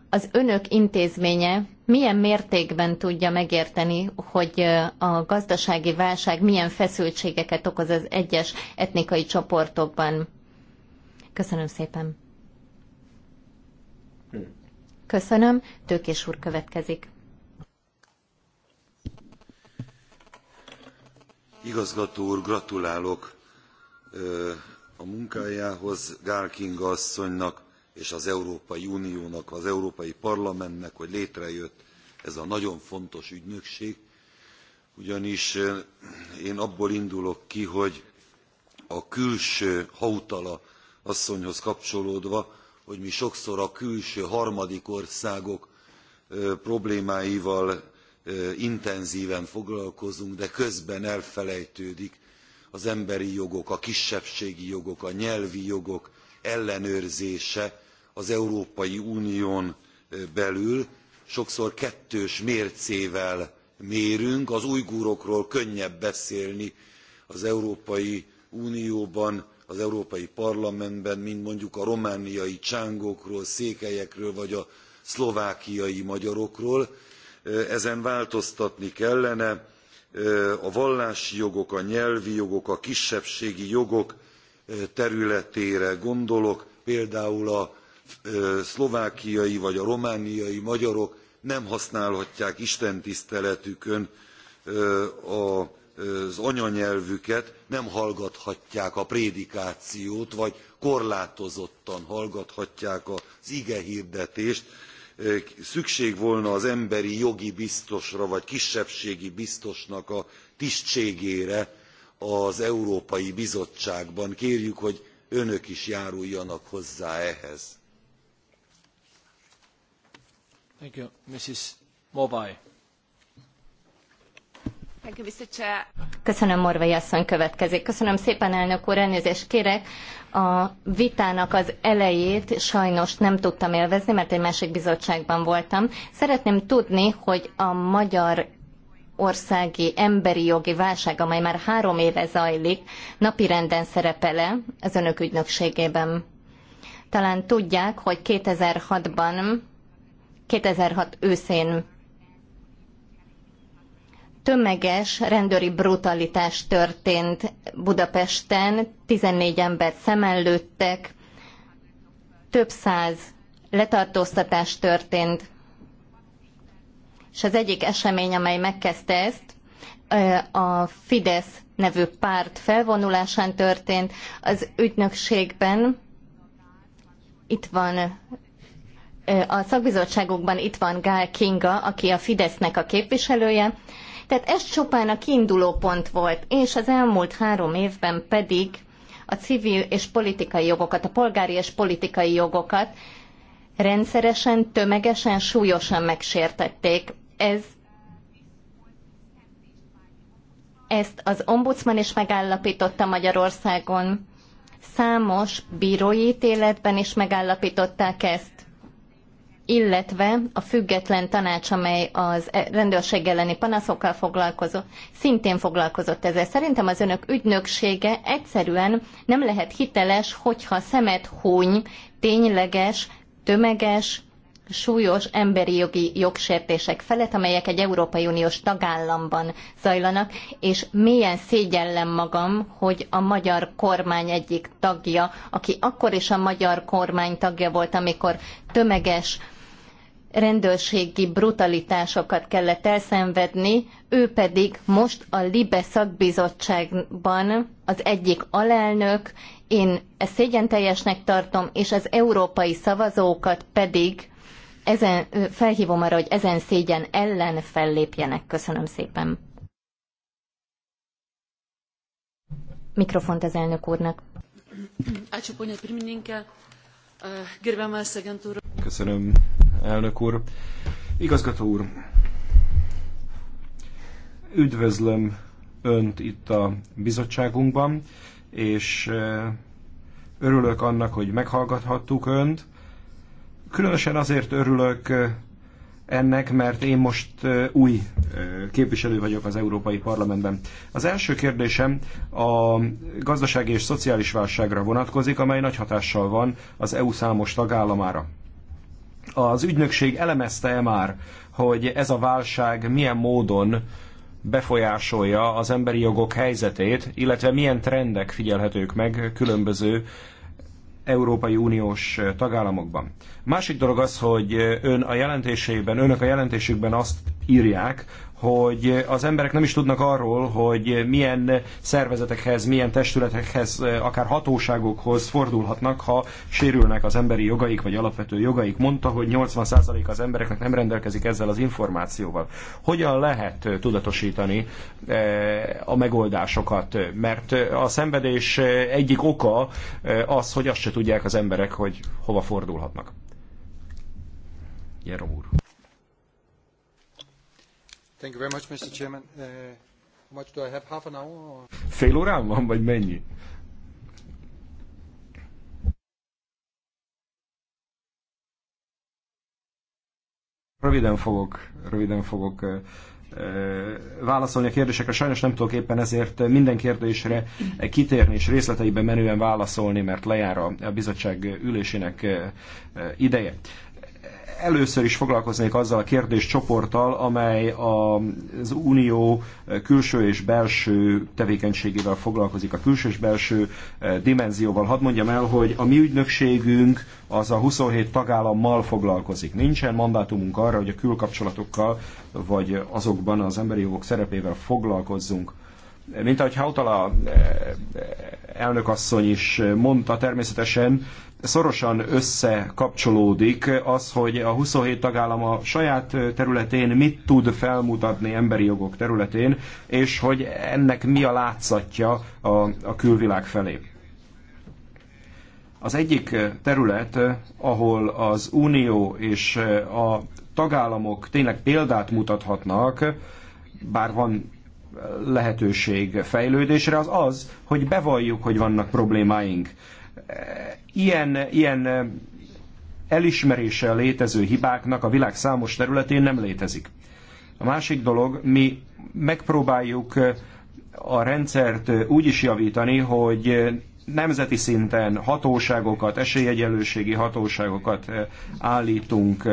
[SPEAKER 2] az önök intézménye milyen mértékben tudja megérteni, hogy a gazdasági válság milyen feszültségeket okoz az egyes etnikai csoportokban? Köszönöm szépen. Hm. Köszönöm. Tőkés úr következik.
[SPEAKER 6] Igazgató úr, gratulálok a munkájához, Gál Kinga asszonynak és az Európai Uniónak, az Európai Parlamentnek, hogy létrejött ez a nagyon fontos ügynökség, ugyanis én abból indulok ki, hogy a külső hautala asszonyhoz kapcsolódva, hogy mi sokszor a külső harmadik országok problémáival intenzven foglalkozunk de közben elfelejtődik az emberi jogok a kisebbségi jogok a nyelvi jogok ellenőrzése az európai unión belül sokszor kettős mércével mérünk az ujgurokról könnyebb beszélni az európai unióban az európai parlamentben mint mondjuk a romániai csángókról székelyekről vagy a szlovákiai magyarokról ezen változtatni kellene a vallási jogok a nyelvi jogok a kisebbségi jogok területére gondolok például a szlovákiai vagy a romániai magyarok nem használhatják istentiszteletükön az anyanyelvüket nem hallgathatják a prédikációt vagy korlátozottan hallgathatják az igehirdetést szükség volna az emberi jogi biztosra vagy kisebbségi biztosnak a tisztségére az európai bizottságban. kérjük hogy önök is járuljanak hozzá ehhez.
[SPEAKER 1] Mrs.
[SPEAKER 2] Köszönöm, Morvai asszony következik. Köszönöm szépen, elnök úr, elnézést kérek. A vitának az elejét sajnos nem tudtam élvezni, mert egy másik bizottságban voltam. Szeretném tudni, hogy a magyar országi emberi jogi válság, amely már három éve zajlik, napirenden szerepele az önök ügynökségében. Talán tudják, hogy 2006-ban, 2006 őszén tömeges rendőri brutalitás történt Budapesten, 14 embert szemellőttek, több száz letartóztatás történt, és az egyik esemény, amely megkezdte ezt, a Fidesz nevű párt felvonulásán történt. Az ügynökségben itt van a szakbizottságokban itt van Gál Kinga, aki a Fidesznek a képviselője, tehát ez csupán a kiinduló pont volt, és az elmúlt három évben pedig a civil és politikai jogokat, a polgári és politikai jogokat rendszeresen, tömegesen, súlyosan megsértették. Ez ezt az ombudsman is megállapította Magyarországon. Számos bírói ítéletben is megállapították ezt illetve a független tanács, amely az e- rendőrség elleni panaszokkal foglalkozott, szintén foglalkozott ezzel. Szerintem az önök ügynöksége egyszerűen nem lehet hiteles, hogyha szemet húny tényleges, tömeges, súlyos emberi jogi jogsértések felett, amelyek egy Európai Uniós tagállamban zajlanak, és mélyen szégyellem magam, hogy a magyar kormány egyik tagja, aki akkor is a magyar kormány tagja volt, amikor tömeges rendőrségi brutalitásokat kellett elszenvedni, ő pedig most a Libe szakbizottságban az egyik alelnök, én ezt szégyen teljesnek tartom, és az európai szavazókat pedig ezen, felhívom arra, hogy ezen szégyen ellen fellépjenek. Köszönöm szépen. Mikrofont az elnök úrnak.
[SPEAKER 4] Köszönöm, elnök úr. Igazgató úr, üdvözlöm Önt itt a bizottságunkban, és e, örülök annak, hogy meghallgathattuk Önt. Különösen azért örülök, ennek, mert én most új képviselő vagyok az Európai Parlamentben. Az első kérdésem a gazdasági és szociális válságra vonatkozik, amely nagy hatással van az EU számos tagállamára. Az ügynökség elemezte-e már, hogy ez a válság milyen módon befolyásolja az emberi jogok helyzetét, illetve milyen trendek figyelhetők meg különböző Európai Uniós tagállamokban. Másik dolog az, hogy ön a jelentésében, önök a jelentésükben azt írják, hogy az emberek nem is tudnak arról, hogy milyen szervezetekhez, milyen testületekhez, akár hatóságokhoz fordulhatnak, ha sérülnek az emberi jogaik vagy alapvető jogaik. Mondta, hogy 80% az embereknek nem rendelkezik ezzel az információval. Hogyan lehet tudatosítani eh, a megoldásokat? Mert a szenvedés egyik oka eh, az, hogy azt se tudják az emberek, hogy hova fordulhatnak. Jerom úr.
[SPEAKER 6] Thank you very much, Mr. Chairman. Uh, much do I have? Half an hour? Or...
[SPEAKER 4] Fél órán van, vagy mennyi? Röviden fogok, röviden fogok uh, uh, válaszolni a kérdésekre. Sajnos nem tudok éppen ezért minden kérdésre kitérni és részleteiben menően válaszolni, mert lejár a bizottság ülésének uh, ideje. Először is foglalkoznék azzal a kérdéscsoporttal, amely az unió külső és belső tevékenységével foglalkozik, a külső és belső eh, dimenzióval. Hadd mondjam el, hogy a mi ügynökségünk az a 27 tagállammal foglalkozik. Nincsen mandátumunk arra, hogy a külkapcsolatokkal vagy azokban az emberi jogok szerepével foglalkozzunk mint ahogy Hautala eh, eh, elnökasszony is mondta, természetesen szorosan összekapcsolódik az, hogy a 27 tagállam a saját területén mit tud felmutatni emberi jogok területén, és hogy ennek mi a látszatja a, a külvilág felé. Az egyik terület, ahol az Unió és a tagállamok tényleg példát mutathatnak, bár van lehetőség fejlődésre, az az, hogy bevalljuk, hogy vannak problémáink. Ilyen, ilyen elismeréssel létező hibáknak a világ számos területén nem létezik. A másik dolog, mi megpróbáljuk a rendszert úgy is javítani, hogy nemzeti szinten hatóságokat, esélyegyenlőségi hatóságokat állítunk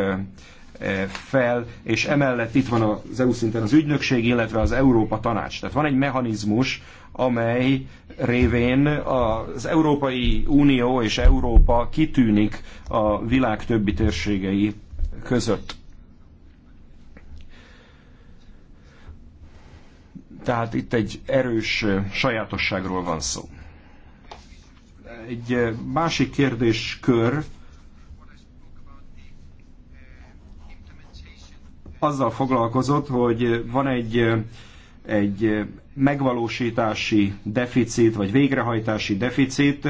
[SPEAKER 4] fel, és emellett itt van az EU szinten az ügynökség, illetve az Európa Tanács. Tehát van egy mechanizmus, amely révén az Európai Unió és Európa kitűnik a világ többi térségei között. Tehát itt egy erős sajátosságról van szó. Egy másik kérdéskör azzal foglalkozott, hogy van egy, egy megvalósítási deficit, vagy végrehajtási deficit,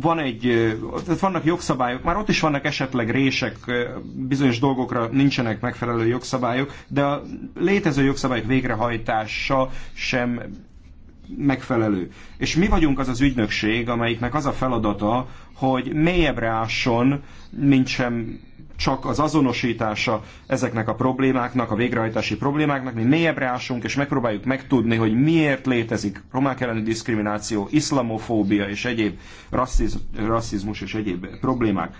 [SPEAKER 4] van egy, tehát vannak jogszabályok, már ott is vannak esetleg rések, bizonyos dolgokra nincsenek megfelelő jogszabályok, de a létező jogszabályok végrehajtása sem megfelelő. És mi vagyunk az az ügynökség, amelyiknek az a feladata, hogy mélyebbre ásson, mint sem csak az azonosítása ezeknek a problémáknak, a végrehajtási problémáknak. Mi mélyebbre ásunk, és megpróbáljuk megtudni, hogy miért létezik romák elleni diszkrimináció, iszlamofóbia és egyéb rasszizm, rasszizmus és egyéb problémák.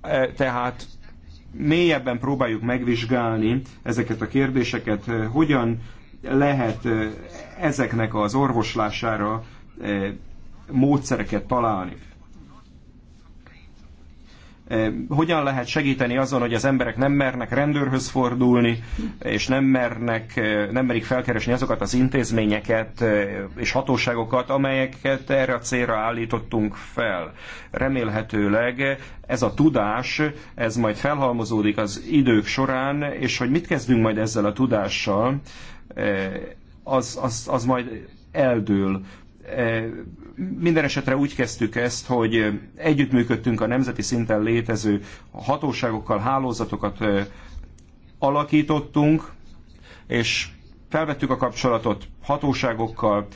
[SPEAKER 4] E, tehát mélyebben próbáljuk megvizsgálni ezeket a kérdéseket, e, hogyan lehet e, ezeknek az orvoslására módszereket találni hogyan lehet segíteni azon, hogy az emberek nem mernek rendőrhöz fordulni, és nem, mernek, nem merik felkeresni azokat az intézményeket és hatóságokat, amelyeket erre a célra állítottunk fel. Remélhetőleg ez a tudás, ez majd felhalmozódik az idők során, és hogy mit kezdünk majd ezzel a tudással, az, az, az majd eldől minden esetre úgy kezdtük ezt, hogy együttműködtünk a nemzeti szinten létező hatóságokkal, hálózatokat alakítottunk, és felvettük a kapcsolatot hatóságokkal,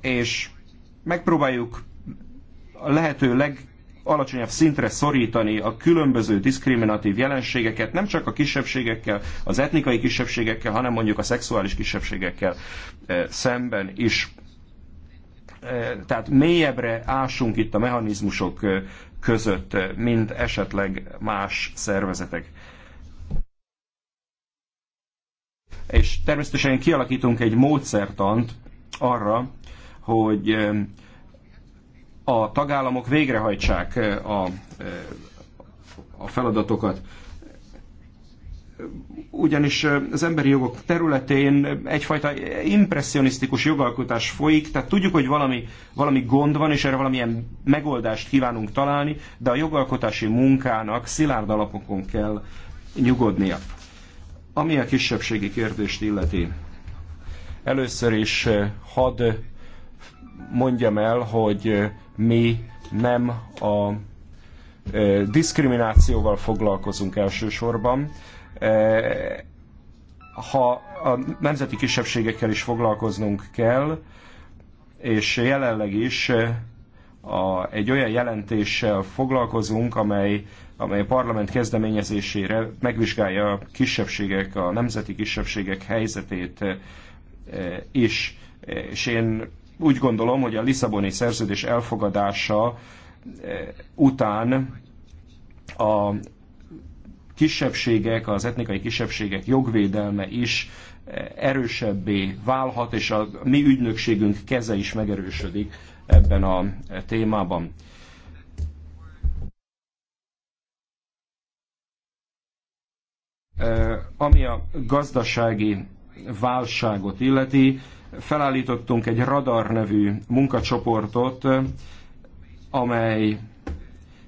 [SPEAKER 4] és megpróbáljuk a lehető legalacsonyabb szintre szorítani a különböző diszkriminatív jelenségeket, nem csak a kisebbségekkel, az etnikai kisebbségekkel, hanem mondjuk a szexuális kisebbségekkel szemben is tehát mélyebbre ásunk itt a mechanizmusok között, mint esetleg más szervezetek. És természetesen kialakítunk egy módszertant arra, hogy a tagállamok végrehajtsák a, a feladatokat ugyanis az emberi jogok területén egyfajta impressionisztikus jogalkotás folyik, tehát tudjuk, hogy valami, valami gond van, és erre valamilyen megoldást kívánunk találni, de a jogalkotási munkának szilárd alapokon kell nyugodnia. Ami a kisebbségi kérdést illeti, először is had mondjam el, hogy mi nem a diszkriminációval foglalkozunk elsősorban, Eh, ha a nemzeti kisebbségekkel is foglalkoznunk kell, és jelenleg is eh, a, egy olyan jelentéssel foglalkozunk, amely, amely a parlament kezdeményezésére megvizsgálja a kisebbségek, a nemzeti kisebbségek helyzetét eh, is. És én úgy gondolom, hogy a Lisszaboni szerződés elfogadása után a kisebbségek, az etnikai kisebbségek jogvédelme is eh, erősebbé válhat, és a mi ügynökségünk keze is megerősödik ebben a eh, témában. Eh, ami a gazdasági válságot illeti, felállítottunk egy radar nevű munkacsoportot, amely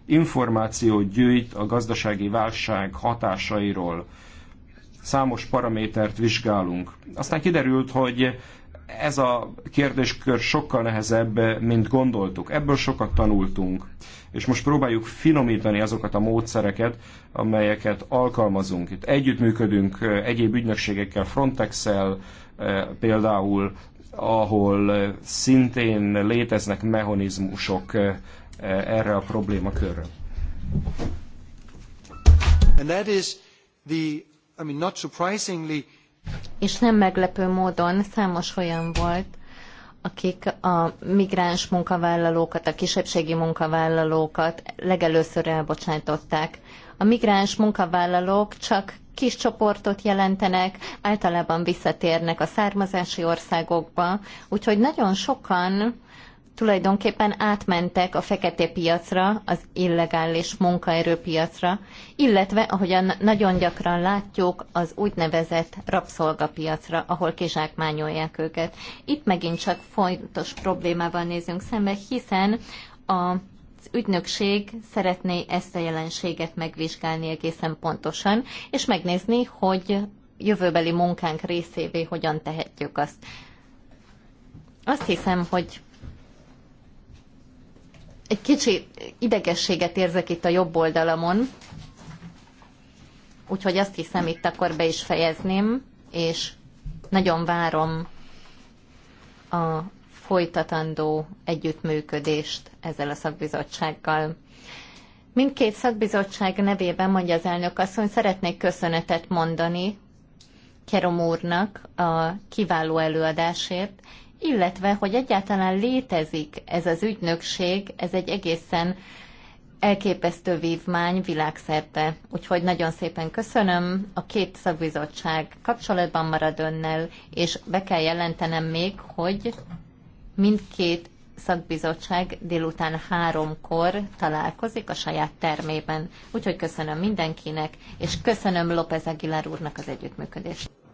[SPEAKER 4] információt gyűjt a gazdasági válság hatásairól. Számos paramétert vizsgálunk. Aztán kiderült, hogy ez a kérdéskör sokkal nehezebb, mint gondoltuk. Ebből sokat tanultunk, és most próbáljuk finomítani azokat a módszereket, amelyeket alkalmazunk. Itt együttműködünk eh, egyéb ügynökségekkel, Frontex-el eh, például, ahol eh, szintén léteznek mechanizmusok erre a
[SPEAKER 6] problémakörre. And that is the, I mean, not surprisingly...
[SPEAKER 2] És nem meglepő módon számos olyan volt, akik a migráns munkavállalókat, a kisebbségi munkavállalókat legelőször elbocsátották. A migráns munkavállalók csak kis csoportot jelentenek, általában visszatérnek a származási országokba, úgyhogy nagyon sokan tulajdonképpen átmentek a fekete piacra, az illegális munkaerőpiacra, illetve, ahogyan nagyon gyakran látjuk, az úgynevezett rabszolgapiacra, ahol kizsákmányolják őket. Itt megint csak fontos problémával nézünk szembe, hiszen a az ügynökség szeretné ezt a jelenséget megvizsgálni egészen pontosan, és megnézni, hogy jövőbeli munkánk részévé hogyan tehetjük azt. Azt hiszem, hogy egy kicsi idegességet érzek itt a jobb oldalamon, úgyhogy azt hiszem itt akkor be is fejezném, és nagyon várom a folytatandó együttműködést ezzel a szakbizottsággal. Mindkét szakbizottság nevében mondja az elnök asszony, szeretnék köszönetet mondani Kerom úrnak a kiváló előadásért, illetve hogy egyáltalán létezik ez az ügynökség, ez egy egészen elképesztő vívmány világszerte. Úgyhogy nagyon szépen köszönöm. A két szakbizottság kapcsolatban marad önnel, és be kell jelentenem még, hogy mindkét szakbizottság délután háromkor találkozik a saját termében. Úgyhogy köszönöm mindenkinek, és köszönöm López Aguilar úrnak az együttműködést.